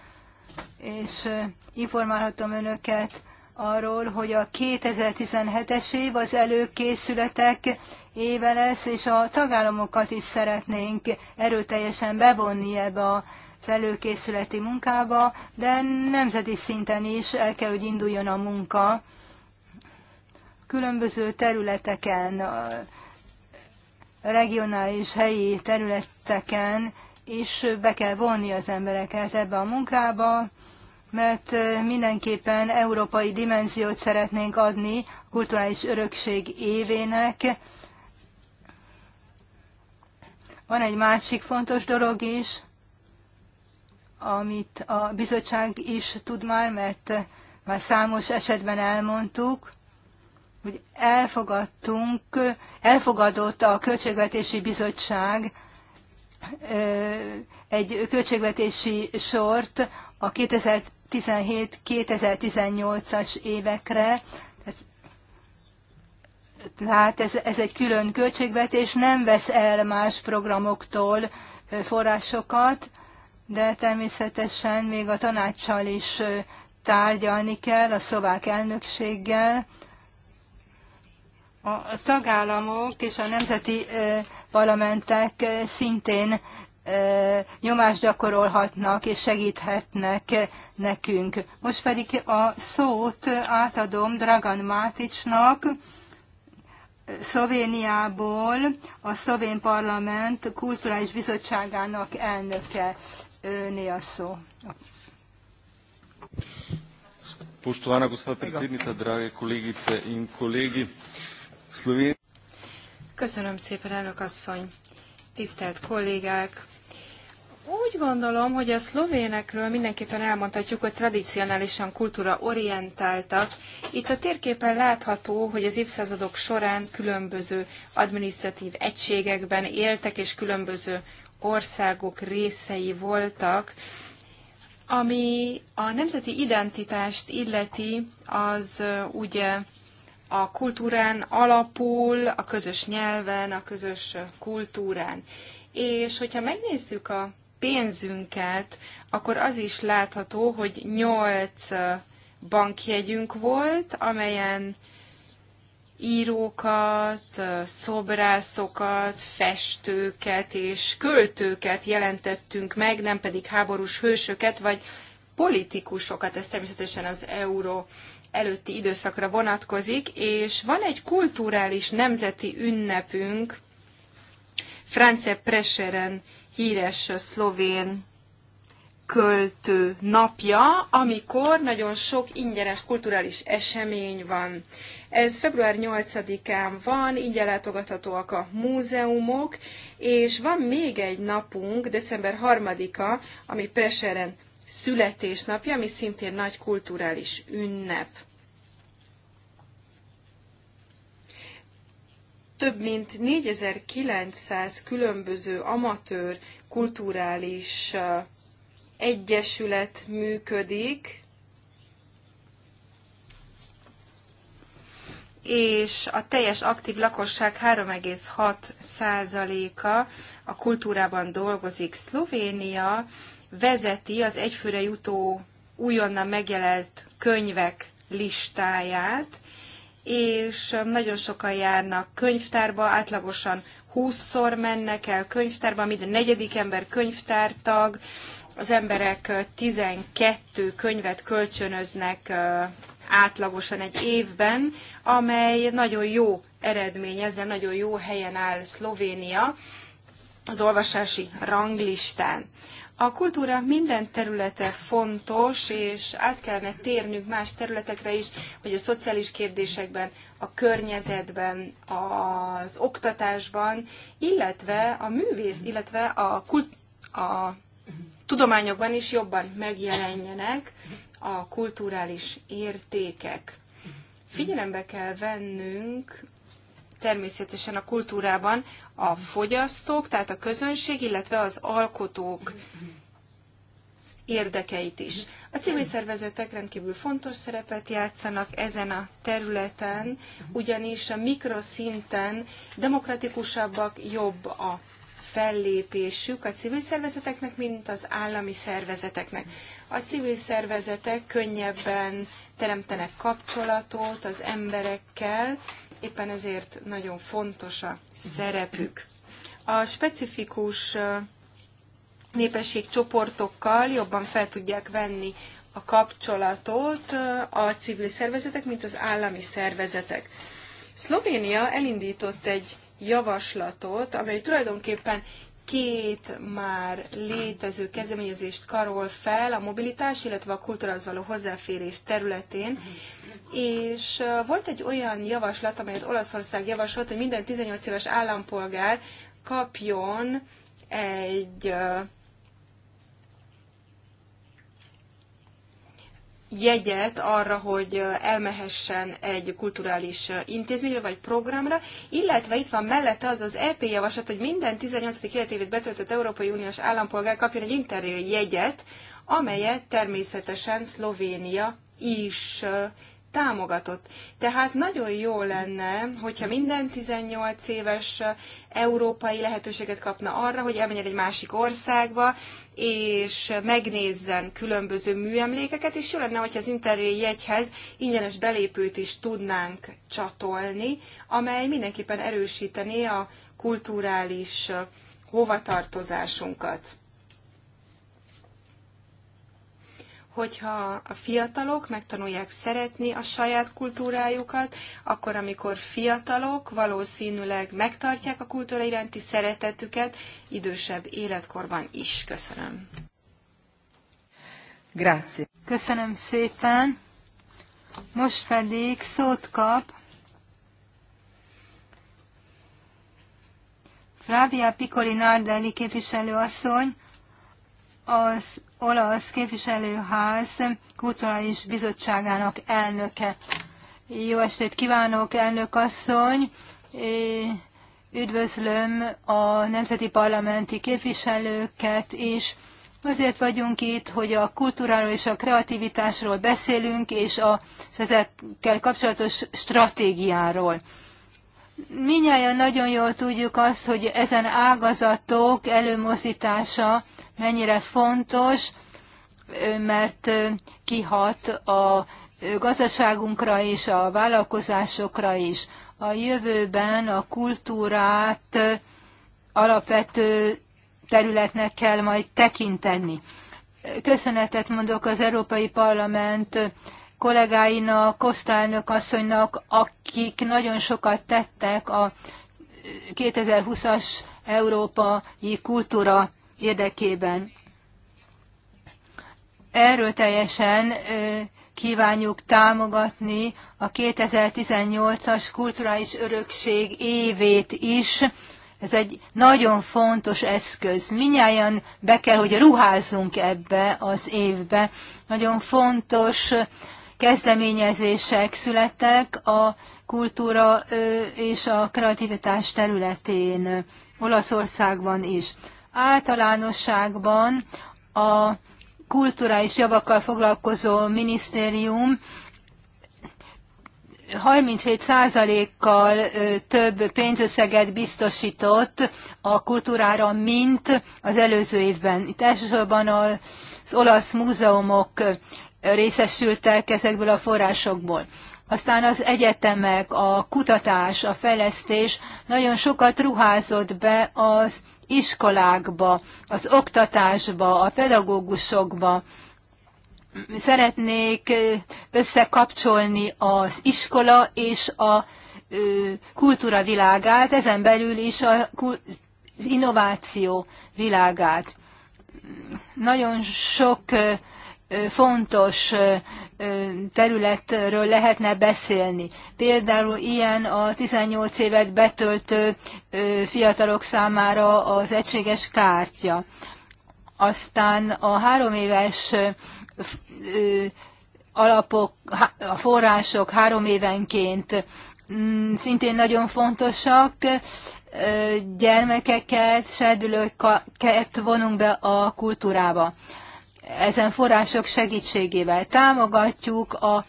S1: és informálhatom önöket arról, hogy a 2017-es év az előkészületek éve lesz, és a tagállamokat is szeretnénk erőteljesen bevonni ebbe a felőkészületi munkába, de nemzeti szinten is el kell, hogy induljon a munka különböző területeken, regionális, helyi területeken is be kell vonni az embereket ebbe a munkába, mert mindenképpen európai dimenziót szeretnénk adni a kulturális örökség évének. Van egy másik fontos dolog is, amit a bizottság is tud már, mert már számos esetben elmondtuk, hogy elfogadtunk, elfogadott a Költségvetési Bizottság egy költségvetési sort a 2017-2018-as évekre, tehát ez, ez egy külön költségvetés, nem vesz el más programoktól forrásokat, de természetesen még a tanácssal is tárgyalni kell, a szlovák elnökséggel, a tagállamok és a nemzeti parlamentek szintén nyomást gyakorolhatnak és segíthetnek nekünk. Most pedig a szót átadom Dragan Máticsnak, Szlovéniából a Szlovén Parlament Kulturális Bizottságának elnöke. Őné a szó.
S3: Poštovana gospa predsednica, drage kolegice in kolegi. Köszönöm szépen, elnök asszony. Tisztelt kollégák, úgy gondolom, hogy a szlovénekről mindenképpen elmondhatjuk, hogy tradicionálisan kultúra orientáltak. Itt a térképen látható, hogy az évszázadok során különböző administratív egységekben éltek, és különböző országok részei voltak. Ami a nemzeti identitást illeti, az ugye a kultúrán alapul, a közös nyelven, a közös kultúrán. És hogyha megnézzük a pénzünket, akkor az is látható, hogy nyolc bankjegyünk volt, amelyen írókat, szobrászokat, festőket és költőket jelentettünk meg, nem pedig háborús hősöket vagy politikusokat. Ez természetesen az euró előtti időszakra vonatkozik, és van egy kulturális nemzeti ünnepünk, France Preseren híres szlovén költő napja, amikor nagyon sok ingyenes kulturális esemény van. Ez február 8-án van, ingyen látogathatóak a múzeumok, és van még egy napunk, december 3-a, ami Preseren születésnapja, ami szintén nagy kulturális ünnep. Több mint 4900 különböző amatőr kulturális egyesület működik, és a teljes aktív lakosság 3,6%-a a kultúrában dolgozik. Szlovénia vezeti az egyfőre jutó újonnan megjelent könyvek listáját, és um, nagyon sokan járnak könyvtárba, átlagosan 20-szor mennek el könyvtárba, minden negyedik ember könyvtártag, az emberek 12 uh, könyvet kölcsönöznek uh, átlagosan egy évben, amely nagyon jó eredmény, ezzel nagyon jó helyen áll Szlovénia az olvasási ranglistán. A kultúra minden területe fontos, és át kellene térnünk más területekre is, hogy a szociális kérdésekben, a környezetben, az oktatásban, illetve a művész, illetve a, kult, a tudományokban is jobban megjelenjenek a kulturális értékek. Figyelembe kell vennünk természetesen a kultúrában a fogyasztók, tehát a közönség, illetve az alkotók érdekeit is. A civil szervezetek rendkívül fontos szerepet játszanak ezen a területen, ugyanis a mikroszinten demokratikusabbak, jobb a fellépésük a civil szervezeteknek, mint az állami szervezeteknek. A civil szervezetek könnyebben teremtenek kapcsolatot az emberekkel, éppen ezért nagyon fontos a szerepük. A specifikus népességcsoportokkal jobban fel tudják venni a kapcsolatot a civil szervezetek, mint az állami szervezetek. Szlovénia elindított egy javaslatot, amely tulajdonképpen két már létező kezdeményezést karol fel a mobilitás, illetve a kultúrahoz való hozzáférés területén, és volt egy olyan javaslat, amelyet Olaszország javasolt, hogy minden 18 éves állampolgár kapjon egy jegyet arra, hogy elmehessen egy kulturális intézményre vagy programra, illetve itt van mellette az az EP javaslat, hogy minden 18. életévét betöltött Európai Uniós állampolgár kapjon egy interrail jegyet, amelyet természetesen Szlovénia is támogatott. Tehát nagyon jó lenne, hogyha minden 18 éves európai lehetőséget kapna arra, hogy elmenjen egy másik országba, és megnézzen különböző műemlékeket, és jó lenne, hogyha az interjú jegyhez ingyenes belépőt is tudnánk csatolni, amely mindenképpen erősítené a kulturális hovatartozásunkat. hogyha a fiatalok megtanulják szeretni a saját kultúrájukat, akkor amikor fiatalok valószínűleg megtartják a kultúra iránti szeretetüket idősebb
S1: életkorban is. Köszönöm. Grazie. Köszönöm szépen. Most pedig szót kap Flávia Piccoli Nardelli képviselőasszony, az olasz képviselőház kulturális bizottságának elnöke. Jó estét kívánok, elnök asszony! Üdvözlöm a nemzeti parlamenti képviselőket is. Azért vagyunk itt, hogy a kultúráról és a kreativitásról beszélünk, és a ezekkel kapcsolatos stratégiáról. Minnyáján nagyon jól tudjuk azt, hogy ezen ágazatok előmozítása mennyire fontos, mert kihat a gazdaságunkra és a vállalkozásokra is. A jövőben a kultúrát alapvető területnek kell majd tekinteni. Köszönetet mondok az Európai Parlament kollégáinak, Kosztálnök asszonynak, akik nagyon sokat tettek a 2020-as európai kultúra érdekében. Erőteljesen kívánjuk támogatni a 2018-as kulturális örökség évét is. Ez egy nagyon fontos eszköz. Minnyáján be kell, hogy ruházzunk ebbe az évbe. Nagyon fontos kezdeményezések születtek a kultúra és a kreativitás területén, Olaszországban is. Általánosságban a kulturális javakkal foglalkozó minisztérium 37%-kal több pénzösszeget biztosított a kultúrára, mint az előző évben. Itt elsősorban az olasz múzeumok részesültek ezekből a forrásokból. Aztán az egyetemek, a kutatás, a fejlesztés nagyon sokat ruházott be az iskolákba, az oktatásba, a pedagógusokba. Szeretnék összekapcsolni az iskola és a kultúra világát, ezen belül is az innováció világát. Nagyon sok fontos területről lehetne beszélni. Például ilyen a 18 évet betöltő fiatalok számára az egységes kártya. Aztán a három éves alapok, a források három évenként mm, szintén nagyon fontosak, gyermekeket, serdülőket vonunk be a kultúrába ezen források segítségével támogatjuk a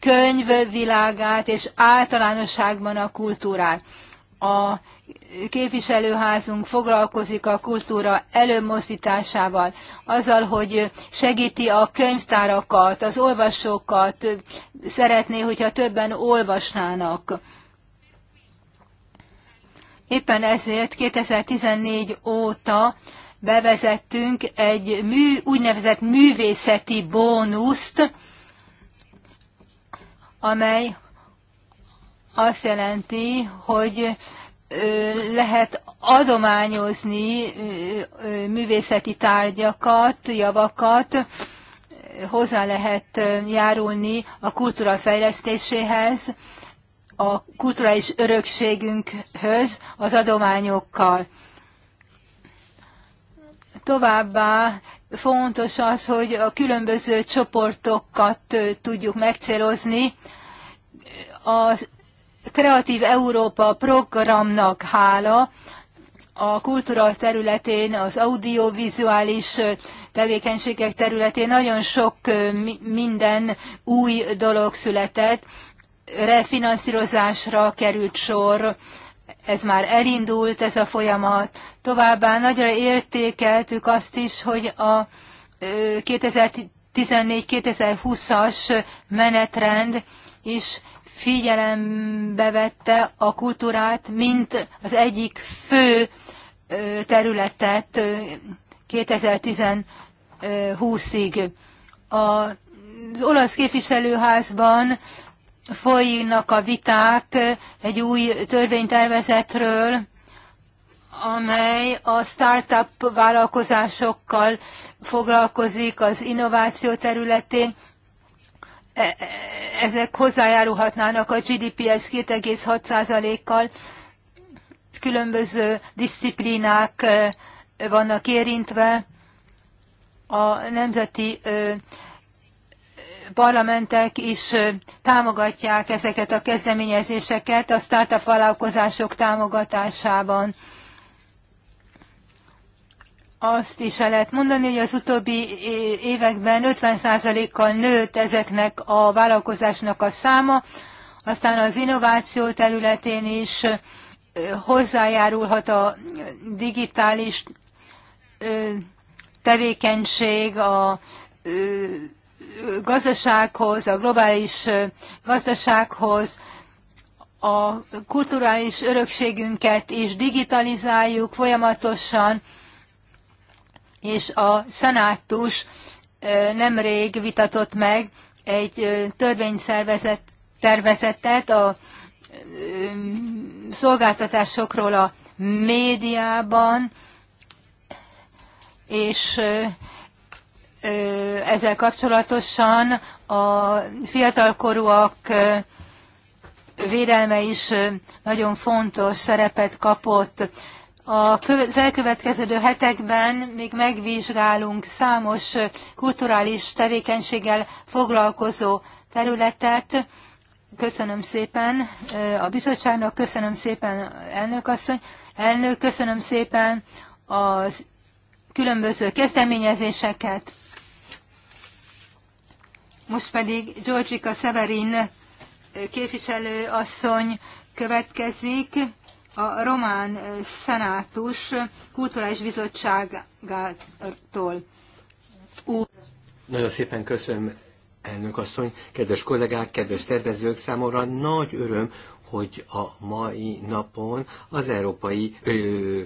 S1: könyv világát és általánosságban a kultúrát. A képviselőházunk foglalkozik a kultúra előmozdításával, azzal, hogy segíti a könyvtárakat, az olvasókat, szeretné, hogyha többen olvasnának. Éppen ezért 2014 óta bevezettünk egy mű, úgynevezett művészeti bónuszt, amely azt jelenti, hogy lehet adományozni művészeti tárgyakat, javakat, hozzá lehet járulni a kultúra fejlesztéséhez, a kulturális örökségünkhöz az adományokkal. Továbbá fontos az, hogy a különböző csoportokat tudjuk megcélozni. A Kreatív Európa programnak hála a kultúra területén, az audiovizuális tevékenységek területén nagyon sok minden új dolog született, refinanszírozásra került sor, ez már elindult, ez a folyamat. Továbbá nagyra értékeltük azt is, hogy a 2014-2020-as menetrend is figyelembe vette a kultúrát, mint az egyik fő területet 2010 ig Az olasz képviselőházban folynak a viták egy új törvénytervezetről, amely a startup vállalkozásokkal foglalkozik az innováció területén. E, e, ezek hozzájárulhatnának a GDP-hez 2,6%-kal. Különböző disziplinák e, vannak érintve. A nemzeti parlamentek is támogatják ezeket a kezdeményezéseket a startup vállalkozások támogatásában. Azt is el lehet mondani, hogy az utóbbi években 50%-kal nőtt ezeknek a vállalkozásnak a száma, aztán az innováció területén is hozzájárulhat a digitális tevékenység, a gazdasághoz, a globális gazdasághoz, a kulturális örökségünket is digitalizáljuk folyamatosan, és a szenátus nemrég vitatott meg egy törvényszervezet tervezetet a szolgáltatásokról a médiában, és ezzel kapcsolatosan a fiatalkorúak védelme is nagyon fontos szerepet kapott. Az elkövetkező hetekben még megvizsgálunk számos kulturális tevékenységgel foglalkozó területet. Köszönöm szépen a bizottságnak, köszönöm szépen elnök asszony, elnök, köszönöm szépen az különböző kezdeményezéseket. Most pedig Georgika Severin képviselő asszony következik a Román Szenátus Kulturális Bizottságától. Úr.
S2: Nagyon szépen köszönöm, elnök asszony, kedves kollégák, kedves szervezők, számomra nagy öröm, hogy a mai napon az Európai ö,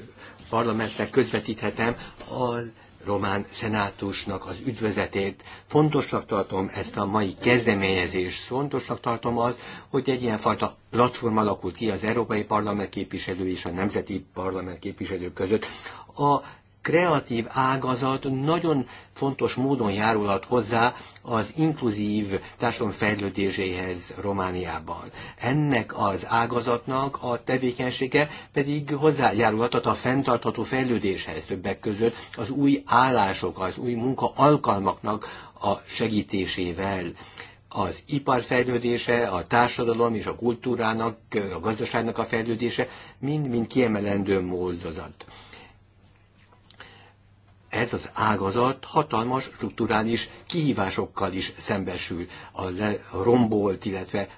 S2: Parlamentnek közvetíthetem az román szenátusnak az üdvözletét. Fontosnak tartom ezt a mai kezdeményezést, fontosnak tartom az, hogy egy ilyenfajta platform alakult ki az Európai Parlament képviselő és a Nemzeti Parlament képviselő között. A kreatív ágazat nagyon fontos módon járulhat hozzá az inkluzív társadalom fejlődéséhez Romániában. Ennek az ágazatnak a tevékenysége pedig hozzájárulhatat a fenntartható fejlődéshez többek között az új állások, az új munka alkalmaknak a segítésével az ipar fejlődése, a társadalom és a kultúrának, a gazdaságnak a fejlődése mind-mind kiemelendő módozat ez az ágazat hatalmas strukturális kihívásokkal is szembesül. A rombolt, illetve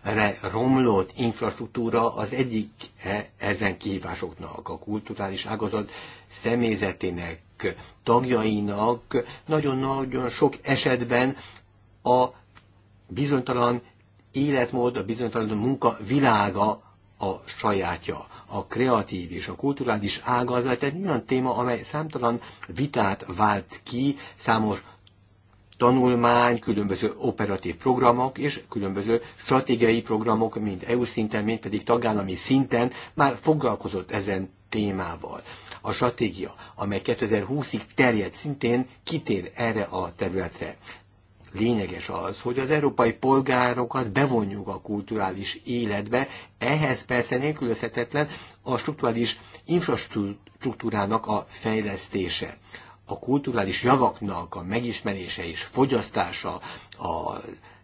S2: romlott infrastruktúra az egyik e- ezen kihívásoknak, a kulturális ágazat személyzetének, tagjainak nagyon-nagyon sok esetben a bizonytalan életmód, a bizonytalan munka világa a sajátja, a kreatív és a kulturális ágazat egy olyan téma, amely számtalan vitát vált ki, számos tanulmány, különböző operatív programok és különböző stratégiai programok, mind EU szinten, mind pedig tagállami szinten már foglalkozott ezen témával. A stratégia, amely 2020-ig terjed, szintén kitér erre a területre lényeges az, hogy az európai polgárokat bevonjuk a kulturális életbe, ehhez persze nélkülözhetetlen a strukturális infrastruktúrának a fejlesztése a kulturális javaknak a megismerése és fogyasztása a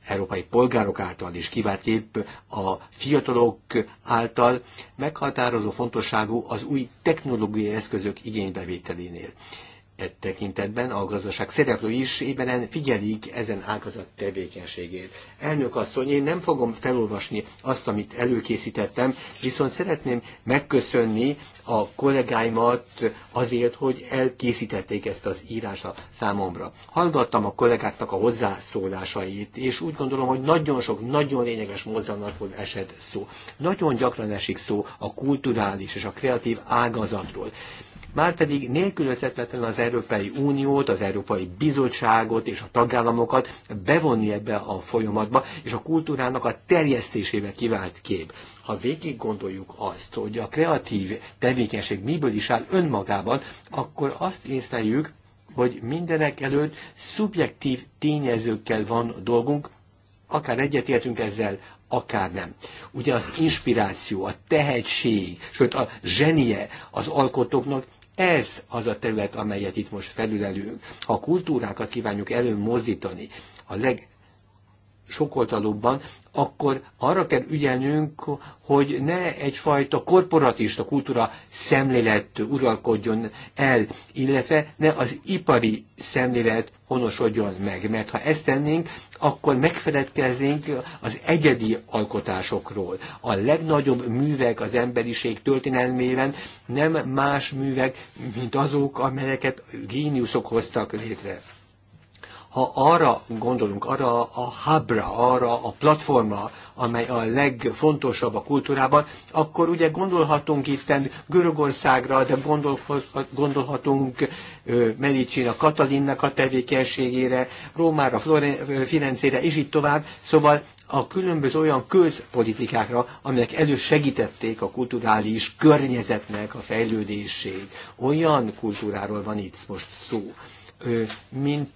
S2: európai polgárok által és épp a fiatalok által meghatározó fontosságú az új technológiai eszközök igénybevételénél e tekintetben a gazdaság szereplő is éberen figyelik ezen ágazat tevékenységét. Elnök asszony, én nem fogom felolvasni azt, amit előkészítettem, viszont szeretném megköszönni a kollégáimat azért, hogy elkészítették ezt az a számomra. Hallgattam a kollégáknak a hozzászólásait, és úgy gondolom, hogy nagyon sok, nagyon lényeges mozzanatról esett szó. Nagyon gyakran esik szó a kulturális és a kreatív ágazatról márpedig nélkülözhetetlen az Európai Uniót, az Európai Bizottságot és a tagállamokat bevonni ebbe a folyamatba, és a kultúrának a terjesztésébe kivált kép ha végig gondoljuk azt, hogy a kreatív tevékenység miből is áll önmagában, akkor azt észleljük, hogy mindenek előtt szubjektív tényezőkkel van dolgunk, akár egyetértünk ezzel, akár nem. Ugye az inspiráció, a tehetség, sőt a zsenie az alkotóknak ez az a terület, amelyet itt most felülelünk. Ha a kultúrákat kívánjuk előmozdítani, a leg akkor arra kell ügyelnünk, hogy ne egyfajta korporatista kultúra szemlélet uralkodjon el, illetve ne az ipari szemlélet honosodjon meg. Mert ha ezt tennénk, akkor megfeledkeznénk az egyedi alkotásokról. A legnagyobb művek az emberiség történelmében nem más művek, mint azok, amelyeket géniuszok hoztak létre ha arra gondolunk, arra a hubra, arra a platforma, amely a legfontosabb a kultúrában, akkor ugye gondolhatunk itt Görögországra, de gondolhatunk Medicina Katalinnak a tevékenységére, Rómára, Flore- Firenzére, és így tovább. Szóval a különböző olyan közpolitikákra, amelyek elősegítették a kulturális környezetnek a fejlődését. Olyan kultúráról van itt most szó, mint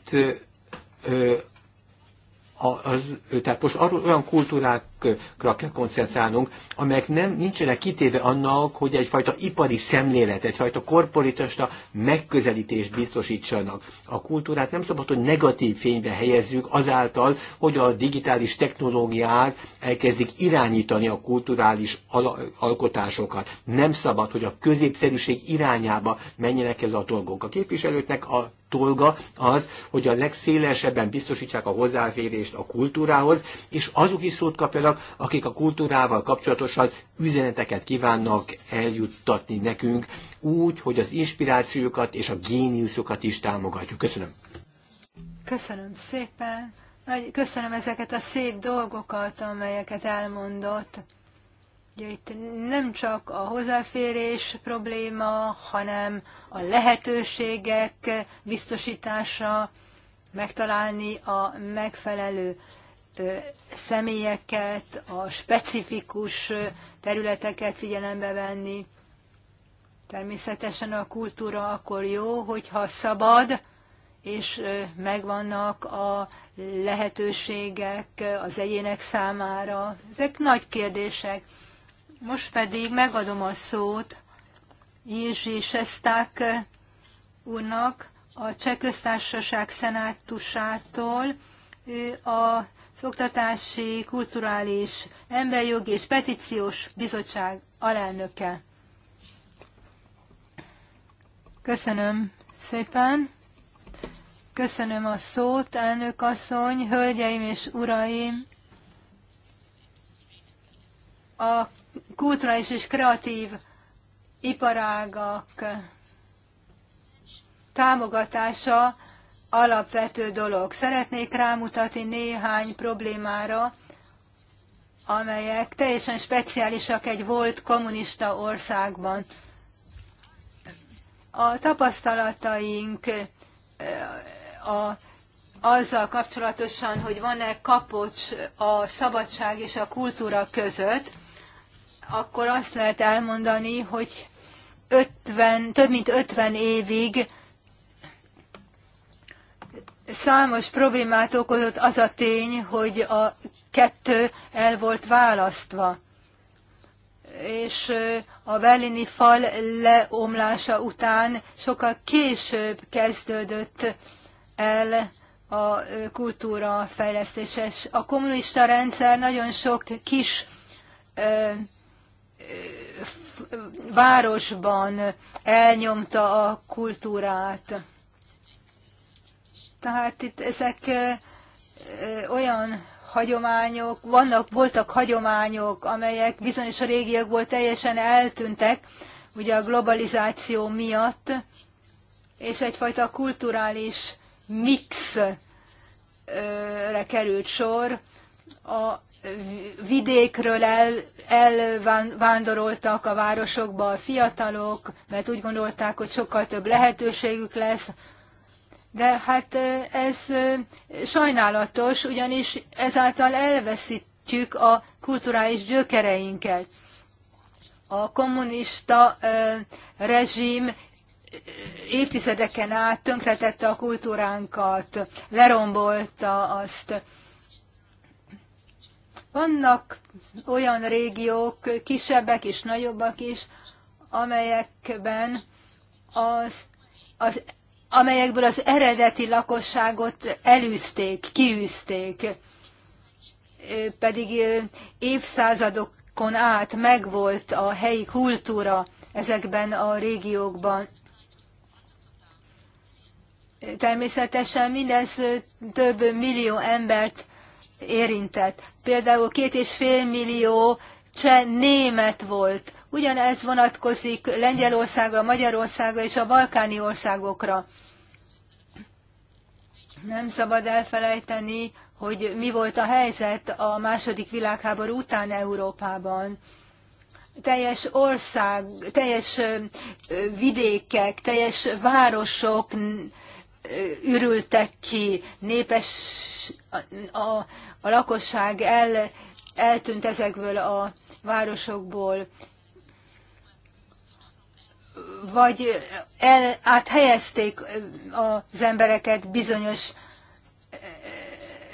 S2: a, az, tehát most arról olyan kultúrákra kell koncentrálnunk, amelyek nem nincsenek kitéve annak, hogy egyfajta ipari szemlélet, egyfajta korporitasta megközelítést biztosítsanak. A kultúrát nem szabad, hogy negatív fénybe helyezzük azáltal, hogy a digitális technológiák elkezdik irányítani a kulturális al- alkotásokat. Nem szabad, hogy a középszerűség irányába menjenek ez a dolgok. A képviselőknek a dolga az, hogy a legszélesebben biztosítsák a hozzáférést a kultúrához, és azok is szót kapjanak, akik a kultúrával kapcsolatosan üzeneteket kívánnak eljuttatni nekünk, úgy, hogy az inspirációkat és a géniuszokat is támogatjuk. Köszönöm.
S1: Köszönöm szépen. köszönöm ezeket a szép dolgokat, amelyeket elmondott. Ugye itt nem csak a hozzáférés probléma, hanem a lehetőségek biztosítása, megtalálni a megfelelő személyeket, a specifikus területeket figyelembe venni. Természetesen a kultúra akkor jó, hogyha szabad, és megvannak a lehetőségek az egyének számára. Ezek nagy kérdések. Most pedig megadom a szót Jézsi Sesták úrnak, a Cseh Köztársaság szenátusától. Ő a Oktatási, Kulturális, Emberjogi és Petíciós Bizottság alelnöke. Köszönöm szépen. Köszönöm a szót, elnök asszony, hölgyeim és uraim. A kulturális és kreatív iparágak támogatása alapvető dolog. Szeretnék rámutatni néhány problémára, amelyek teljesen speciálisak egy volt kommunista országban. A tapasztalataink eh, a, azzal kapcsolatosan, hogy van-e kapocs a szabadság és a kultúra között, akkor azt lehet elmondani, hogy 50, több mint 50 évig számos problémát okozott az a tény, hogy a kettő el volt választva. És a berlini fal leomlása után sokkal később kezdődött el a kultúra fejlesztése. A kommunista rendszer nagyon sok kis városban elnyomta a kultúrát. Tehát itt ezek olyan hagyományok, vannak, voltak hagyományok, amelyek bizonyos régiakból teljesen eltűntek, ugye a globalizáció miatt, és egyfajta kulturális mixre került sor. A vidékről el, elvándoroltak a városokba a fiatalok, mert úgy gondolták, hogy sokkal több lehetőségük lesz. De hát ez sajnálatos, ugyanis ezáltal elveszítjük a kulturális gyökereinket. A kommunista rezsim évtizedeken át tönkretette a kultúránkat, lerombolta azt vannak olyan régiók, kisebbek is, nagyobbak is, amelyekben az, az, amelyekből az eredeti lakosságot elűzték, kiűzték, pedig évszázadokon át megvolt a helyi kultúra ezekben a régiókban. Természetesen mindez több millió embert érintett. Például két és fél millió cseh német volt. Ugyanez vonatkozik Lengyelországra, Magyarországra és a balkáni országokra. Nem szabad elfelejteni, hogy mi volt a helyzet a második világháború után Európában. Teljes ország, teljes vidékek, teljes városok ürültek ki, népes a, a, a lakosság el, eltűnt ezekből a városokból, vagy el, áthelyezték az embereket bizonyos eh,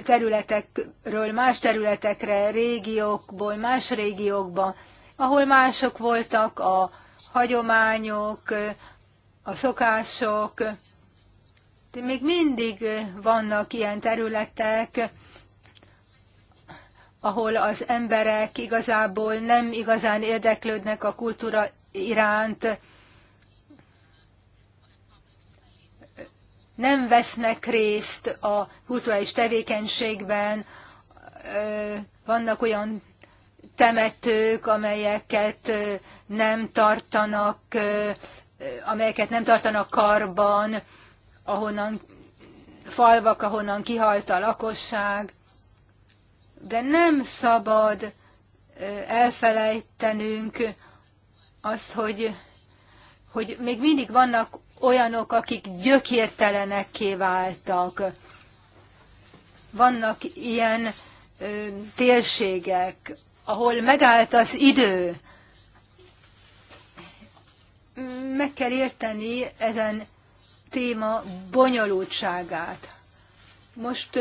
S1: területekről más területekre, régiókból más régiókba, ahol mások voltak a hagyományok, a szokások, még mindig vannak ilyen területek, ahol az emberek igazából nem igazán érdeklődnek a kultúra iránt, nem vesznek részt a kulturális tevékenységben, vannak olyan temetők, amelyeket nem tartanak, amelyeket nem tartanak karban, ahonnan falvak, ahonnan kihalt a lakosság, de nem szabad elfelejtenünk azt, hogy, hogy még mindig vannak olyanok, akik gyökértelenek váltak. Vannak ilyen ö, térségek, ahol megállt az idő. Meg kell érteni ezen téma bonyolultságát. Most,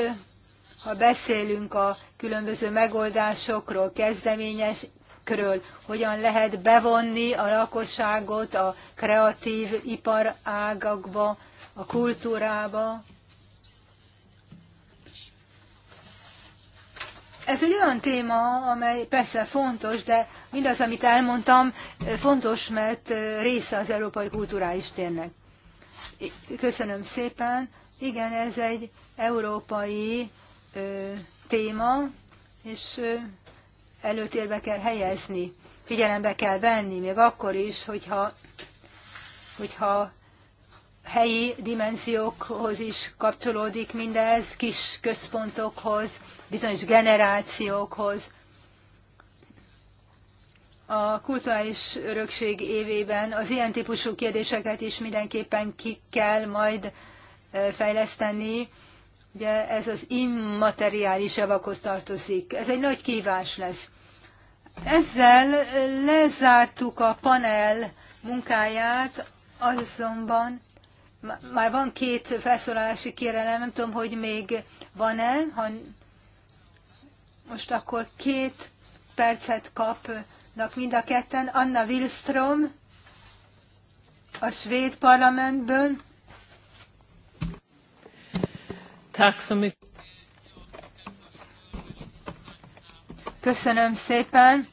S1: ha beszélünk a különböző megoldásokról, kezdeményekről, hogyan lehet bevonni a lakosságot a kreatív iparágakba, a kultúrába, Ez egy olyan téma, amely persze fontos, de mindaz, amit elmondtam, fontos, mert része az európai kulturális térnek. Köszönöm szépen. Igen, ez egy európai ö, téma, és ö, előtérbe kell helyezni, figyelembe kell venni, még akkor is, hogyha, hogyha helyi dimenziókhoz is kapcsolódik mindez, kis központokhoz, bizonyos generációkhoz a kulturális örökség évében az ilyen típusú kérdéseket is mindenképpen ki kell majd fejleszteni. Ugye ez az immateriális javakhoz tartozik. Ez egy nagy kívás lesz. Ezzel lezártuk a panel munkáját, azonban már van két felszólalási kérelem, nem tudom, hogy még van-e. Ha most akkor két percet kap nak mind a ketten, Anna Wilström a svéd parlamentből. Köszönöm szépen,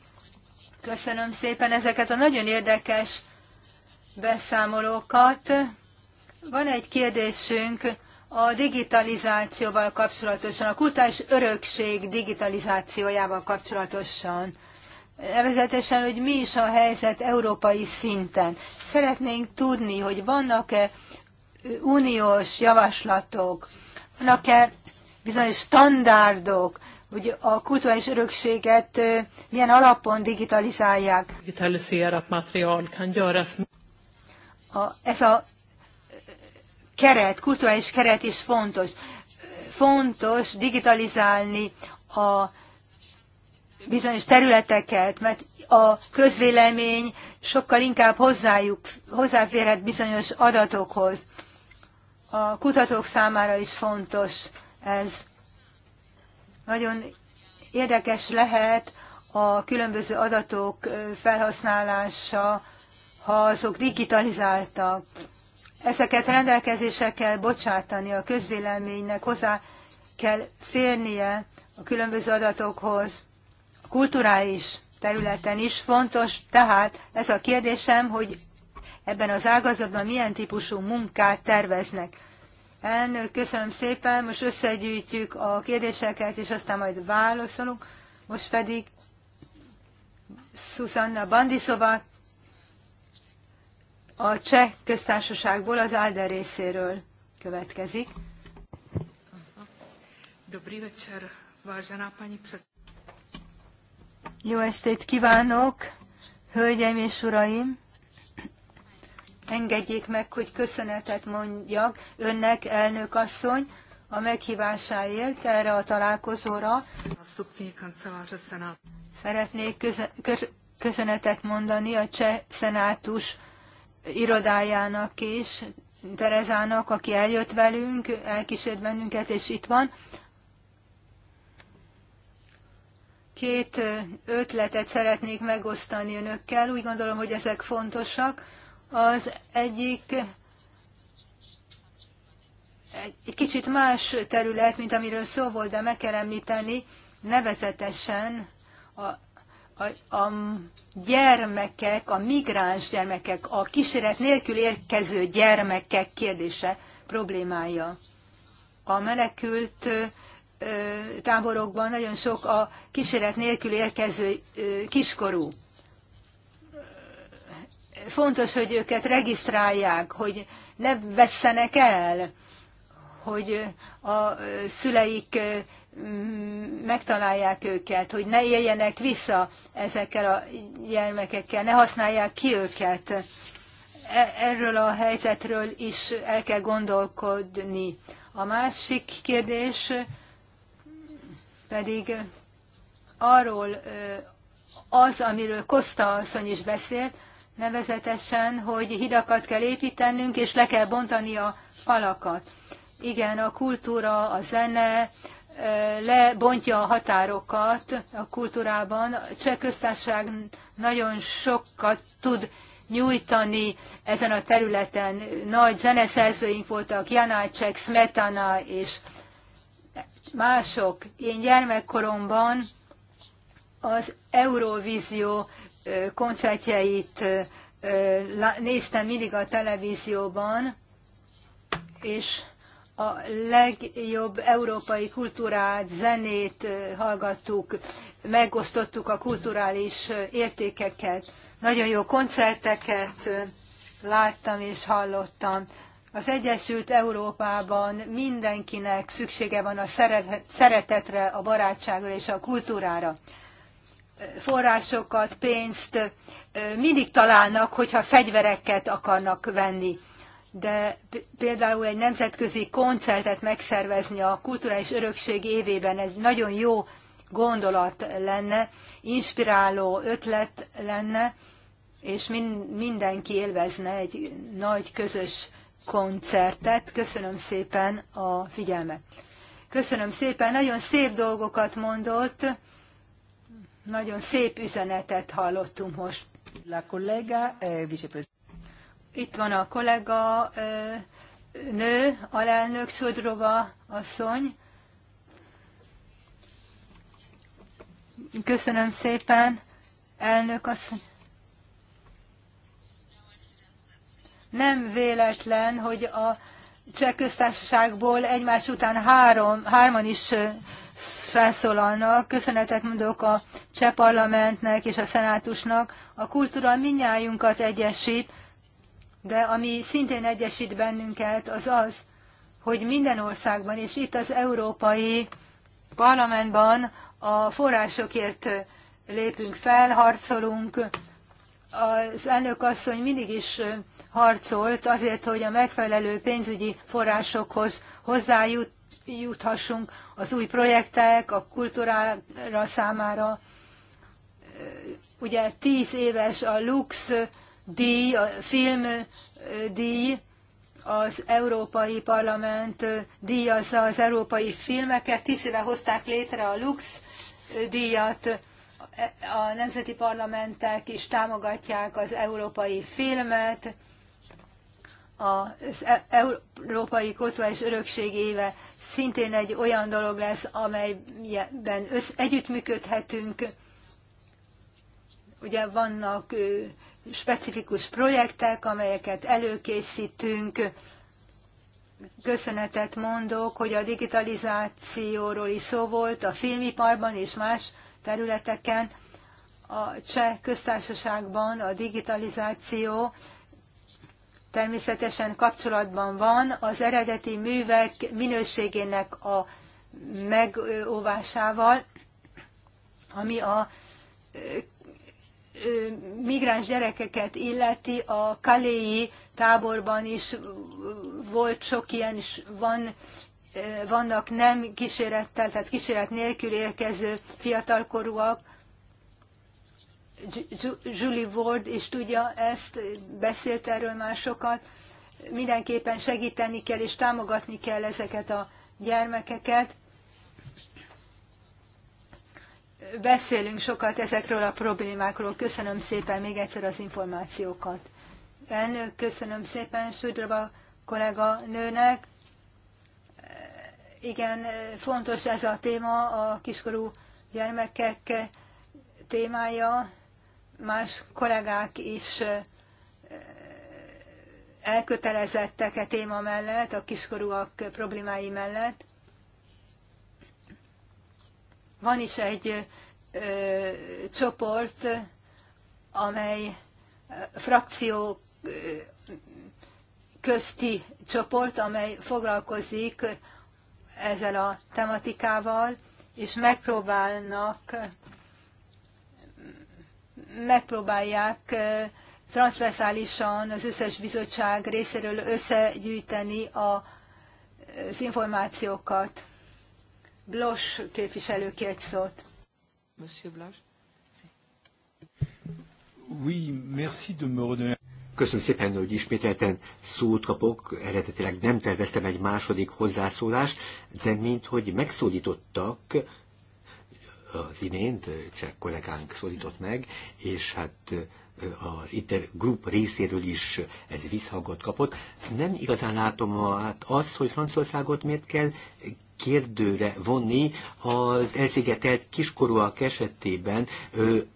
S1: köszönöm szépen ezeket a nagyon érdekes beszámolókat. Van egy kérdésünk a digitalizációval kapcsolatosan, a kultúrás örökség digitalizációjával kapcsolatosan nevezetesen, hogy mi is a helyzet európai szinten. Szeretnénk tudni, hogy vannak-e uniós javaslatok, vannak-e bizonyos standardok, hogy a kulturális örökséget milyen alapon digitalizálják. Digitaliserat material kan göras. A, ez a keret, kulturális keret is fontos. Fontos digitalizálni a bizonyos területeket, mert a közvélemény sokkal inkább hozzájuk, hozzáférhet bizonyos adatokhoz. A kutatók számára is fontos ez. Nagyon érdekes lehet a különböző adatok felhasználása, ha azok digitalizáltak. Ezeket rendelkezésre kell bocsátani a közvéleménynek, hozzá kell férnie a különböző adatokhoz kulturális területen is fontos, tehát ez a kérdésem, hogy ebben az ágazatban milyen típusú munkát terveznek. Elnök, köszönöm szépen, most összegyűjtjük a kérdéseket, és aztán majd válaszolunk. Most pedig Susanna Bandiszova a Cseh köztársaságból az Áder részéről következik.
S3: Dobrý večer, vážená paní
S1: jó estét kívánok, hölgyeim és uraim! Engedjék meg, hogy köszönetet mondjak önnek, elnök asszony, a meghívásáért erre a találkozóra. Szeretnék köszönetet mondani a cseh szenátus irodájának is, Terezának, aki eljött velünk, elkísért bennünket, és itt van. két ötletet szeretnék megosztani önökkel. Úgy gondolom, hogy ezek fontosak. Az egyik egy kicsit más terület, mint amiről szó volt, de meg kell említeni, nevezetesen a, a, a gyermekek, a migráns gyermekek, a kísérlet nélkül érkező gyermekek kérdése, problémája. A menekült táborokban nagyon sok a kísérlet nélkül érkező kiskorú. Fontos, hogy őket regisztrálják, hogy ne vesszenek el, hogy a szüleik megtalálják őket, hogy ne éljenek vissza ezekkel a gyermekekkel, ne használják ki őket. E, erről a helyzetről is el kell gondolkodni. A másik kérdés pedig arról az, amiről Kosta asszony is beszélt, nevezetesen, hogy hidakat kell építenünk, és le kell bontani a falakat. Igen, a kultúra, a zene lebontja a határokat a kultúrában. A cseh köztársaság nagyon sokat tud nyújtani ezen a területen. Nagy zeneszerzőink voltak, Janácsek, Smetana és mások. Én gyermekkoromban az Eurovízió koncertjeit néztem mindig a televízióban, és a legjobb európai kultúrát, zenét hallgattuk, megosztottuk a kulturális értékeket. Nagyon jó koncerteket láttam és hallottam. Az Egyesült Európában mindenkinek szüksége van a szeretetre, a barátságra és a kultúrára. Forrásokat, pénzt mindig találnak, hogyha fegyvereket akarnak venni. De például egy nemzetközi koncertet megszervezni a kulturális örökség évében, ez nagyon jó gondolat lenne, inspiráló ötlet lenne, és mindenki élvezne egy nagy közös koncertet. Köszönöm szépen a figyelmet. Köszönöm szépen, nagyon szép dolgokat mondott, nagyon szép üzenetet hallottunk most. La collega, eh, Itt van a kollega eh, nő, alelnök Sodrova asszony. Köszönöm szépen, elnök asszony. Nem véletlen, hogy a cseh köztársaságból egymás után három, hárman is felszólalnak. Köszönetet mondok a cseh parlamentnek és a szenátusnak. A kultúra minnyájunkat egyesít, de ami szintén egyesít bennünket, az az, hogy minden országban, és itt az Európai Parlamentban a forrásokért lépünk fel, harcolunk. Az elnök asszony mindig is harcolt azért, hogy a megfelelő pénzügyi forrásokhoz hozzájuthassunk az új projektek, a kultúrára számára. Ugye tíz éves a Lux díj, a film díj, az Európai Parlament díjazza az európai filmeket. Tíz éve hozták létre a Lux díjat, a nemzeti parlamentek is támogatják az európai filmet, az e- Európai Kulturális Örökség éve szintén egy olyan dolog lesz, amelyben össz, együttműködhetünk. Ugye vannak specifikus projektek, amelyeket előkészítünk. Köszönetet mondok, hogy a digitalizációról is szó volt a filmiparban és más területeken. A cseh köztársaságban a digitalizáció természetesen kapcsolatban van az eredeti művek minőségének a megóvásával, ami a migráns gyerekeket illeti, a kaléi táborban is volt sok ilyen, és van, vannak nem kísérettel, tehát kíséret nélkül érkező fiatalkorúak, Julie Ward is tudja ezt, beszélt erről már sokat. Mindenképpen segíteni kell és támogatni kell ezeket a gyermekeket. Beszélünk sokat ezekről a problémákról. Köszönöm szépen még egyszer az információkat. Elnök, köszönöm szépen Sudrava kollega nőnek. Igen, fontos ez a téma, a kiskorú gyermekek témája más kollégák is elkötelezettek a e téma mellett, a kiskorúak problémái mellett. Van is egy ö, csoport, amely frakció közti csoport, amely foglalkozik ezzel a tematikával, és megpróbálnak megpróbálják transzverszálisan az összes bizottság részéről összegyűjteni a, az információkat. Blos képviselő két szót. Monsieur Oui,
S2: merci de me redonner. Köszönöm szépen, hogy ismételten szót kapok. Eredetileg nem terveztem egy második hozzászólást, de mint hogy megszólítottak, az imént cseh kollégánk szólított meg, és hát az ITER Group részéről is ez visszhangot kapott. Nem igazán látom hát azt, hogy Franciaországot miért kell kérdőre vonni az elszigetelt kiskorúak esetében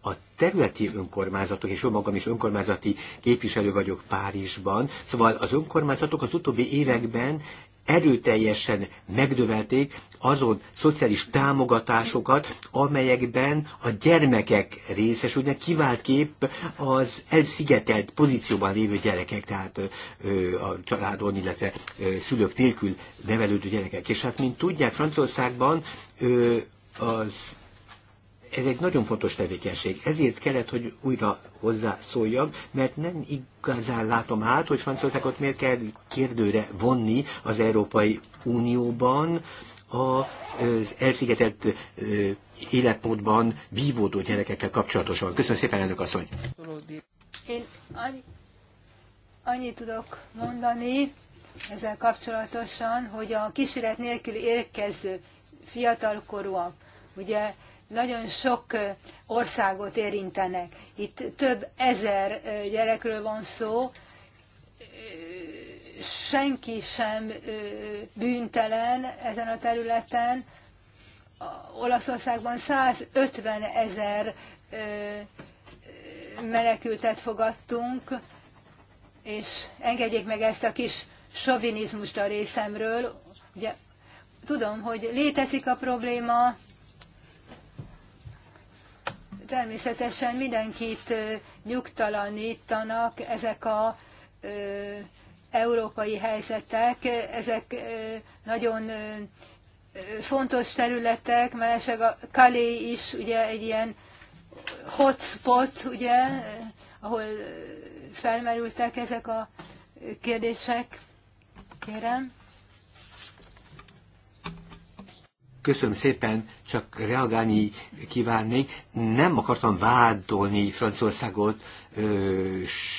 S2: a területi önkormányzatok, és jó magam is önkormányzati képviselő vagyok Párizsban, szóval az önkormányzatok az utóbbi években erőteljesen megdövelték azon szociális támogatásokat, amelyekben a gyermekek részesülnek, kiváltképp az elszigetelt pozícióban lévő gyerekek, tehát ö, a családon, illetve ö, szülők nélkül nevelődő gyerekek. És hát, mint tudják, Franciaországban ö, az ez egy nagyon fontos tevékenység. Ezért kellett, hogy újra hozzászóljak, mert nem igazán látom át, hogy Franciaországot miért kell kérdőre vonni az Európai Unióban az elszigetelt életmódban vívódó gyerekekkel kapcsolatosan. Köszönöm szépen, elnök asszony!
S1: Én annyit tudok mondani ezzel kapcsolatosan, hogy a kísérlet nélkül érkező fiatalkorúak, ugye nagyon sok országot érintenek. Itt több ezer gyerekről van szó, senki sem bűntelen ezen a területen. Olaszországban 150 ezer menekültet fogadtunk, és engedjék meg ezt a kis sovinizmust a részemről. Ugye, tudom, hogy létezik a probléma, Természetesen mindenkit nyugtalanítanak ezek a ö, európai helyzetek, ezek ö, nagyon ö, fontos területek, mert esetleg a Kalé is ugye egy ilyen hotspot, ugye, ahol felmerültek ezek a kérdések. Kérem.
S2: Köszönöm szépen, csak reagálni kívánnék. Nem akartam vádolni Franciaországot,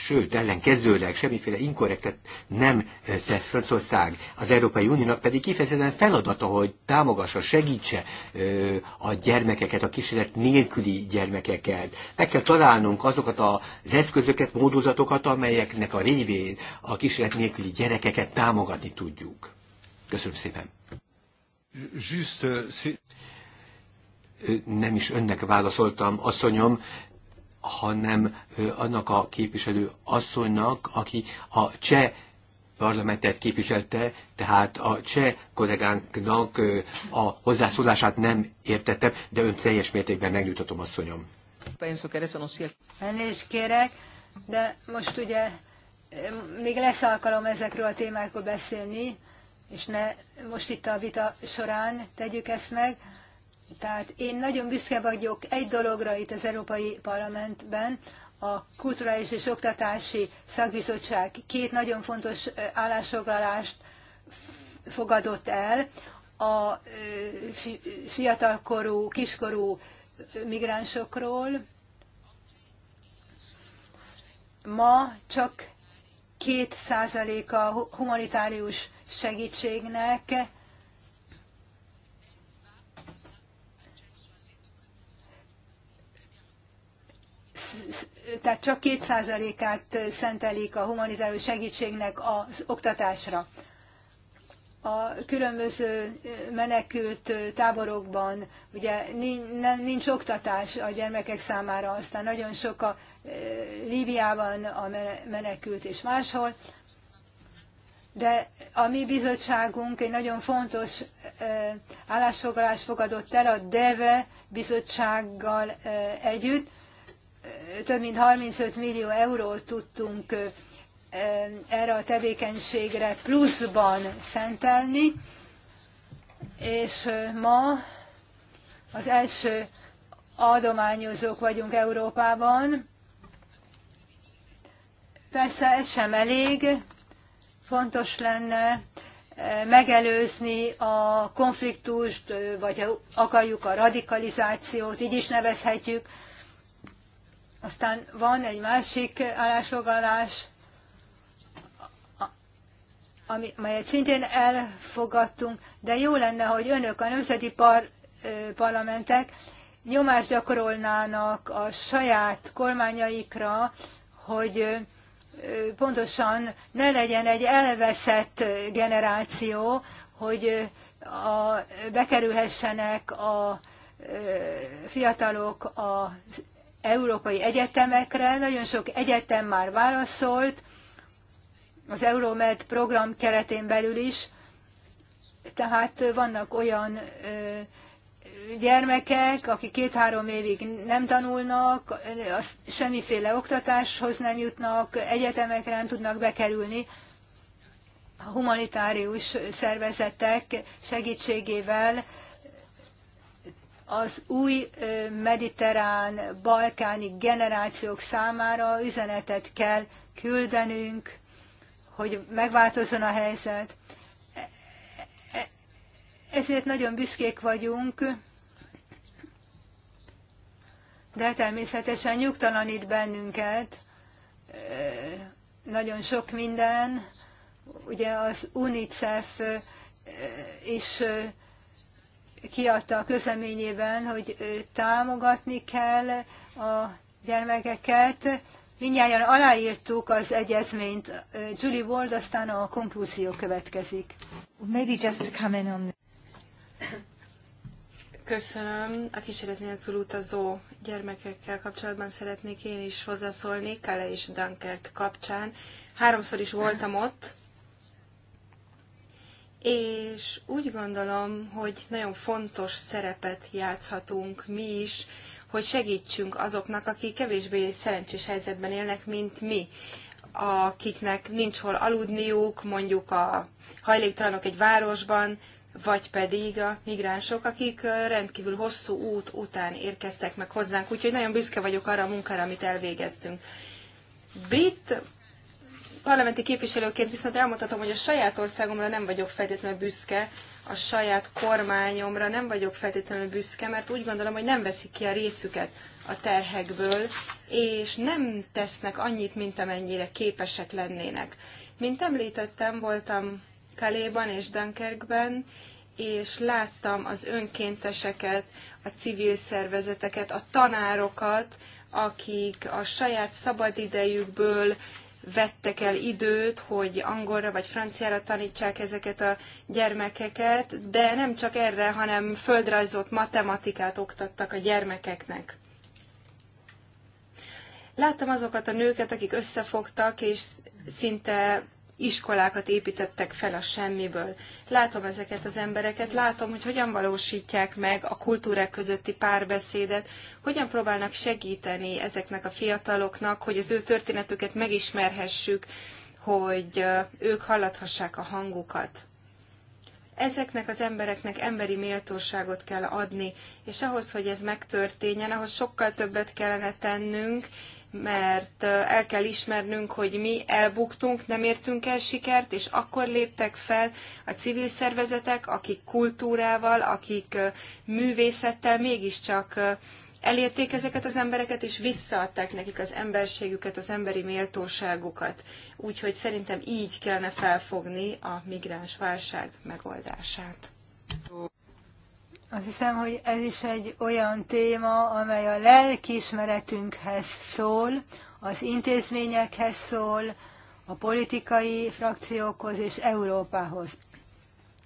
S2: sőt, ellenkezőleg semmiféle inkorrektet nem tesz Franciaország. Az Európai Uniónak pedig kifejezetten feladata, hogy támogassa, segítse a gyermekeket, a kísérlet nélküli gyermekeket. Meg kell találnunk azokat az eszközöket, módozatokat, amelyeknek a révén a kísérlet nélküli gyerekeket támogatni tudjuk. Köszönöm szépen! Just, uh, nem is önnek válaszoltam, asszonyom, hanem annak a képviselő asszonynak, aki a cseh parlamentet képviselte, tehát a cseh kollégánknak a hozzászólását nem értettem, de ön teljes mértékben megnyugtatom, asszonyom.
S1: Elnézést kérek, de most ugye még lesz alkalom ezekről a témákról beszélni, és ne most itt a vita során tegyük ezt meg. Tehát én nagyon büszke vagyok egy dologra itt az Európai Parlamentben, a Kulturális és Oktatási Szakbizottság két nagyon fontos állásfoglalást fogadott el a fiatalkorú, kiskorú migránsokról. Ma csak két százaléka humanitárius segítségnek tehát csak két százalékát szentelik a humanitárius segítségnek az oktatásra a különböző menekült táborokban, ugye nincs oktatás a gyermekek számára, aztán nagyon sok a e, Líbiában a menekült és máshol, de a mi bizottságunk egy nagyon fontos e, állásfoglalást fogadott el a DEVE bizottsággal e, együtt. Több mint 35 millió eurót tudtunk erre a tevékenységre pluszban szentelni, és ma az első adományozók vagyunk Európában. Persze ez sem elég, fontos lenne megelőzni a konfliktust, vagy ha akarjuk a radikalizációt, így is nevezhetjük. Aztán van egy másik állásfoglalás, ami, amelyet szintén elfogadtunk, de jó lenne, hogy önök, a nemzeti par, parlamentek nyomást gyakorolnának a saját kormányaikra, hogy pontosan ne legyen egy elveszett generáció, hogy a, bekerülhessenek a fiatalok az európai egyetemekre. Nagyon sok egyetem már válaszolt, az Euromed program keretén belül is. Tehát vannak olyan gyermekek, akik két-három évig nem tanulnak, semmiféle oktatáshoz nem jutnak, egyetemekre nem tudnak bekerülni. A humanitárius szervezetek segítségével az új mediterrán, balkáni generációk számára üzenetet kell küldenünk, hogy megváltozzon a helyzet. Ezért nagyon büszkék vagyunk, de természetesen nyugtalanít bennünket nagyon sok minden. Ugye az UNICEF is kiadta a közleményében, hogy támogatni kell a gyermekeket, Mindjárt aláírtuk az egyezményt. Julie Ward, aztán a konklúzió következik. Maybe just to come in on... Köszönöm. A
S3: kísérlet nélkül utazó gyermekekkel kapcsolatban szeretnék én is hozzászólni, Kale és Dunkert kapcsán. Háromszor is voltam ott, és úgy gondolom, hogy nagyon fontos szerepet játszhatunk mi is hogy segítsünk azoknak, akik kevésbé szerencsés helyzetben élnek, mint mi akiknek nincs hol aludniuk, mondjuk a hajléktalanok egy városban, vagy pedig a migránsok, akik rendkívül hosszú út után érkeztek meg hozzánk. Úgyhogy nagyon büszke vagyok arra a munkára, amit elvégeztünk. Brit parlamenti képviselőként viszont elmondhatom, hogy a saját országomra nem vagyok feltétlenül büszke, a saját kormányomra nem vagyok feltétlenül büszke, mert úgy gondolom, hogy nem veszik ki a részüket a terhekből, és nem tesznek annyit, mint amennyire képesek lennének. Mint említettem, voltam Kaléban és Dunkerkben, és láttam az önkénteseket, a civil szervezeteket, a tanárokat, akik a saját szabadidejükből vettek el időt, hogy angolra vagy franciára tanítsák ezeket a gyermekeket, de nem csak erre, hanem földrajzot, matematikát oktattak a gyermekeknek. Láttam azokat a nőket, akik összefogtak, és szinte iskolákat építettek fel a semmiből. Látom ezeket az embereket, látom, hogy hogyan valósítják meg a kultúrák közötti párbeszédet, hogyan próbálnak segíteni ezeknek a fiataloknak, hogy az ő történetüket megismerhessük, hogy ők hallathassák a hangukat. Ezeknek az embereknek emberi méltóságot kell adni, és ahhoz, hogy ez megtörténjen, ahhoz sokkal többet kellene tennünk, mert el kell ismernünk, hogy mi elbuktunk, nem értünk el sikert, és akkor léptek fel a civil szervezetek, akik kultúrával, akik művészettel mégiscsak elérték ezeket az embereket, és visszaadták nekik az emberségüket, az emberi méltóságukat. Úgyhogy szerintem így kellene felfogni a migráns válság megoldását.
S1: Azt hiszem, hogy ez is egy olyan téma, amely a lelkiismeretünkhez szól, az intézményekhez szól, a politikai frakciókhoz és Európához.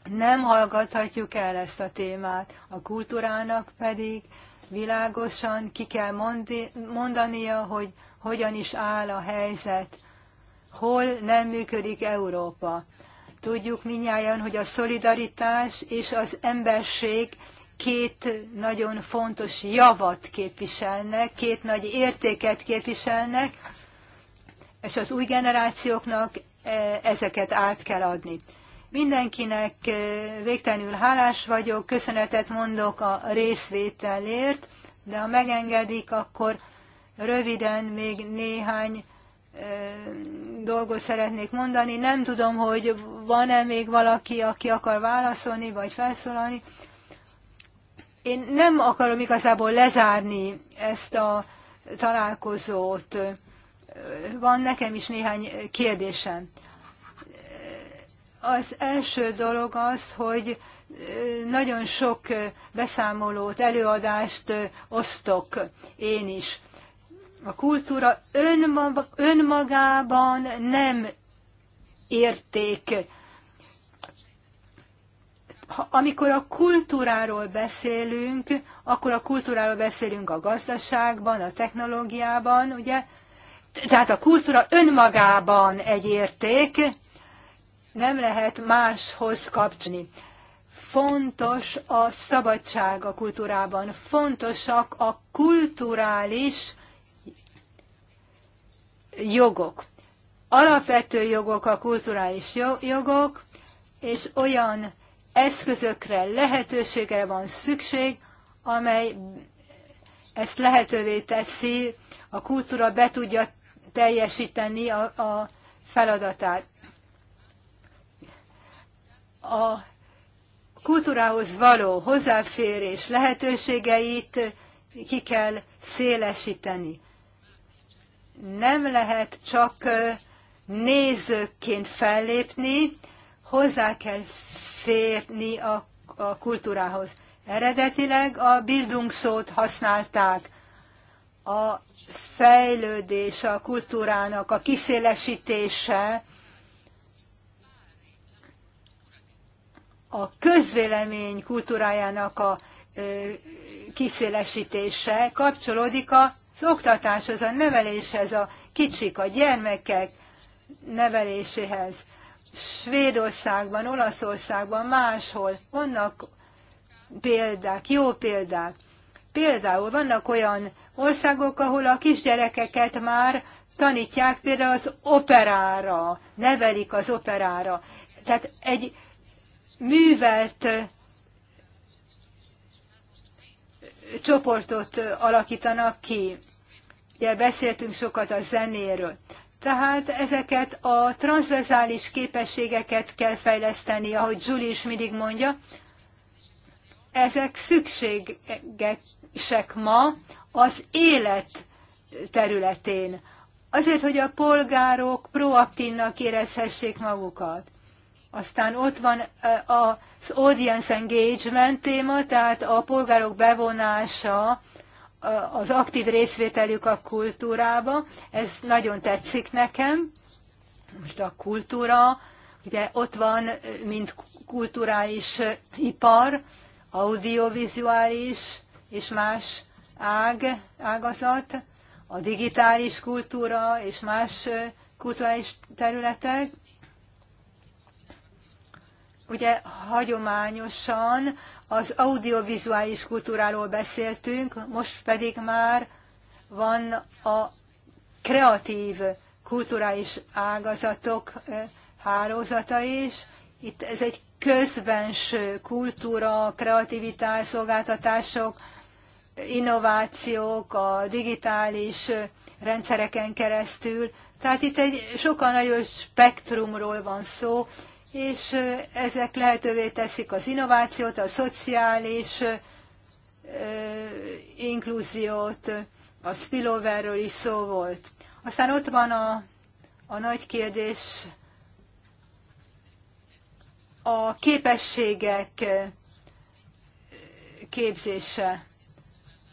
S1: Nem hallgathatjuk el ezt a témát, a kultúrának pedig világosan ki kell mondania, hogy hogyan is áll a helyzet, hol nem működik Európa. Tudjuk minnyáján, hogy a szolidaritás és az emberség két nagyon fontos javat képviselnek, két nagy értéket képviselnek, és az új generációknak e, ezeket át kell adni. Mindenkinek e, végtelenül hálás vagyok, köszönetet mondok a részvételért, de ha megengedik, akkor röviden még néhány dolgot szeretnék mondani. Nem tudom, hogy van-e még valaki, aki akar válaszolni, vagy felszólalni. Én nem akarom igazából lezárni ezt a találkozót. Van nekem is néhány kérdésem. Az első dolog az, hogy nagyon sok beszámolót, előadást osztok én is. A kultúra önmaga, önmagában nem érték. Ha, amikor a kultúráról beszélünk, akkor a kultúráról beszélünk a gazdaságban, a technológiában, ugye? Tehát a kultúra önmagában egy érték, nem lehet máshoz kapcsolni. Fontos a szabadság a kultúrában, fontosak a kulturális jogok. Alapvető jogok a kulturális jogok, és olyan eszközökre, lehetőségre van szükség, amely ezt lehetővé teszi, a kultúra be tudja teljesíteni a, a feladatát. A kultúrához való hozzáférés lehetőségeit ki kell szélesíteni nem lehet csak nézőként fellépni, hozzá kell férni a, a kultúrához. Eredetileg a bildung szót használták. A fejlődés, a kultúrának a kiszélesítése, a közvélemény kultúrájának a kiszélesítése kapcsolódik a az oktatáshoz, a neveléshez, a kicsik, a gyermekek neveléséhez. Svédországban, Olaszországban, máshol vannak példák, jó példák. Például vannak olyan országok, ahol a kisgyerekeket már tanítják például az operára, nevelik az operára. Tehát egy művelt csoportot alakítanak ki. Ugye beszéltünk sokat a zenéről. Tehát ezeket a transzvezális képességeket kell fejleszteni, ahogy Zsuli is mindig mondja. Ezek szükségesek ma az élet területén. Azért, hogy a polgárok proaktívnak érezhessék magukat. Aztán ott van az audience engagement téma, tehát a polgárok bevonása, az aktív részvételük a kultúrába. Ez nagyon tetszik nekem. Most a kultúra, ugye ott van, mint kulturális ipar, audiovizuális és más ág, ágazat, a digitális kultúra és más kulturális területek. Ugye hagyományosan az audiovizuális kultúráról beszéltünk, most pedig már van a kreatív kulturális ágazatok hálózata is. Itt ez egy közbenső kultúra, kreativitás, szolgáltatások, innovációk a digitális rendszereken keresztül. Tehát itt egy sokkal nagyobb spektrumról van szó, és ezek lehetővé teszik az innovációt, a szociális inkluziót, a spilloverről is szó volt. Aztán ott van a, a nagy kérdés, a képességek képzése.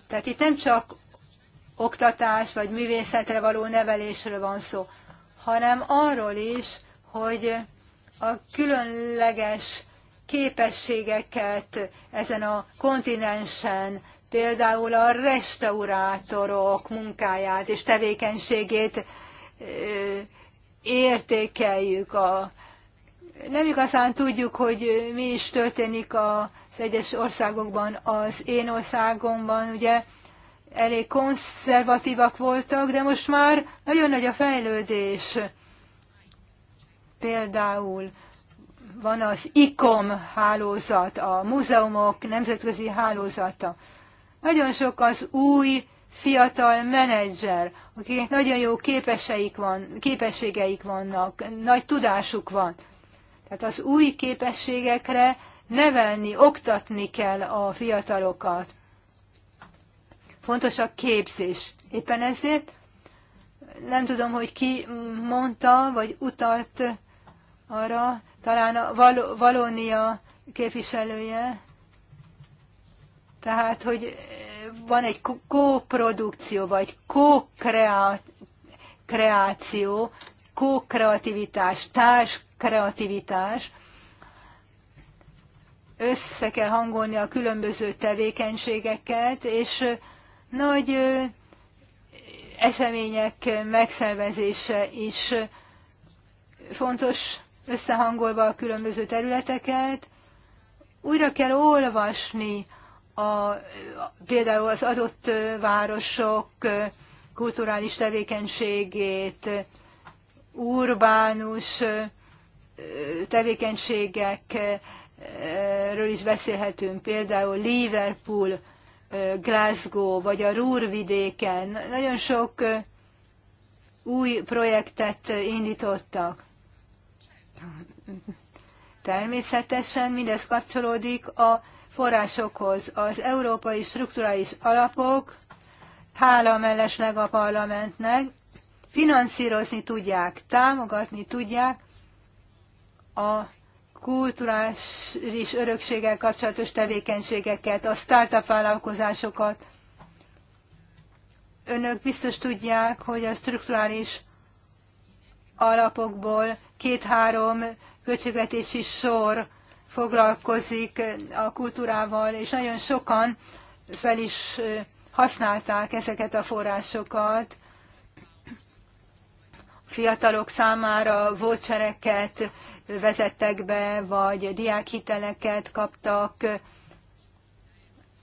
S1: Tehát itt nem csak oktatás vagy művészetre való nevelésről van szó, hanem arról is, hogy a különleges képességeket ezen a kontinensen, például a restaurátorok munkáját és tevékenységét értékeljük. A, nem igazán tudjuk, hogy mi is történik az egyes országokban. Az én országomban ugye elég konzervatívak voltak, de most már nagyon nagy a fejlődés Például van az ICOM hálózat, a múzeumok nemzetközi hálózata. Nagyon sok az új fiatal menedzser, akiknek nagyon jó képeseik van, képességeik vannak, nagy tudásuk van. Tehát az új képességekre nevelni, oktatni kell a fiatalokat. Fontos a képzés. Éppen ezért nem tudom, hogy ki mondta, vagy utalt arra, talán a Val- Valónia képviselője, tehát, hogy eh, van egy kóprodukció, vagy kókreáció, kókreativitás, kreativitás. össze kell hangolni a különböző tevékenységeket, és eh, nagy eh, események megszervezése is fontos összehangolva a különböző területeket. Újra kell olvasni a, például az adott városok kulturális tevékenységét, urbánus tevékenységekről is beszélhetünk, például Liverpool, Glasgow vagy a Rúr vidéken. Nagyon sok új projektet indítottak. Természetesen mindez kapcsolódik a forrásokhoz. Az európai strukturális alapok, hála mellesleg a parlamentnek, finanszírozni tudják, támogatni tudják a kulturális örökséggel kapcsolatos tevékenységeket, a startup vállalkozásokat. Önök biztos tudják, hogy a strukturális alapokból két-három költségvetési sor foglalkozik a kultúrával, és nagyon sokan fel is használták ezeket a forrásokat. Fiatalok számára vouchereket vezettek be, vagy diákhiteleket kaptak.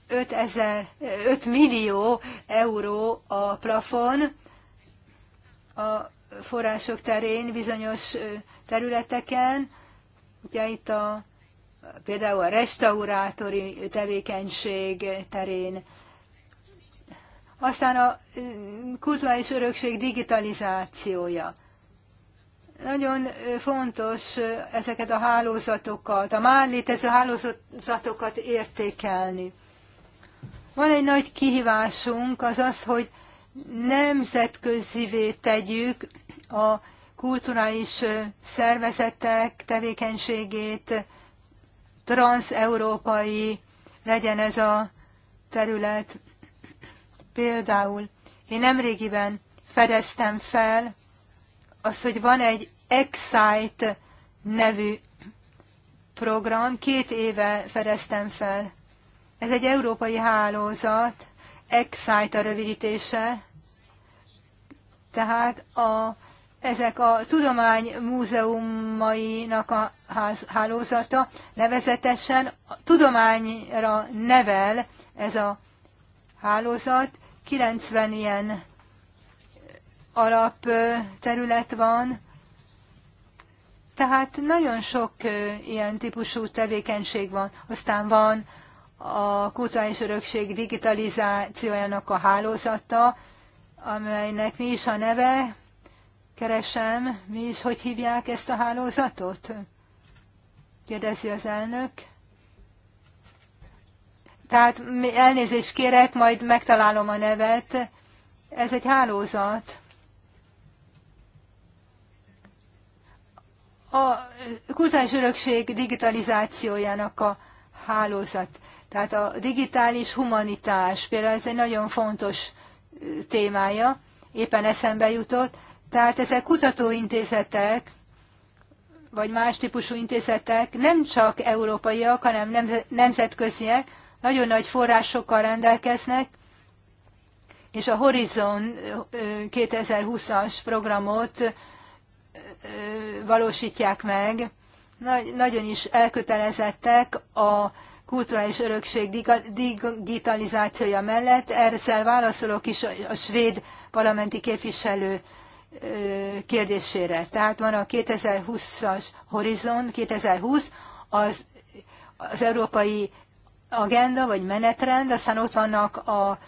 S1: 5, ezer, 5 millió euró a plafon. A források terén bizonyos területeken, ugye itt a, például a restaurátori tevékenység terén, aztán a kulturális örökség digitalizációja. Nagyon fontos ezeket a hálózatokat, a már létező hálózatokat értékelni. Van egy nagy kihívásunk, az az, hogy nemzetközivé tegyük a kulturális szervezetek tevékenységét, transeurópai legyen ez a terület. Például én nemrégiben fedeztem fel az, hogy van egy Excite nevű program, két éve fedeztem fel. Ez egy európai hálózat, Excite a rövidítése. Tehát a, ezek a múzeumainak a ház, hálózata nevezetesen a tudományra nevel ez a hálózat. 90 ilyen alapterület van, tehát nagyon sok ilyen típusú tevékenység van. Aztán van a kulturális örökség digitalizációjának a hálózata, amelynek mi is a neve, keresem, mi is, hogy hívják ezt a hálózatot? Kérdezi az elnök. Tehát elnézést kérek, majd megtalálom a nevet. Ez egy hálózat. A kultúrás örökség digitalizációjának a hálózat. Tehát a digitális humanitás például ez egy nagyon fontos témája, éppen eszembe jutott. Tehát ezek kutatóintézetek, vagy más típusú intézetek nem csak európaiak, hanem nemzetköziek, nagyon nagy forrásokkal rendelkeznek, és a Horizon 2020-as programot valósítják meg. nagyon is elkötelezettek a kulturális örökség digitalizációja mellett. Ezzel válaszolok is a svéd parlamenti képviselő kérdésére. Tehát van a 2020-as horizon, 2020 az, az európai agenda vagy menetrend, aztán ott vannak a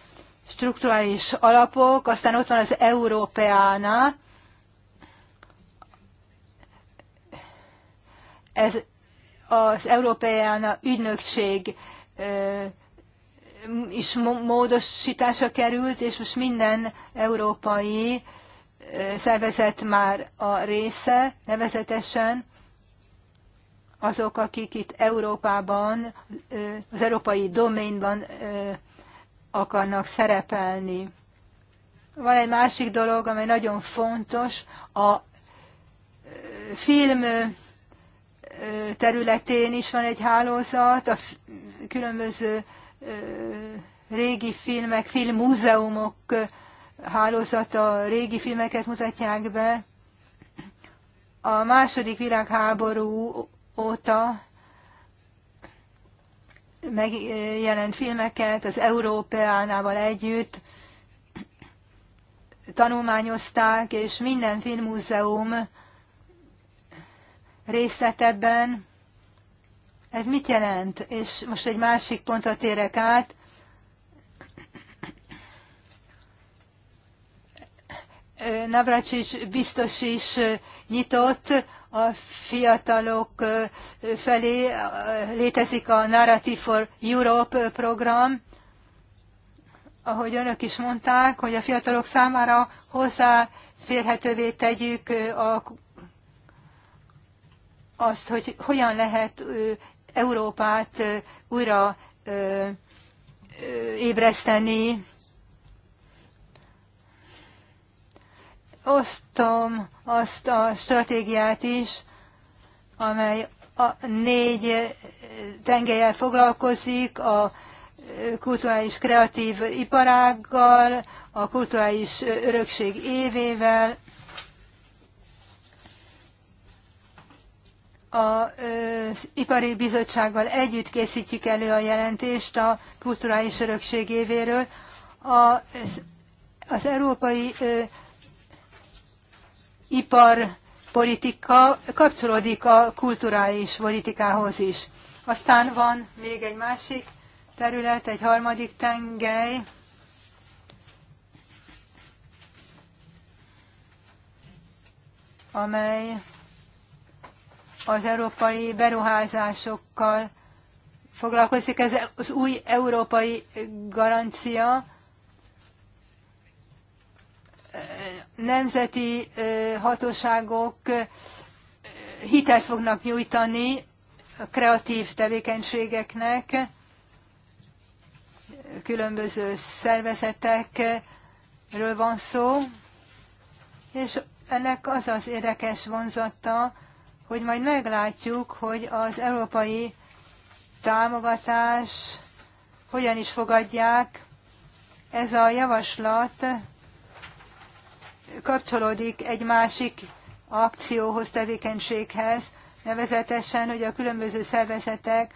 S1: strukturális alapok, aztán ott van az Európeána, ez az Európai Ügynökség is módosításra került, és most minden európai szervezet már a része, nevezetesen azok, akik itt Európában, az európai doménban akarnak szerepelni. Van egy másik dolog, amely nagyon fontos, a film területén is van egy hálózat, a különböző régi filmek, filmmúzeumok hálózata régi filmeket mutatják be. A második világháború óta megjelent filmeket az Európeánával együtt tanulmányozták, és minden filmmúzeum részletebben. Ez mit jelent? És most egy másik pontra térek át. Navracsics biztos is nyitott a fiatalok felé. Létezik a Narrative for Europe program, ahogy önök is mondták, hogy a fiatalok számára hozzáférhetővé tegyük a azt, hogy hogyan lehet Európát újra ébreszteni. Osztom azt a stratégiát is, amely a négy tengelyel foglalkozik, a kulturális kreatív iparággal, a kulturális örökség évével, az Ipari Bizottsággal együtt készítjük elő a jelentést a kulturális örökség évéről. Az, az európai ö, iparpolitika kapcsolódik a kulturális politikához is. Aztán van még egy másik terület, egy harmadik tengely, amely az európai beruházásokkal foglalkozik. Ez az új európai garancia nemzeti hatóságok hitelt fognak nyújtani a kreatív tevékenységeknek, különböző szervezetekről van szó, és ennek az az érdekes vonzata, hogy majd meglátjuk, hogy az európai támogatás hogyan is fogadják. Ez a javaslat kapcsolódik egy másik akcióhoz, tevékenységhez, nevezetesen, hogy a különböző szervezetek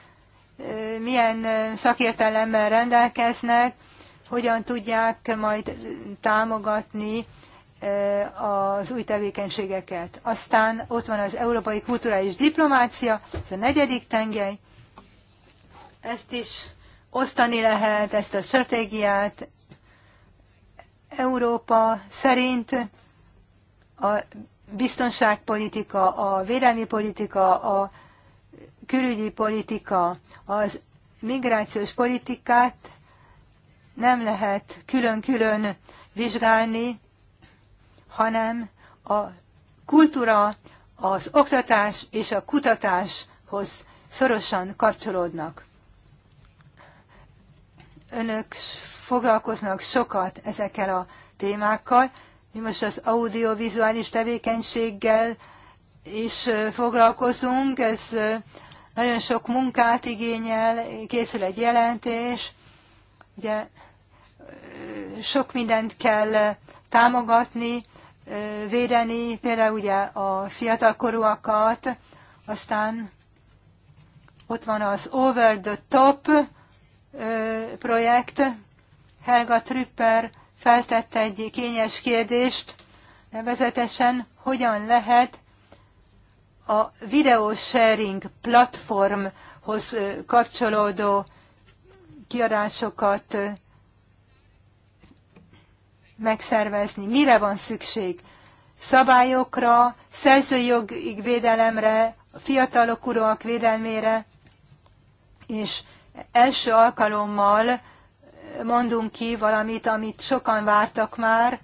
S1: milyen szakértelemmel rendelkeznek, hogyan tudják majd támogatni az új tevékenységeket. Aztán ott van az európai kulturális diplomácia, ez a negyedik tengely. Ezt is osztani lehet, ezt a stratégiát. Európa szerint a biztonságpolitika, a védelmi politika, a külügyi politika, az migrációs politikát nem lehet külön-külön vizsgálni, hanem a kultúra, az oktatás és a kutatáshoz szorosan kapcsolódnak. Önök foglalkoznak sokat ezekkel a témákkal, mi most az audiovizuális tevékenységgel is foglalkozunk, ez nagyon sok munkát igényel, készül egy jelentés, ugye sok mindent kell támogatni, védeni, például ugye a fiatalkorúakat, aztán ott van az Over the Top projekt. Helga Trüpper feltette egy kényes kérdést, nevezetesen hogyan lehet a video sharing platformhoz kapcsolódó kiadásokat megszervezni, mire van szükség. Szabályokra, szerzőjogi védelemre, a fiatalok urak védelmére, és első alkalommal mondunk ki valamit, amit sokan vártak már,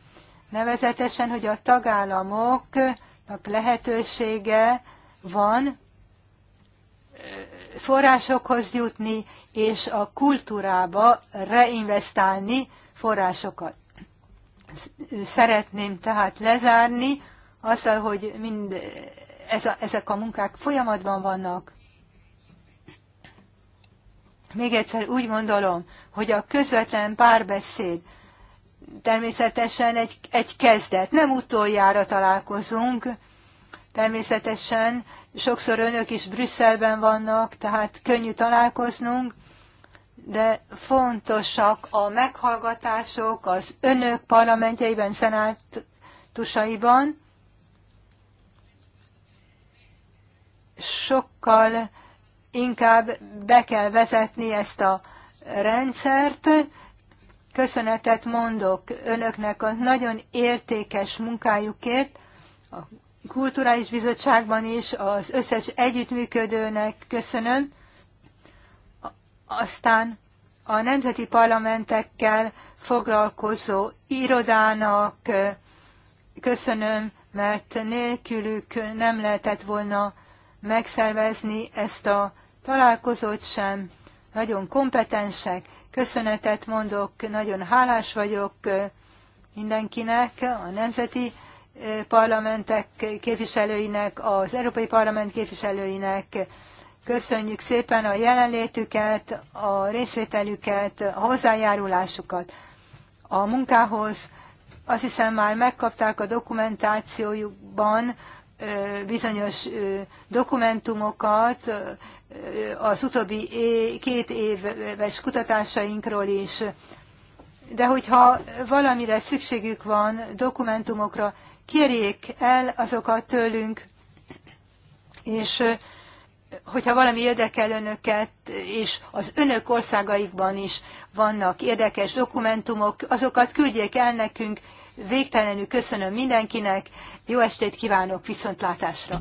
S1: nevezetesen, hogy a tagállamoknak lehetősége van eh, forrásokhoz jutni, és a kultúrába reinvestálni forrásokat szeretném tehát lezárni azzal, hogy mind ez a, ezek a munkák folyamatban vannak. Még egyszer úgy gondolom, hogy a közvetlen párbeszéd természetesen egy, egy kezdet. Nem utoljára találkozunk, természetesen sokszor önök is Brüsszelben vannak, tehát könnyű találkoznunk, de fontosak a meghallgatások az önök parlamentjeiben, szenátusaiban. Sokkal inkább be kell vezetni ezt a rendszert. Köszönetet mondok önöknek a nagyon értékes munkájukért, a Kulturális Bizottságban is az összes együttműködőnek köszönöm. Aztán a nemzeti parlamentekkel foglalkozó irodának köszönöm, mert nélkülük nem lehetett volna megszervezni ezt a találkozót sem. Nagyon kompetensek, köszönetet mondok, nagyon hálás vagyok mindenkinek, a nemzeti parlamentek képviselőinek, az Európai Parlament képviselőinek, Köszönjük szépen a jelenlétüket, a részvételüket, a hozzájárulásukat a munkához. Azt hiszem már megkapták a dokumentációjukban bizonyos dokumentumokat az utóbbi két éves kutatásainkról is. De hogyha valamire szükségük van, dokumentumokra, kérjék el azokat tőlünk, és hogyha valami érdekel önöket, és az önök országaikban is vannak érdekes dokumentumok, azokat küldjék el nekünk. Végtelenül köszönöm mindenkinek, jó estét kívánok, viszontlátásra!